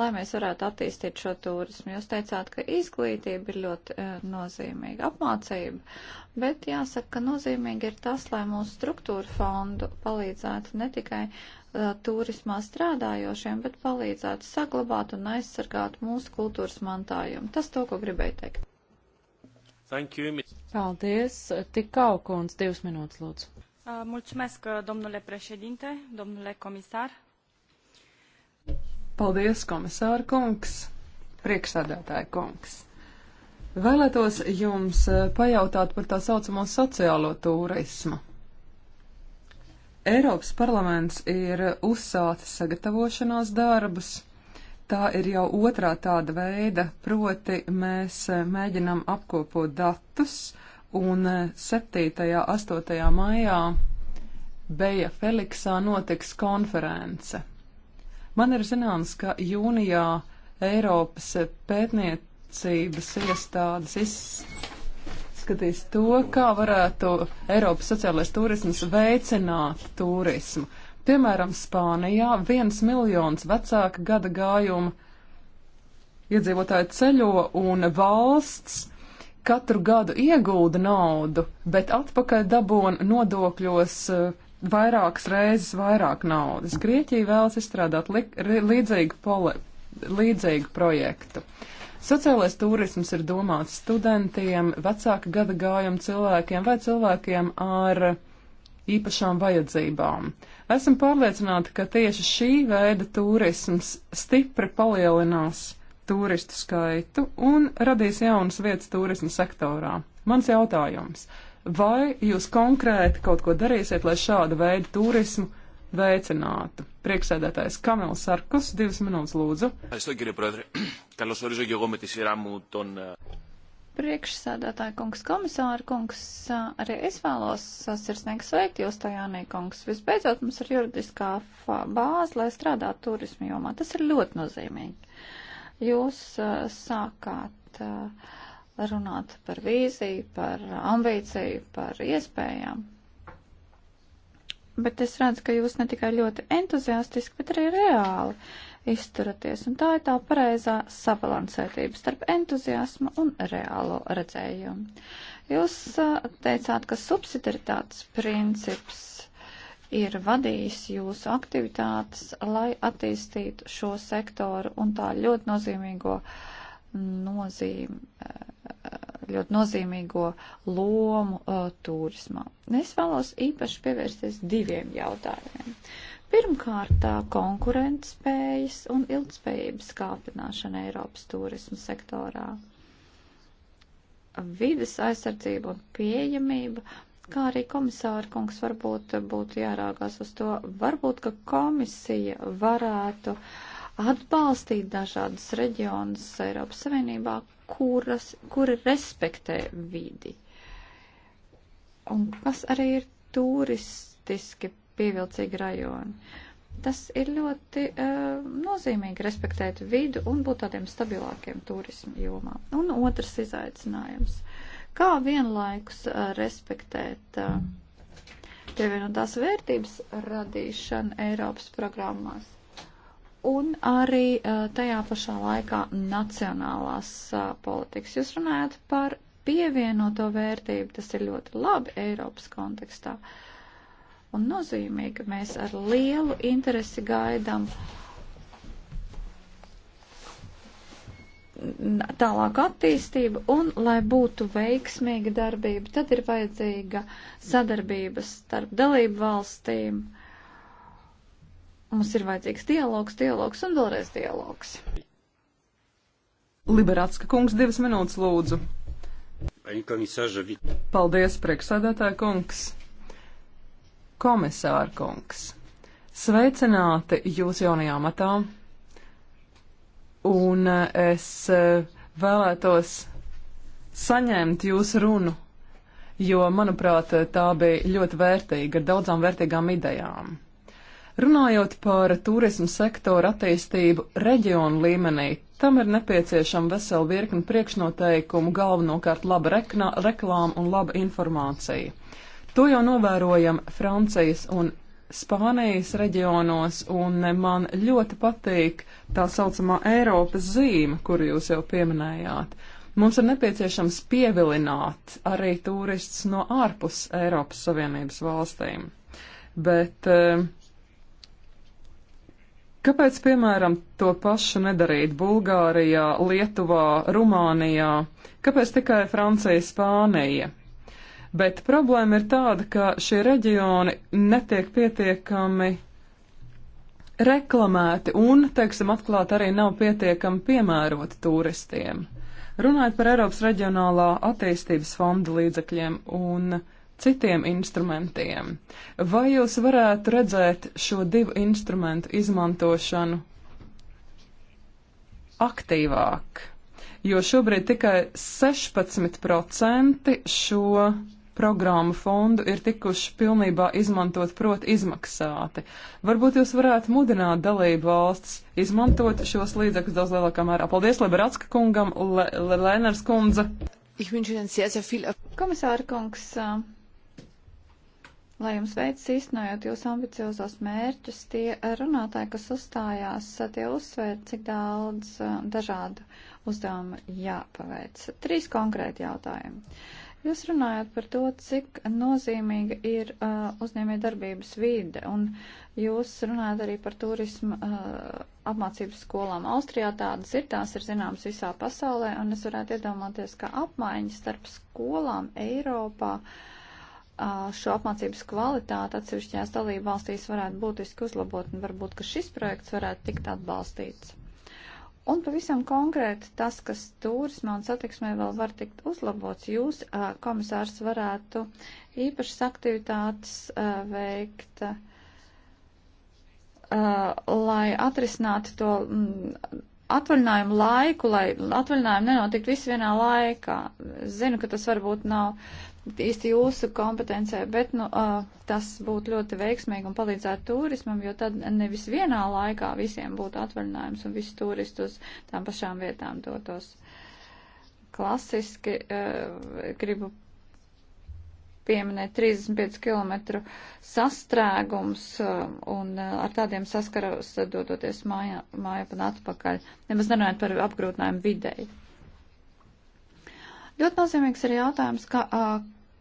lai mēs varētu attīstīt šo turismu. Jūs teicāt, ka izglītība ir ļoti uh, nozīmīga, apmācība, bet jāsaka, ka nozīmīgi ir tas, lai mūsu struktūra fondu palīdzētu ne tikai uh, turismā strādājošiem, bet palīdzētu saglabāt un aizsargāt mūsu kultūras mantājumu. Tas to, ko gribēju teikt. Paldies. Tikau kundz, divas minūtes, lūdzu. Uh, mulțumesc, uh, domnule președinte, domnule comisar. Paldies, komisāra kungs, priekšsādātāja kungs. Vēlētos jums uh, pajautāt par tā saucamo sociālo turismu. Eiropas parlaments ir uzsācis sagatavošanās darbus Tā ir jau otrā tāda veida, proti mēs eh, mēģinam apkopot datus, un 7. un 8. maijā Beja Feliksā notiks konference. Man ir zināms, ka jūnijā Eiropas pētniecības iestādes izskatīs to, kā varētu Eiropas sociālais turisms veicināt turismu. Piemēram, Spānijā viens miljons vecāka gada gājuma iedzīvotāji ceļo un valsts katru gadu iegulda naudu, bet atpakaļ dabūna nodokļos eh, vairākas reizes vairāk naudas. Grieķija vēlas izstrādāt li, ri, līdzīgu, pole, līdzīgu projektu. Sociālais turisms ir domāts studentiem, vecāka gada gājuma cilvēkiem vai cilvēkiem ar īpašām vajadzībām. Esam pārliecināti, ka tieši šī veida turisms stipri palielinās turistu skaitu un radīs jaunas vietas turisma sektorā. Mans jautājums. Vai jūs konkrēti kaut ko darīsiet, lai šādu veidu turismu veicinātu? Priekšsēdētājs Kamils Sarkus, divas minūtes lūdzu. Priekšsēdētāja kungs, komisāra kungs, arī es vēlos sirsnīgi sveikt jūs, Tajānī kungs. Visbeidzot, mums ir juridiskā bāze, lai strādātu turismu jomā. Tas ir ļoti nozīmīgi. Jūs sākāt runāt par vīziju, par ambīciju, par iespējām. Bet es redzu, ka jūs ne tikai ļoti entuziastiski, bet arī reāli izturaties. Un tā ir tā pareizā sabalansētība starp entuziasmu un reālo redzējumu. Jūs teicāt, ka subsidiaritātes princips ir vadījis jūsu aktivitātes, lai attīstītu šo sektoru un tā ļoti nozīmīgo nozīmi, ļoti nozīmīgo lomu uh, turismā. Es vēlos īpaši pievērsties diviem jautājumiem. Uh, Pirmkārt, konkurētspējas un ilgspējības kāpināšana Eiropas turismu sektorā. Vides aizsardzība un pieejamība, kā arī komisāra kungs varbūt būtu jārāgās uz to, varbūt, ka komisija varētu atbalstīt dažādas reģionas Eiropas Savienībā, kuras, kuri respektē vidi. Un kas arī ir turistiski pievilcīgi rajoni. Tas ir ļoti uh, nozīmīgi respektēt vidu un būt tādiem stabilākiem turismu jomā. Un otrs izaicinājums. Kā vienlaikus uh, respektēt uh, pievienotās vērtības radīšanu Eiropas programmās un arī uh, tajā pašā laikā nacionālās uh, politikas. Jūs runājat par pievienoto vērtību, tas ir ļoti labi Eiropas kontekstā. Uh, un nozīmīga. Mēs ar lielu interesi gaidām tālāk attīstību un, lai būtu veiksmīga darbība, tad ir vajadzīga sadarbības starp dalību valstīm. Mums ir vajadzīgs dialogs, dialogs un vēlreiz dialogs. Liberatska kungs, divas minūtes lūdzu. Paldies, priekšsēdētāja kungs. Komisārkungs, sveicināti jūs jaunajā matā, un eh, es eh, vēlētos saņemt jūsu runu, jo, manuprāt, tā bija ļoti vērtīga ar daudzām vērtīgām idejām. Runājot par turismu sektoru attīstību reģionu līmenī, tam ir nepieciešama vesela virkni priekšnoteikumu, galvenokārt laba reklāma un laba informācija. To jau novērojam Francijas un Spānijas reģionos, un man ļoti patīk tā saucamā Eiropas zīme, kuru jūs jau pieminējāt. Mums ir nepieciešams pievilināt arī turistus no ārpus Eiropas Savienības valstīm. Bet eh, kāpēc, piemēram, to pašu nedarīt Bulgārijā, Lietuvā, Rumānijā? Kāpēc tikai Francija, Spānija? Bet problēma ir tāda, ka šie reģioni netiek pietiekami reklamēti un, teiksim, atklāti arī nav pietiekami piemēroti turistiem. Runājot par Eiropas reģionālā attīstības fonda līdzekļiem un citiem instrumentiem, vai jūs varētu redzēt šo divu instrumentu izmantošanu aktīvāk? Jo šobrīd tikai 16% šo programmu fondu ir tikuši pilnībā izmantot, proti izmaksāti. Varbūt jūs varētu mudināt dalību valsts izmantot šos līdzekļus daudz lielākā mērā. Paldies Liberatska kungam, Le Le Lēners kundze. Komisāra kungs, lai jums veids īstenojot jūsu ambiciozos mērķus, tie runātāji, kas uzstājās, tie uzsvēra, cik daudz dažādu uzdevumu jāpaveic. Trīs konkrēti jautājumi. Jūs runājat par to, cik nozīmīga ir uh, uzņēmē darbības vīde, un jūs runājat arī par turismu uh, apmācības skolām. Austrijā tādas ir, tās ir zināmas visā pasaulē, un es varētu iedomāties, ka apmaiņas starp skolām Eiropā uh, šo apmācības kvalitāti atsevišķās dalību valstīs varētu būtiski uzlabot, un varbūt, ka šis projekts varētu tikt atbalstīts. Un pavisam konkrēti tas, kas turismā un satiksmē vēl var tikt uzlabots, jūs, komisārs, varētu īpašas aktivitātes veikt, lai atrisinātu to mm, atvaļinājumu laiku, lai atvaļinājumu nenotikt visu vienā laikā. Zinu, ka tas varbūt nav īsti jūsu kompetencē, bet nu, uh, tas būtu ļoti veiksmīgi un palīdzētu turismam, jo tad nevis vienā laikā visiem būtu atvaļinājums un visi turisti uz tām pašām vietām dotos. Klasiski uh, gribu pieminēt 35 km sastrēgums un ar tādiem saskaros dodoties mājā, mājā un atpakaļ, nemaz nerunājot par apgrūtinājumu videi. Ļoti nozīmīgs ir jautājums, ka,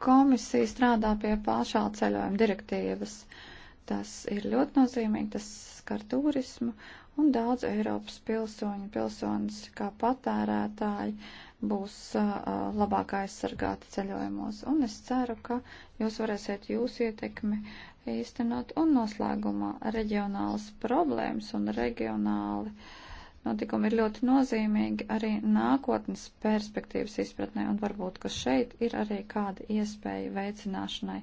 Komisija strādā pie pašā ceļojuma direktīvas. Tas ir ļoti nozīmīgi, tas skar turismu un daudz Eiropas pilsoņu, pilsonis kā patērētāji būs uh, labāk aizsargāti ceļojumos. Un es ceru, ka jūs varēsiet jūsu ietekmi īstenot un noslēgumā reģionālas problēmas un reģionāli uh, notikumi ir ļoti nozīmīgi arī nākotnes perspektīvas izpratnē, un varbūt, ka šeit ir arī kāda iespēja veicināšanai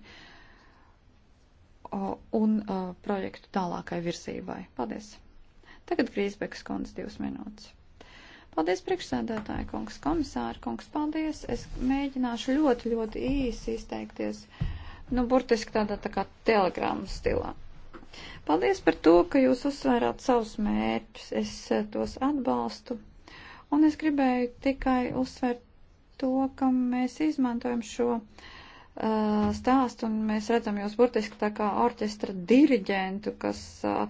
un uh, projektu tālākai virzībai. Paldies! Tagad Grīsbekas kundze divas minūtes. Paldies, priekšsēdētāji, kungs, komisāri, kungs, paldies. Es mēģināšu ļoti, ļoti īsi izteikties, nu, burtiski tādā tā kā telegrāmas stilā. Paldies par to, ka jūs uzsvērāt savus mērķus. Es eh, tos atbalstu. Un es gribēju tikai uzsvērt to, ka mēs izmantojam šo uh, stāstu un mēs redzam jūs burtiski tā kā orķestra diriģentu, kas uh,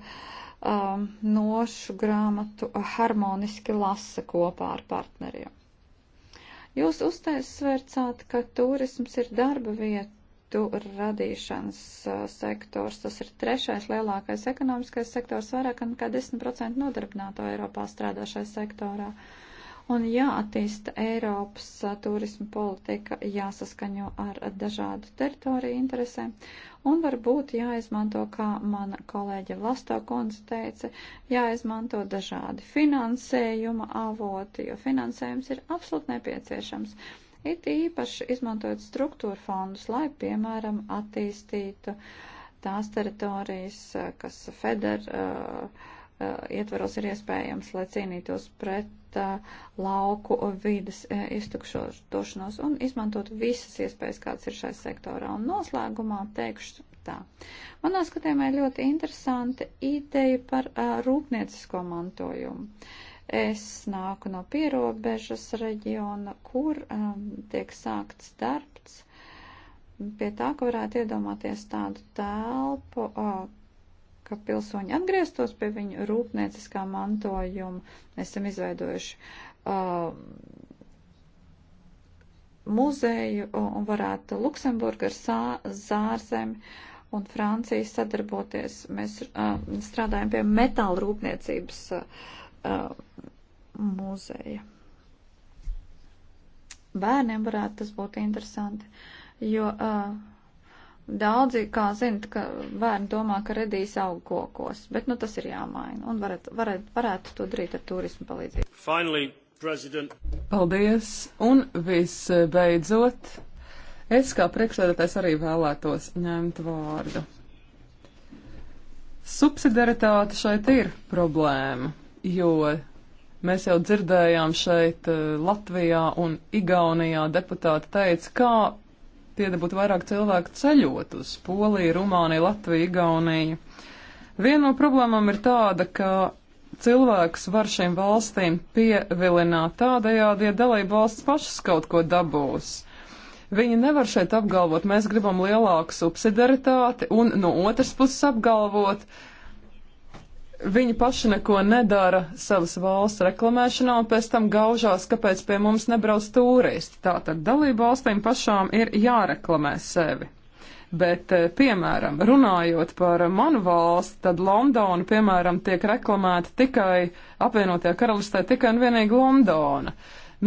uh, nošu grāmatu harmoniski lasa kopā ar partneriem. Jūs uztaisvērcāt, ka turisms ir darba vieta vietu radīšanas uh, sektors. Tas ir trešais lielākais ekonomiskais sektors, vairāk nekā 10% nodarbināto Eiropā strādā šai sektorā. Un jāattīsta Eiropas uh, turismu politika, jāsaskaņo ar dažādu teritoriju interesēm. Un varbūt jāizmanto, kā mana kolēģa Vlasto kundze teica, jāizmanto dažādi finansējuma avoti, jo finansējums ir absolūti nepieciešams. Uh, It īpaši izmantojot struktūra fondus, lai, piemēram, attīstītu tās teritorijas, kas feder uh, uh, ietvaros ir iespējams, lai cīnītos pret uh, lauku vidas uh, iztukšošanos un izmantot visas iespējas, kādas ir šai sektorā. Un noslēgumā teikšu tā. Manā skatījumā ir ļoti interesanta ideja par uh, rūpniecisko mantojumu. Uh, Es nāku no pierobežas reģiona, kur um, tiek sākts darbs pie tā, ka varētu iedomāties tādu telpu, uh, ka pilsoņi atgrieztos pie viņu rūpnieciskā mantojuma. Esam izveidojuši uh, muzeju un varētu Luksemburga ar zārzemi un Francijas sadarboties. Mēs uh, strādājam pie metāla rūpniecības. Uh, uh, muzeja. Bērniem varētu tas būt interesanti, jo uh, Daudzi, kā zinat, ka bērni domā, ka redīs augkokos, bet nu tas ir jāmaina un varat, varat, varētu to darīt ar turismu palīdzību. Finally, president. Paldies! Un visbeidzot, es kā priekšsēdētājs arī vēlētos ņemt vārdu. Subsidaritāte šeit ir problēma jo mēs jau dzirdējām šeit eh, Latvijā un Igaunijā deputāti teica, kā piedabūtu vairāk cilvēku ceļot uz Poliju, Rumāniju, Latviju, Igauniju. Viena no problēmām ir tāda, ka cilvēks var šīm valstīm pievilināt tādējādi, ja dalība valsts pašas kaut ko dabūs. Viņi nevar šeit apgalvot, mēs gribam lielāku subsidiaritāti, un no otras puses apgalvot, uh, Viņi paši neko nedara savas valsts reklamēšanā, un pēc tam gaužās, kāpēc pie mums nebrauc turisti. Tātad dalību valstīm pašām ir jāreklamē sevi. Bet, eh, piemēram, runājot par manu valsti, tad Londona, piemēram, tiek reklamēta tikai apvienotajā karalistē tikai un vienīgi Londona.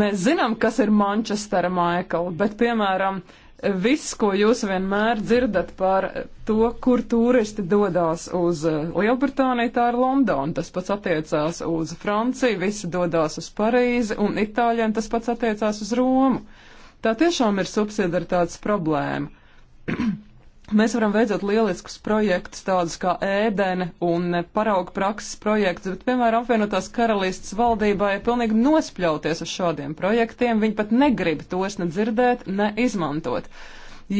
Mēs zinām, kas ir Manchestera Maikla, bet, piemēram, uh, viss, ko jūs vienmēr dzirdat par to, kur turisti dodas uz eh, Lielbritāniju, tā ir Londona. Tas pats attiecās uz Franciju, visi dodas uz Parīzi un Itālijam tas pats attiecās uz Romu. Tā tiešām ir subsidaritātes problēma. [CLEARS THROAT] Mēs varam veidot lieliskus projektus, tādus kā ēdene un parauga prakses projekts, bet, piemēram, apvienotās karalistas valdībā ir pilnīgi nospļauties uz šādiem projektiem. Viņi pat negrib tos ne dzirdēt, ne izmantot.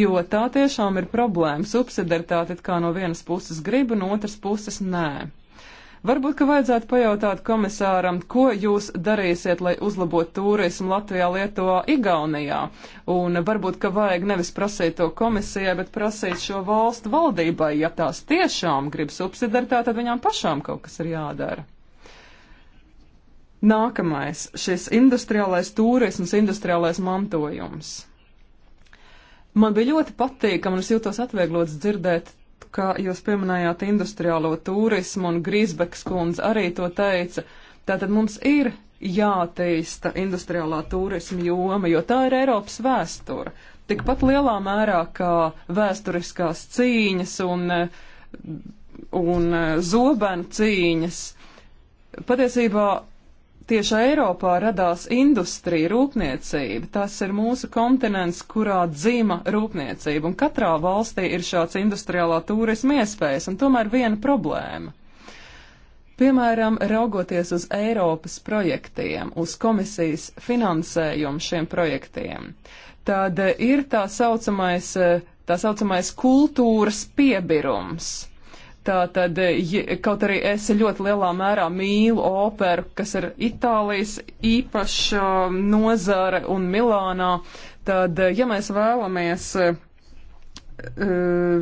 Jo tā tiešām ir problēma. Subsidaritāte it kā no vienas puses grib, no otras puses nē. Varbūt, ka vajadzētu pajautāt komisāram, ko jūs darīsiet, lai uzlabotu turismu Latvijā, Lietuvā, Igaunijā. Un varbūt, ka vajag nevis prasīt to komisijai, bet prasīt šo valstu valdībai. Ja tās tiešām grib subsidiaritā, tad viņām pašām kaut kas ir jādara. Nākamais - šis industriālais turisms, industriālais mantojums. Man bija ļoti patīkami, un es jūtos atvieglots dzirdēt ka jūs pieminējāt industriālo turismu un Grīsbeks kundze arī to teica. Tātad mums ir jātīsta industriālā turisma joma, jo tā ir Eiropas vēstura. Tikpat lielā mērā kā vēsturiskās cīņas un, un eh, zobenu cīņas. Patiesībā Tieši Eiropā radās industrija, rūpniecība. Tas ir mūsu kontinents, kurā dzima rūpniecība, un katrā valstī ir šāds industriālā turisma iespējas, un tomēr viena problēma. Piemēram, raugoties uz Eiropas projektiem, uz komisijas finansējumu šiem projektiem, tad ir tā saucamais, tā saucamais kultūras piebirums Tātad, kaut arī es ļoti lielā mērā mīlu operu, kas ir Itālijas īpaša nozare un Milānā, tad, ja mēs vēlamies uh,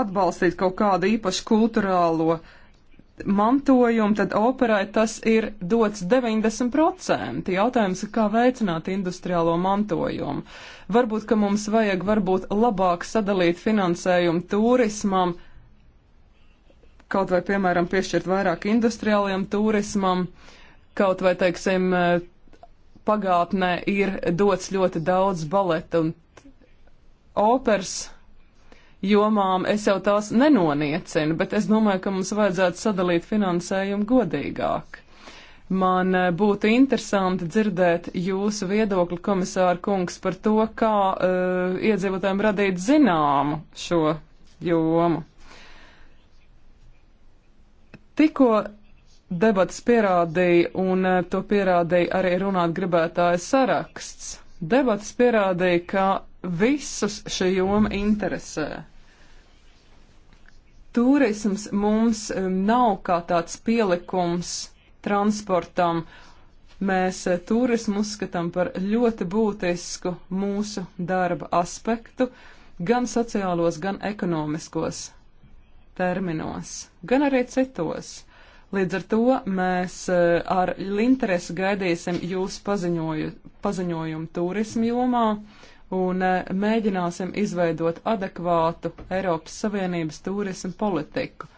atbalstīt kaut kādu īpašu kulturālo mantojumu, tad operai tas ir dots 90%. Jautājums ir, kā veicināt industriālo mantojumu. Varbūt, ka mums vajag varbūt labāk sadalīt finansējumu turismam, kaut vai, piemēram, piešķirt vairāk industriālajam turismam, kaut vai, teiksim, e, pagātnē ir dots ļoti daudz baleta un operas jomām. Es jau tās nenoniecinu, bet es domāju, ka mums vajadzētu sadalīt finansējumu godīgāk. Man e, būtu interesanti dzirdēt jūsu viedokli, komisāra kungs, par to, kā uh, iedzīvotājiem radīt zināmu šo jomu. Tikko debatas pierādīja, un eh, to pierādīja arī runāt gribētāja saraksts. Debatas pierādīja, ka visus šī joma interesē. Turisms mums nav kā tāds pielikums transportam. Mēs eh, turismu uzskatām par ļoti būtisku mūsu darba aspektu, gan sociālos, gan ekonomiskos terminos, gan arī citos. Līdz ar to mēs eh, ar interesi gaidīsim jūsu paziņoju, paziņojumu turismu jomā un eh, mēģināsim izveidot adekvātu Eiropas Savienības turismu politiku.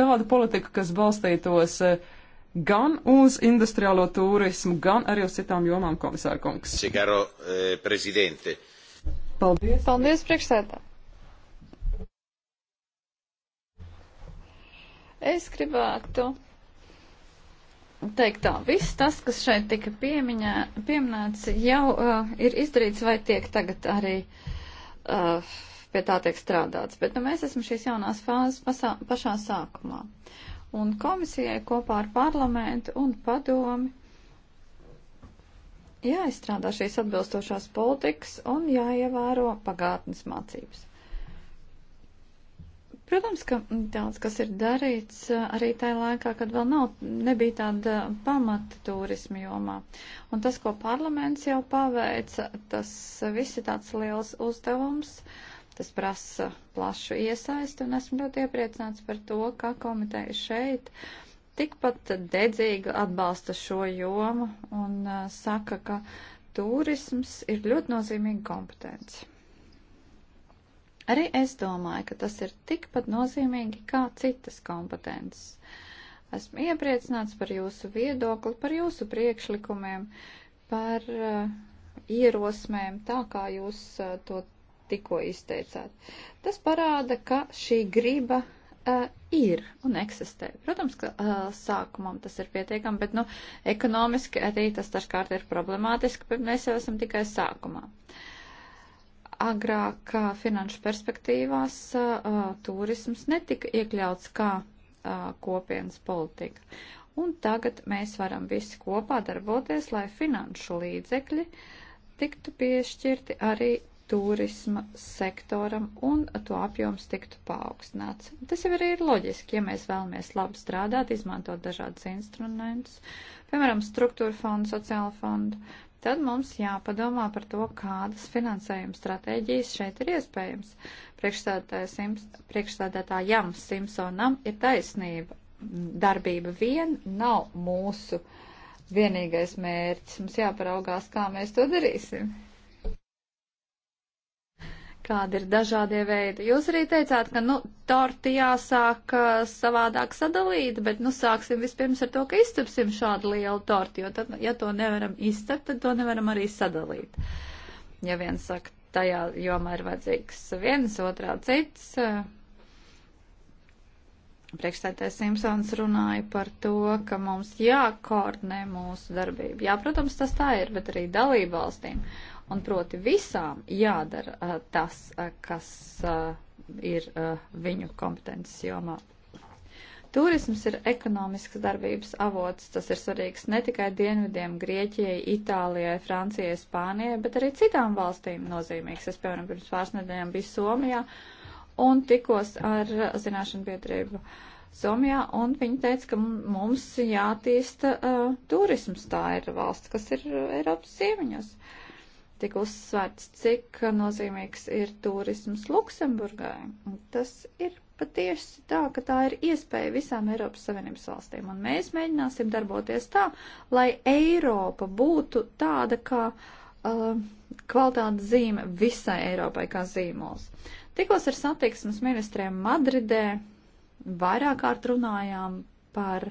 Tādu politiku, kas balstītos eh, gan uz industriālo turismu, gan arī uz citām jomām, komisārkungs. Paldies, Paldies priekšsēdētāji! Es gribētu teikt tā, viss tas, kas šeit tika piemiņā, pieminēts, jau uh, ir izdarīts vai tiek tagad arī uh, pie tā tiek strādāts. Bet nu, mēs esam šīs jaunās fāzes pasā, pašā sākumā. Un komisijai kopā ar parlamentu un padomi jāizstrādā šīs atbilstošās politikas un jāievēro pagātnes mācības. Protams, ka daudz kas ir darīts eh, arī tajā laikā, kad vēl nav, nebija tāda pamata turismu jomā. Un tas, ko parlaments jau paveica, tas viss ir tāds liels uzdevums. Tas prasa plašu iesaistu, un esmu ļoti iepriecināts par to, ka komiteja šeit tikpat dedzīgi atbalsta šo jomu un uh, saka, ka turisms ir ļoti nozīmīga kompetence. Arī es domāju, ka tas ir tikpat nozīmīgi kā citas kompetences. Esmu iepriecināts par jūsu viedokli, par jūsu priekšlikumiem, par uh, ierosmēm, tā kā jūs uh, to tikko izteicāt. Tas parāda, ka šī griba uh, ir un eksistē. Protams, ka uh, sākumam tas ir pietiekami, bet nu, ekonomiski arī tas dažkārt ir problemātiski, bet mēs jau esam tikai sākumā. Uh, agrāk finanšu perspektīvās uh, turisms netika iekļauts kā uh, kopienas politika. Un tagad mēs varam visi kopā darboties, lai finanšu līdzekļi tiktu piešķirti arī turisma sektoram un to apjoms tiktu paaugstināts. Tas jau arī ir loģiski, ja mēs vēlamies labi strādāt, izmantot dažādus instrumentus, piemēram, struktūra fondu, sociāla fondu, uh, tad mums jāpadomā par to, kādas finansējuma stratēģijas šeit ir iespējams. Priekšstādātājam Simpsonam ir taisnība. Darbība vien nav mūsu vienīgais mērķis. Mums jāparaugās, kā mēs to darīsim kādi ir dažādie veidi. Jūs arī teicāt, ka, nu, torti jāsāk uh, savādāk sadalīt, bet, nu, sāksim vispirms ar to, ka izcepsim šādu lielu torti, jo tad, ja to nevaram izcept, tad to nevaram arī sadalīt. Ja viens saka, tajā jomā ir vajadzīgs viens, otrā cits. Uh, Priekšstādājs Simpsons runāja par to, ka mums jākoordinē mūsu darbība. Jā, protams, tas tā ir, bet arī dalību valstīm. Uh, Un proti visām jādara uh, tas, uh, kas uh, ir uh, viņu kompetences jomā. Turisms ir ekonomisks darbības avots, tas ir svarīgs ne tikai dienvidiem, Grieķijai, Itālijai, Francijai, Spānijai, bet arī citām valstīm nozīmīgs. Es, piemēram, pirms pāris nedēļām biju Somijā un tikos ar zināšanu biedrību Somijā, un viņi teica, ka mums jātīsta uh, turisms, tā ir valsts, kas ir uh, Eiropas ziemeņos. Uh, tika uzsvērts, cik nozīmīgs ir turisms Luksemburgai. Tas ir patiesi tā, ka tā ir iespēja visām Eiropas Savienības valstīm, un mēs mēģināsim darboties tā, lai Eiropa būtu tāda kā uh, kvalitātes zīme visai Eiropai kā zīmols. Tikos ar satiksmes ministriem Madridē vairāk kārt runājām par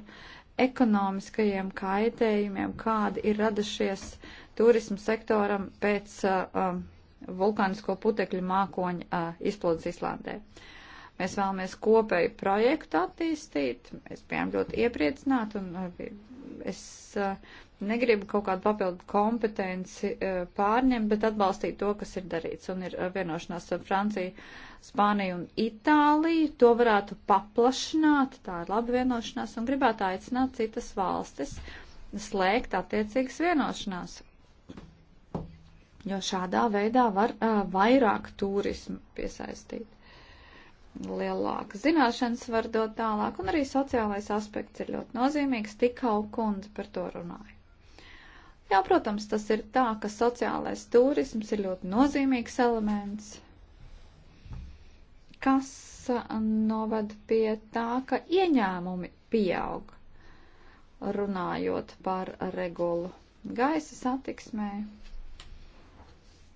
ekonomiskajiem kaitējumiem, kādi ir radušies uh, turismu sektoram pēc uh, um, vulkānisko putekļu mākoņu uh, izplūdes Islandē. Mēs vēlamies kopēju projektu attīstīt. Es bijām ļoti iepriecināta un uh, es uh, negribu kaut kādu papildu kompetenci uh, pārņemt, bet atbalstīt to, kas ir darīts. Un ir uh, vienošanās ar Franciju, Spāniju un Itāliju. To varētu paplašināt. Tā ir laba vienošanās un gribētu aicināt citas valstis slēgt attiecīgas vienošanās jo šādā veidā var uh, vairāk turismu piesaistīt. Lielāka zināšanas var dot tālāk, un arī sociālais aspekts ir ļoti nozīmīgs, tikau kundze par to runāja. Jā, protams, tas ir tā, ka sociālais turisms ir ļoti nozīmīgs elements, kas noved pie tā, ka ieņēmumi pieaug, runājot par regulu gaisa satiksmē,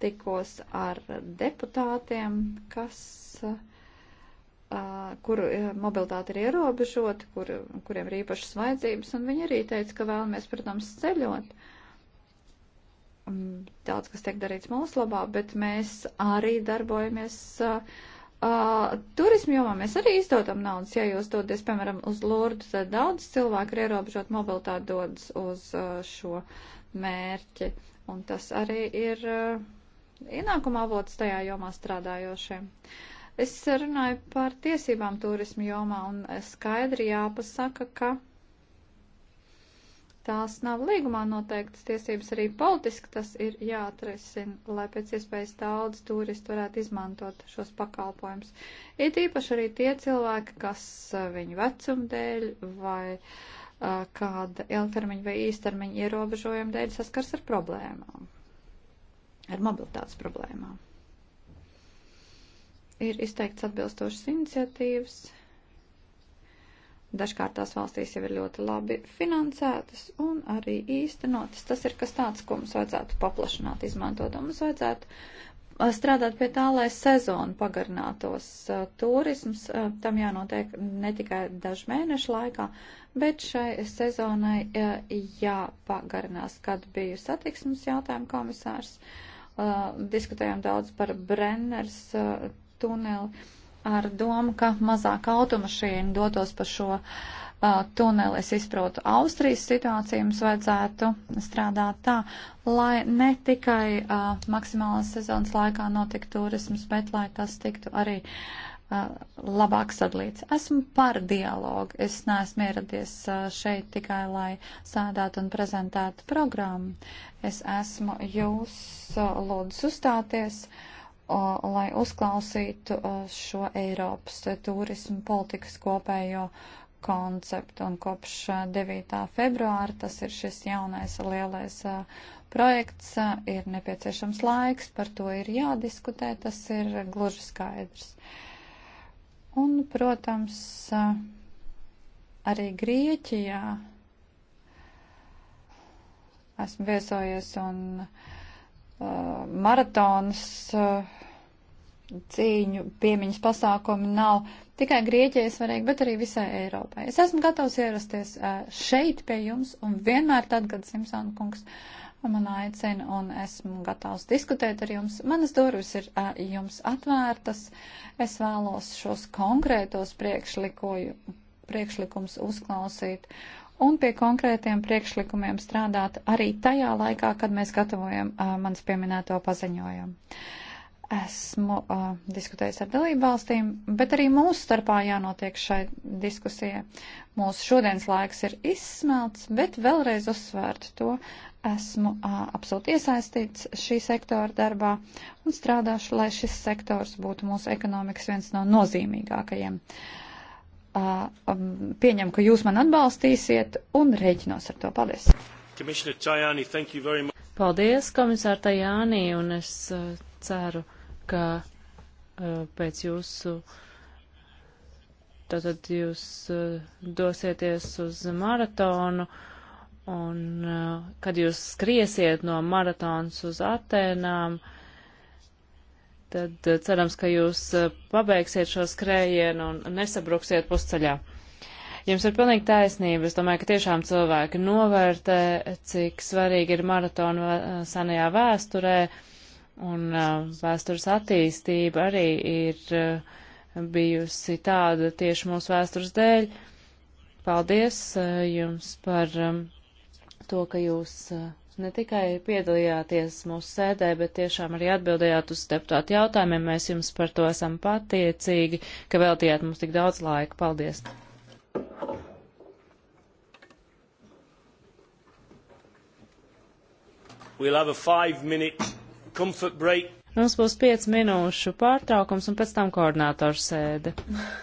tikos ar deputātiem, kas, kuru mobilitāte ir ierobežota, kur, kuriem ir īpašas vajadzības, un viņi arī teica, ka vēlamies, protams, ceļot. Daudz kas tiek darīts mūsu labā, bet mēs arī darbojamies uh, Uh, turismu jomā mēs arī izdodam naudas. Ja jūs dodaties, piemēram, uz Lurdu, tad daudz cilvēku ir ierobežot mobilitāti dodas uz uh, šo mērķi. Un tas arī ir uh, ienākuma avots tajā jomā strādājošiem. Es runāju par tiesībām turismu jomā un skaidri jāpasaka, ka tās nav līgumā noteiktas tiesības arī politiski, tas ir jāatrisina, lai pēc iespējas daudz turistu varētu izmantot šos pakalpojumus. It īpaši arī tie cilvēki, kas eh, viņu vecumu dēļ vai uh, kāda ilgtermiņa vai īstermiņa ierobežojuma dēļ saskars ar problēmām ar mobilitātes problēmām. Ir izteikts atbilstošas iniciatīvas. Dažkārt tās valstīs jau ir ļoti labi finansētas un arī īstenotas. Tas ir kas tāds, ko mums vajadzētu paplašināt, izmantot. Un mums vajadzētu strādāt pie tā, lai sezona pagarinātos. Turisms tam jānotiek ne tikai dažu mēnešu laikā, bet šai sezonai jāpagarinās, kad biju satiksmes jautājumu komisārs. Uh, uh, diskutējām daudz par Brenners uh, tuneli ar domu, ka mazāk automašīnu dotos pa šo uh, tuneli. Es izprotu Austrijas situāciju, mums vajadzētu strādāt tā, lai ne tikai uh, maksimālas sezonas laikā notiktu turisms, bet lai tas tiktu arī uh, labāk sadalīts. Esmu par dialogu. Es neesmu ieradies šeit tikai, lai sādātu un prezentētu programmu. Es esmu jūs lūdzu uzstāties, lai uzklausītu šo Eiropas turismu politikas kopējo konceptu. Un kopš 9. februāra tas ir šis jaunais lielais projekts. Ir nepieciešams laiks, par to ir jādiskutē, tas ir gluži skaidrs. Uh, Un, protams, arī Grieķijā esmu viesojies un uh, maratons uh, cīņu piemiņas pasākumi nav tikai Grieķijai svarīgi, bet arī visai Eiropai. Es esmu gatavs ierasties uh, šeit pie jums un vienmēr tad, kad Simpsona kungs uh, man aicina un esmu gatavs diskutēt ar jums. Manas durvis ir a, jums atvērtas. Es vēlos šos konkrētos priekšlikumus uzklausīt un pie konkrētiem priekšlikumiem strādāt arī tajā laikā, kad mēs gatavojam a, mans pieminēto paziņojumu. Esmu uh, diskutējis ar dalību valstīm, bet arī mūsu starpā jānotiek šai diskusijai. Mūsu šodienas laiks ir izsmelts, bet vēlreiz uzsvērtu to. Esmu uh, absolūti iesaistīts šī sektora darbā un strādāšu, lai šis sektors būtu mūsu ekonomikas viens no nozīmīgākajiem. Uh, um, pieņem, ka jūs man atbalstīsiet un reķinos ar to. Paldies! Tajani, Paldies, komisār Tajānī, un es uh, ceru ka uh, pēc jūsu, tātad jūs uh, dosieties uz maratonu, un uh, kad jūs skriesiet no maratons uz Atēnām, tad cerams, ka jūs pabeigsiet šo skrējienu un nesabruksiet pusceļā. Jums ir pilnīgi taisnība. Es domāju, ka tiešām cilvēki novērtē, cik svarīgi ir maratona senajā vēsturē. Uh, Un uh, vēstures attīstība arī ir uh, bijusi tāda tieši mūsu vēstures dēļ. Paldies uh, jums par um, to, ka jūs ne tikai piedalījāties mūsu sēdē, bet tiešām arī atbildējāt uz deputātu jautājumiem. Mēs jums par to esam pateicīgi, ka veltījāt mums tik daudz laika. Paldies! We'll have a five minute Mums būs 5 minūšu pārtraukums un pēc tam koordinātoru sēde. [LAUGHS]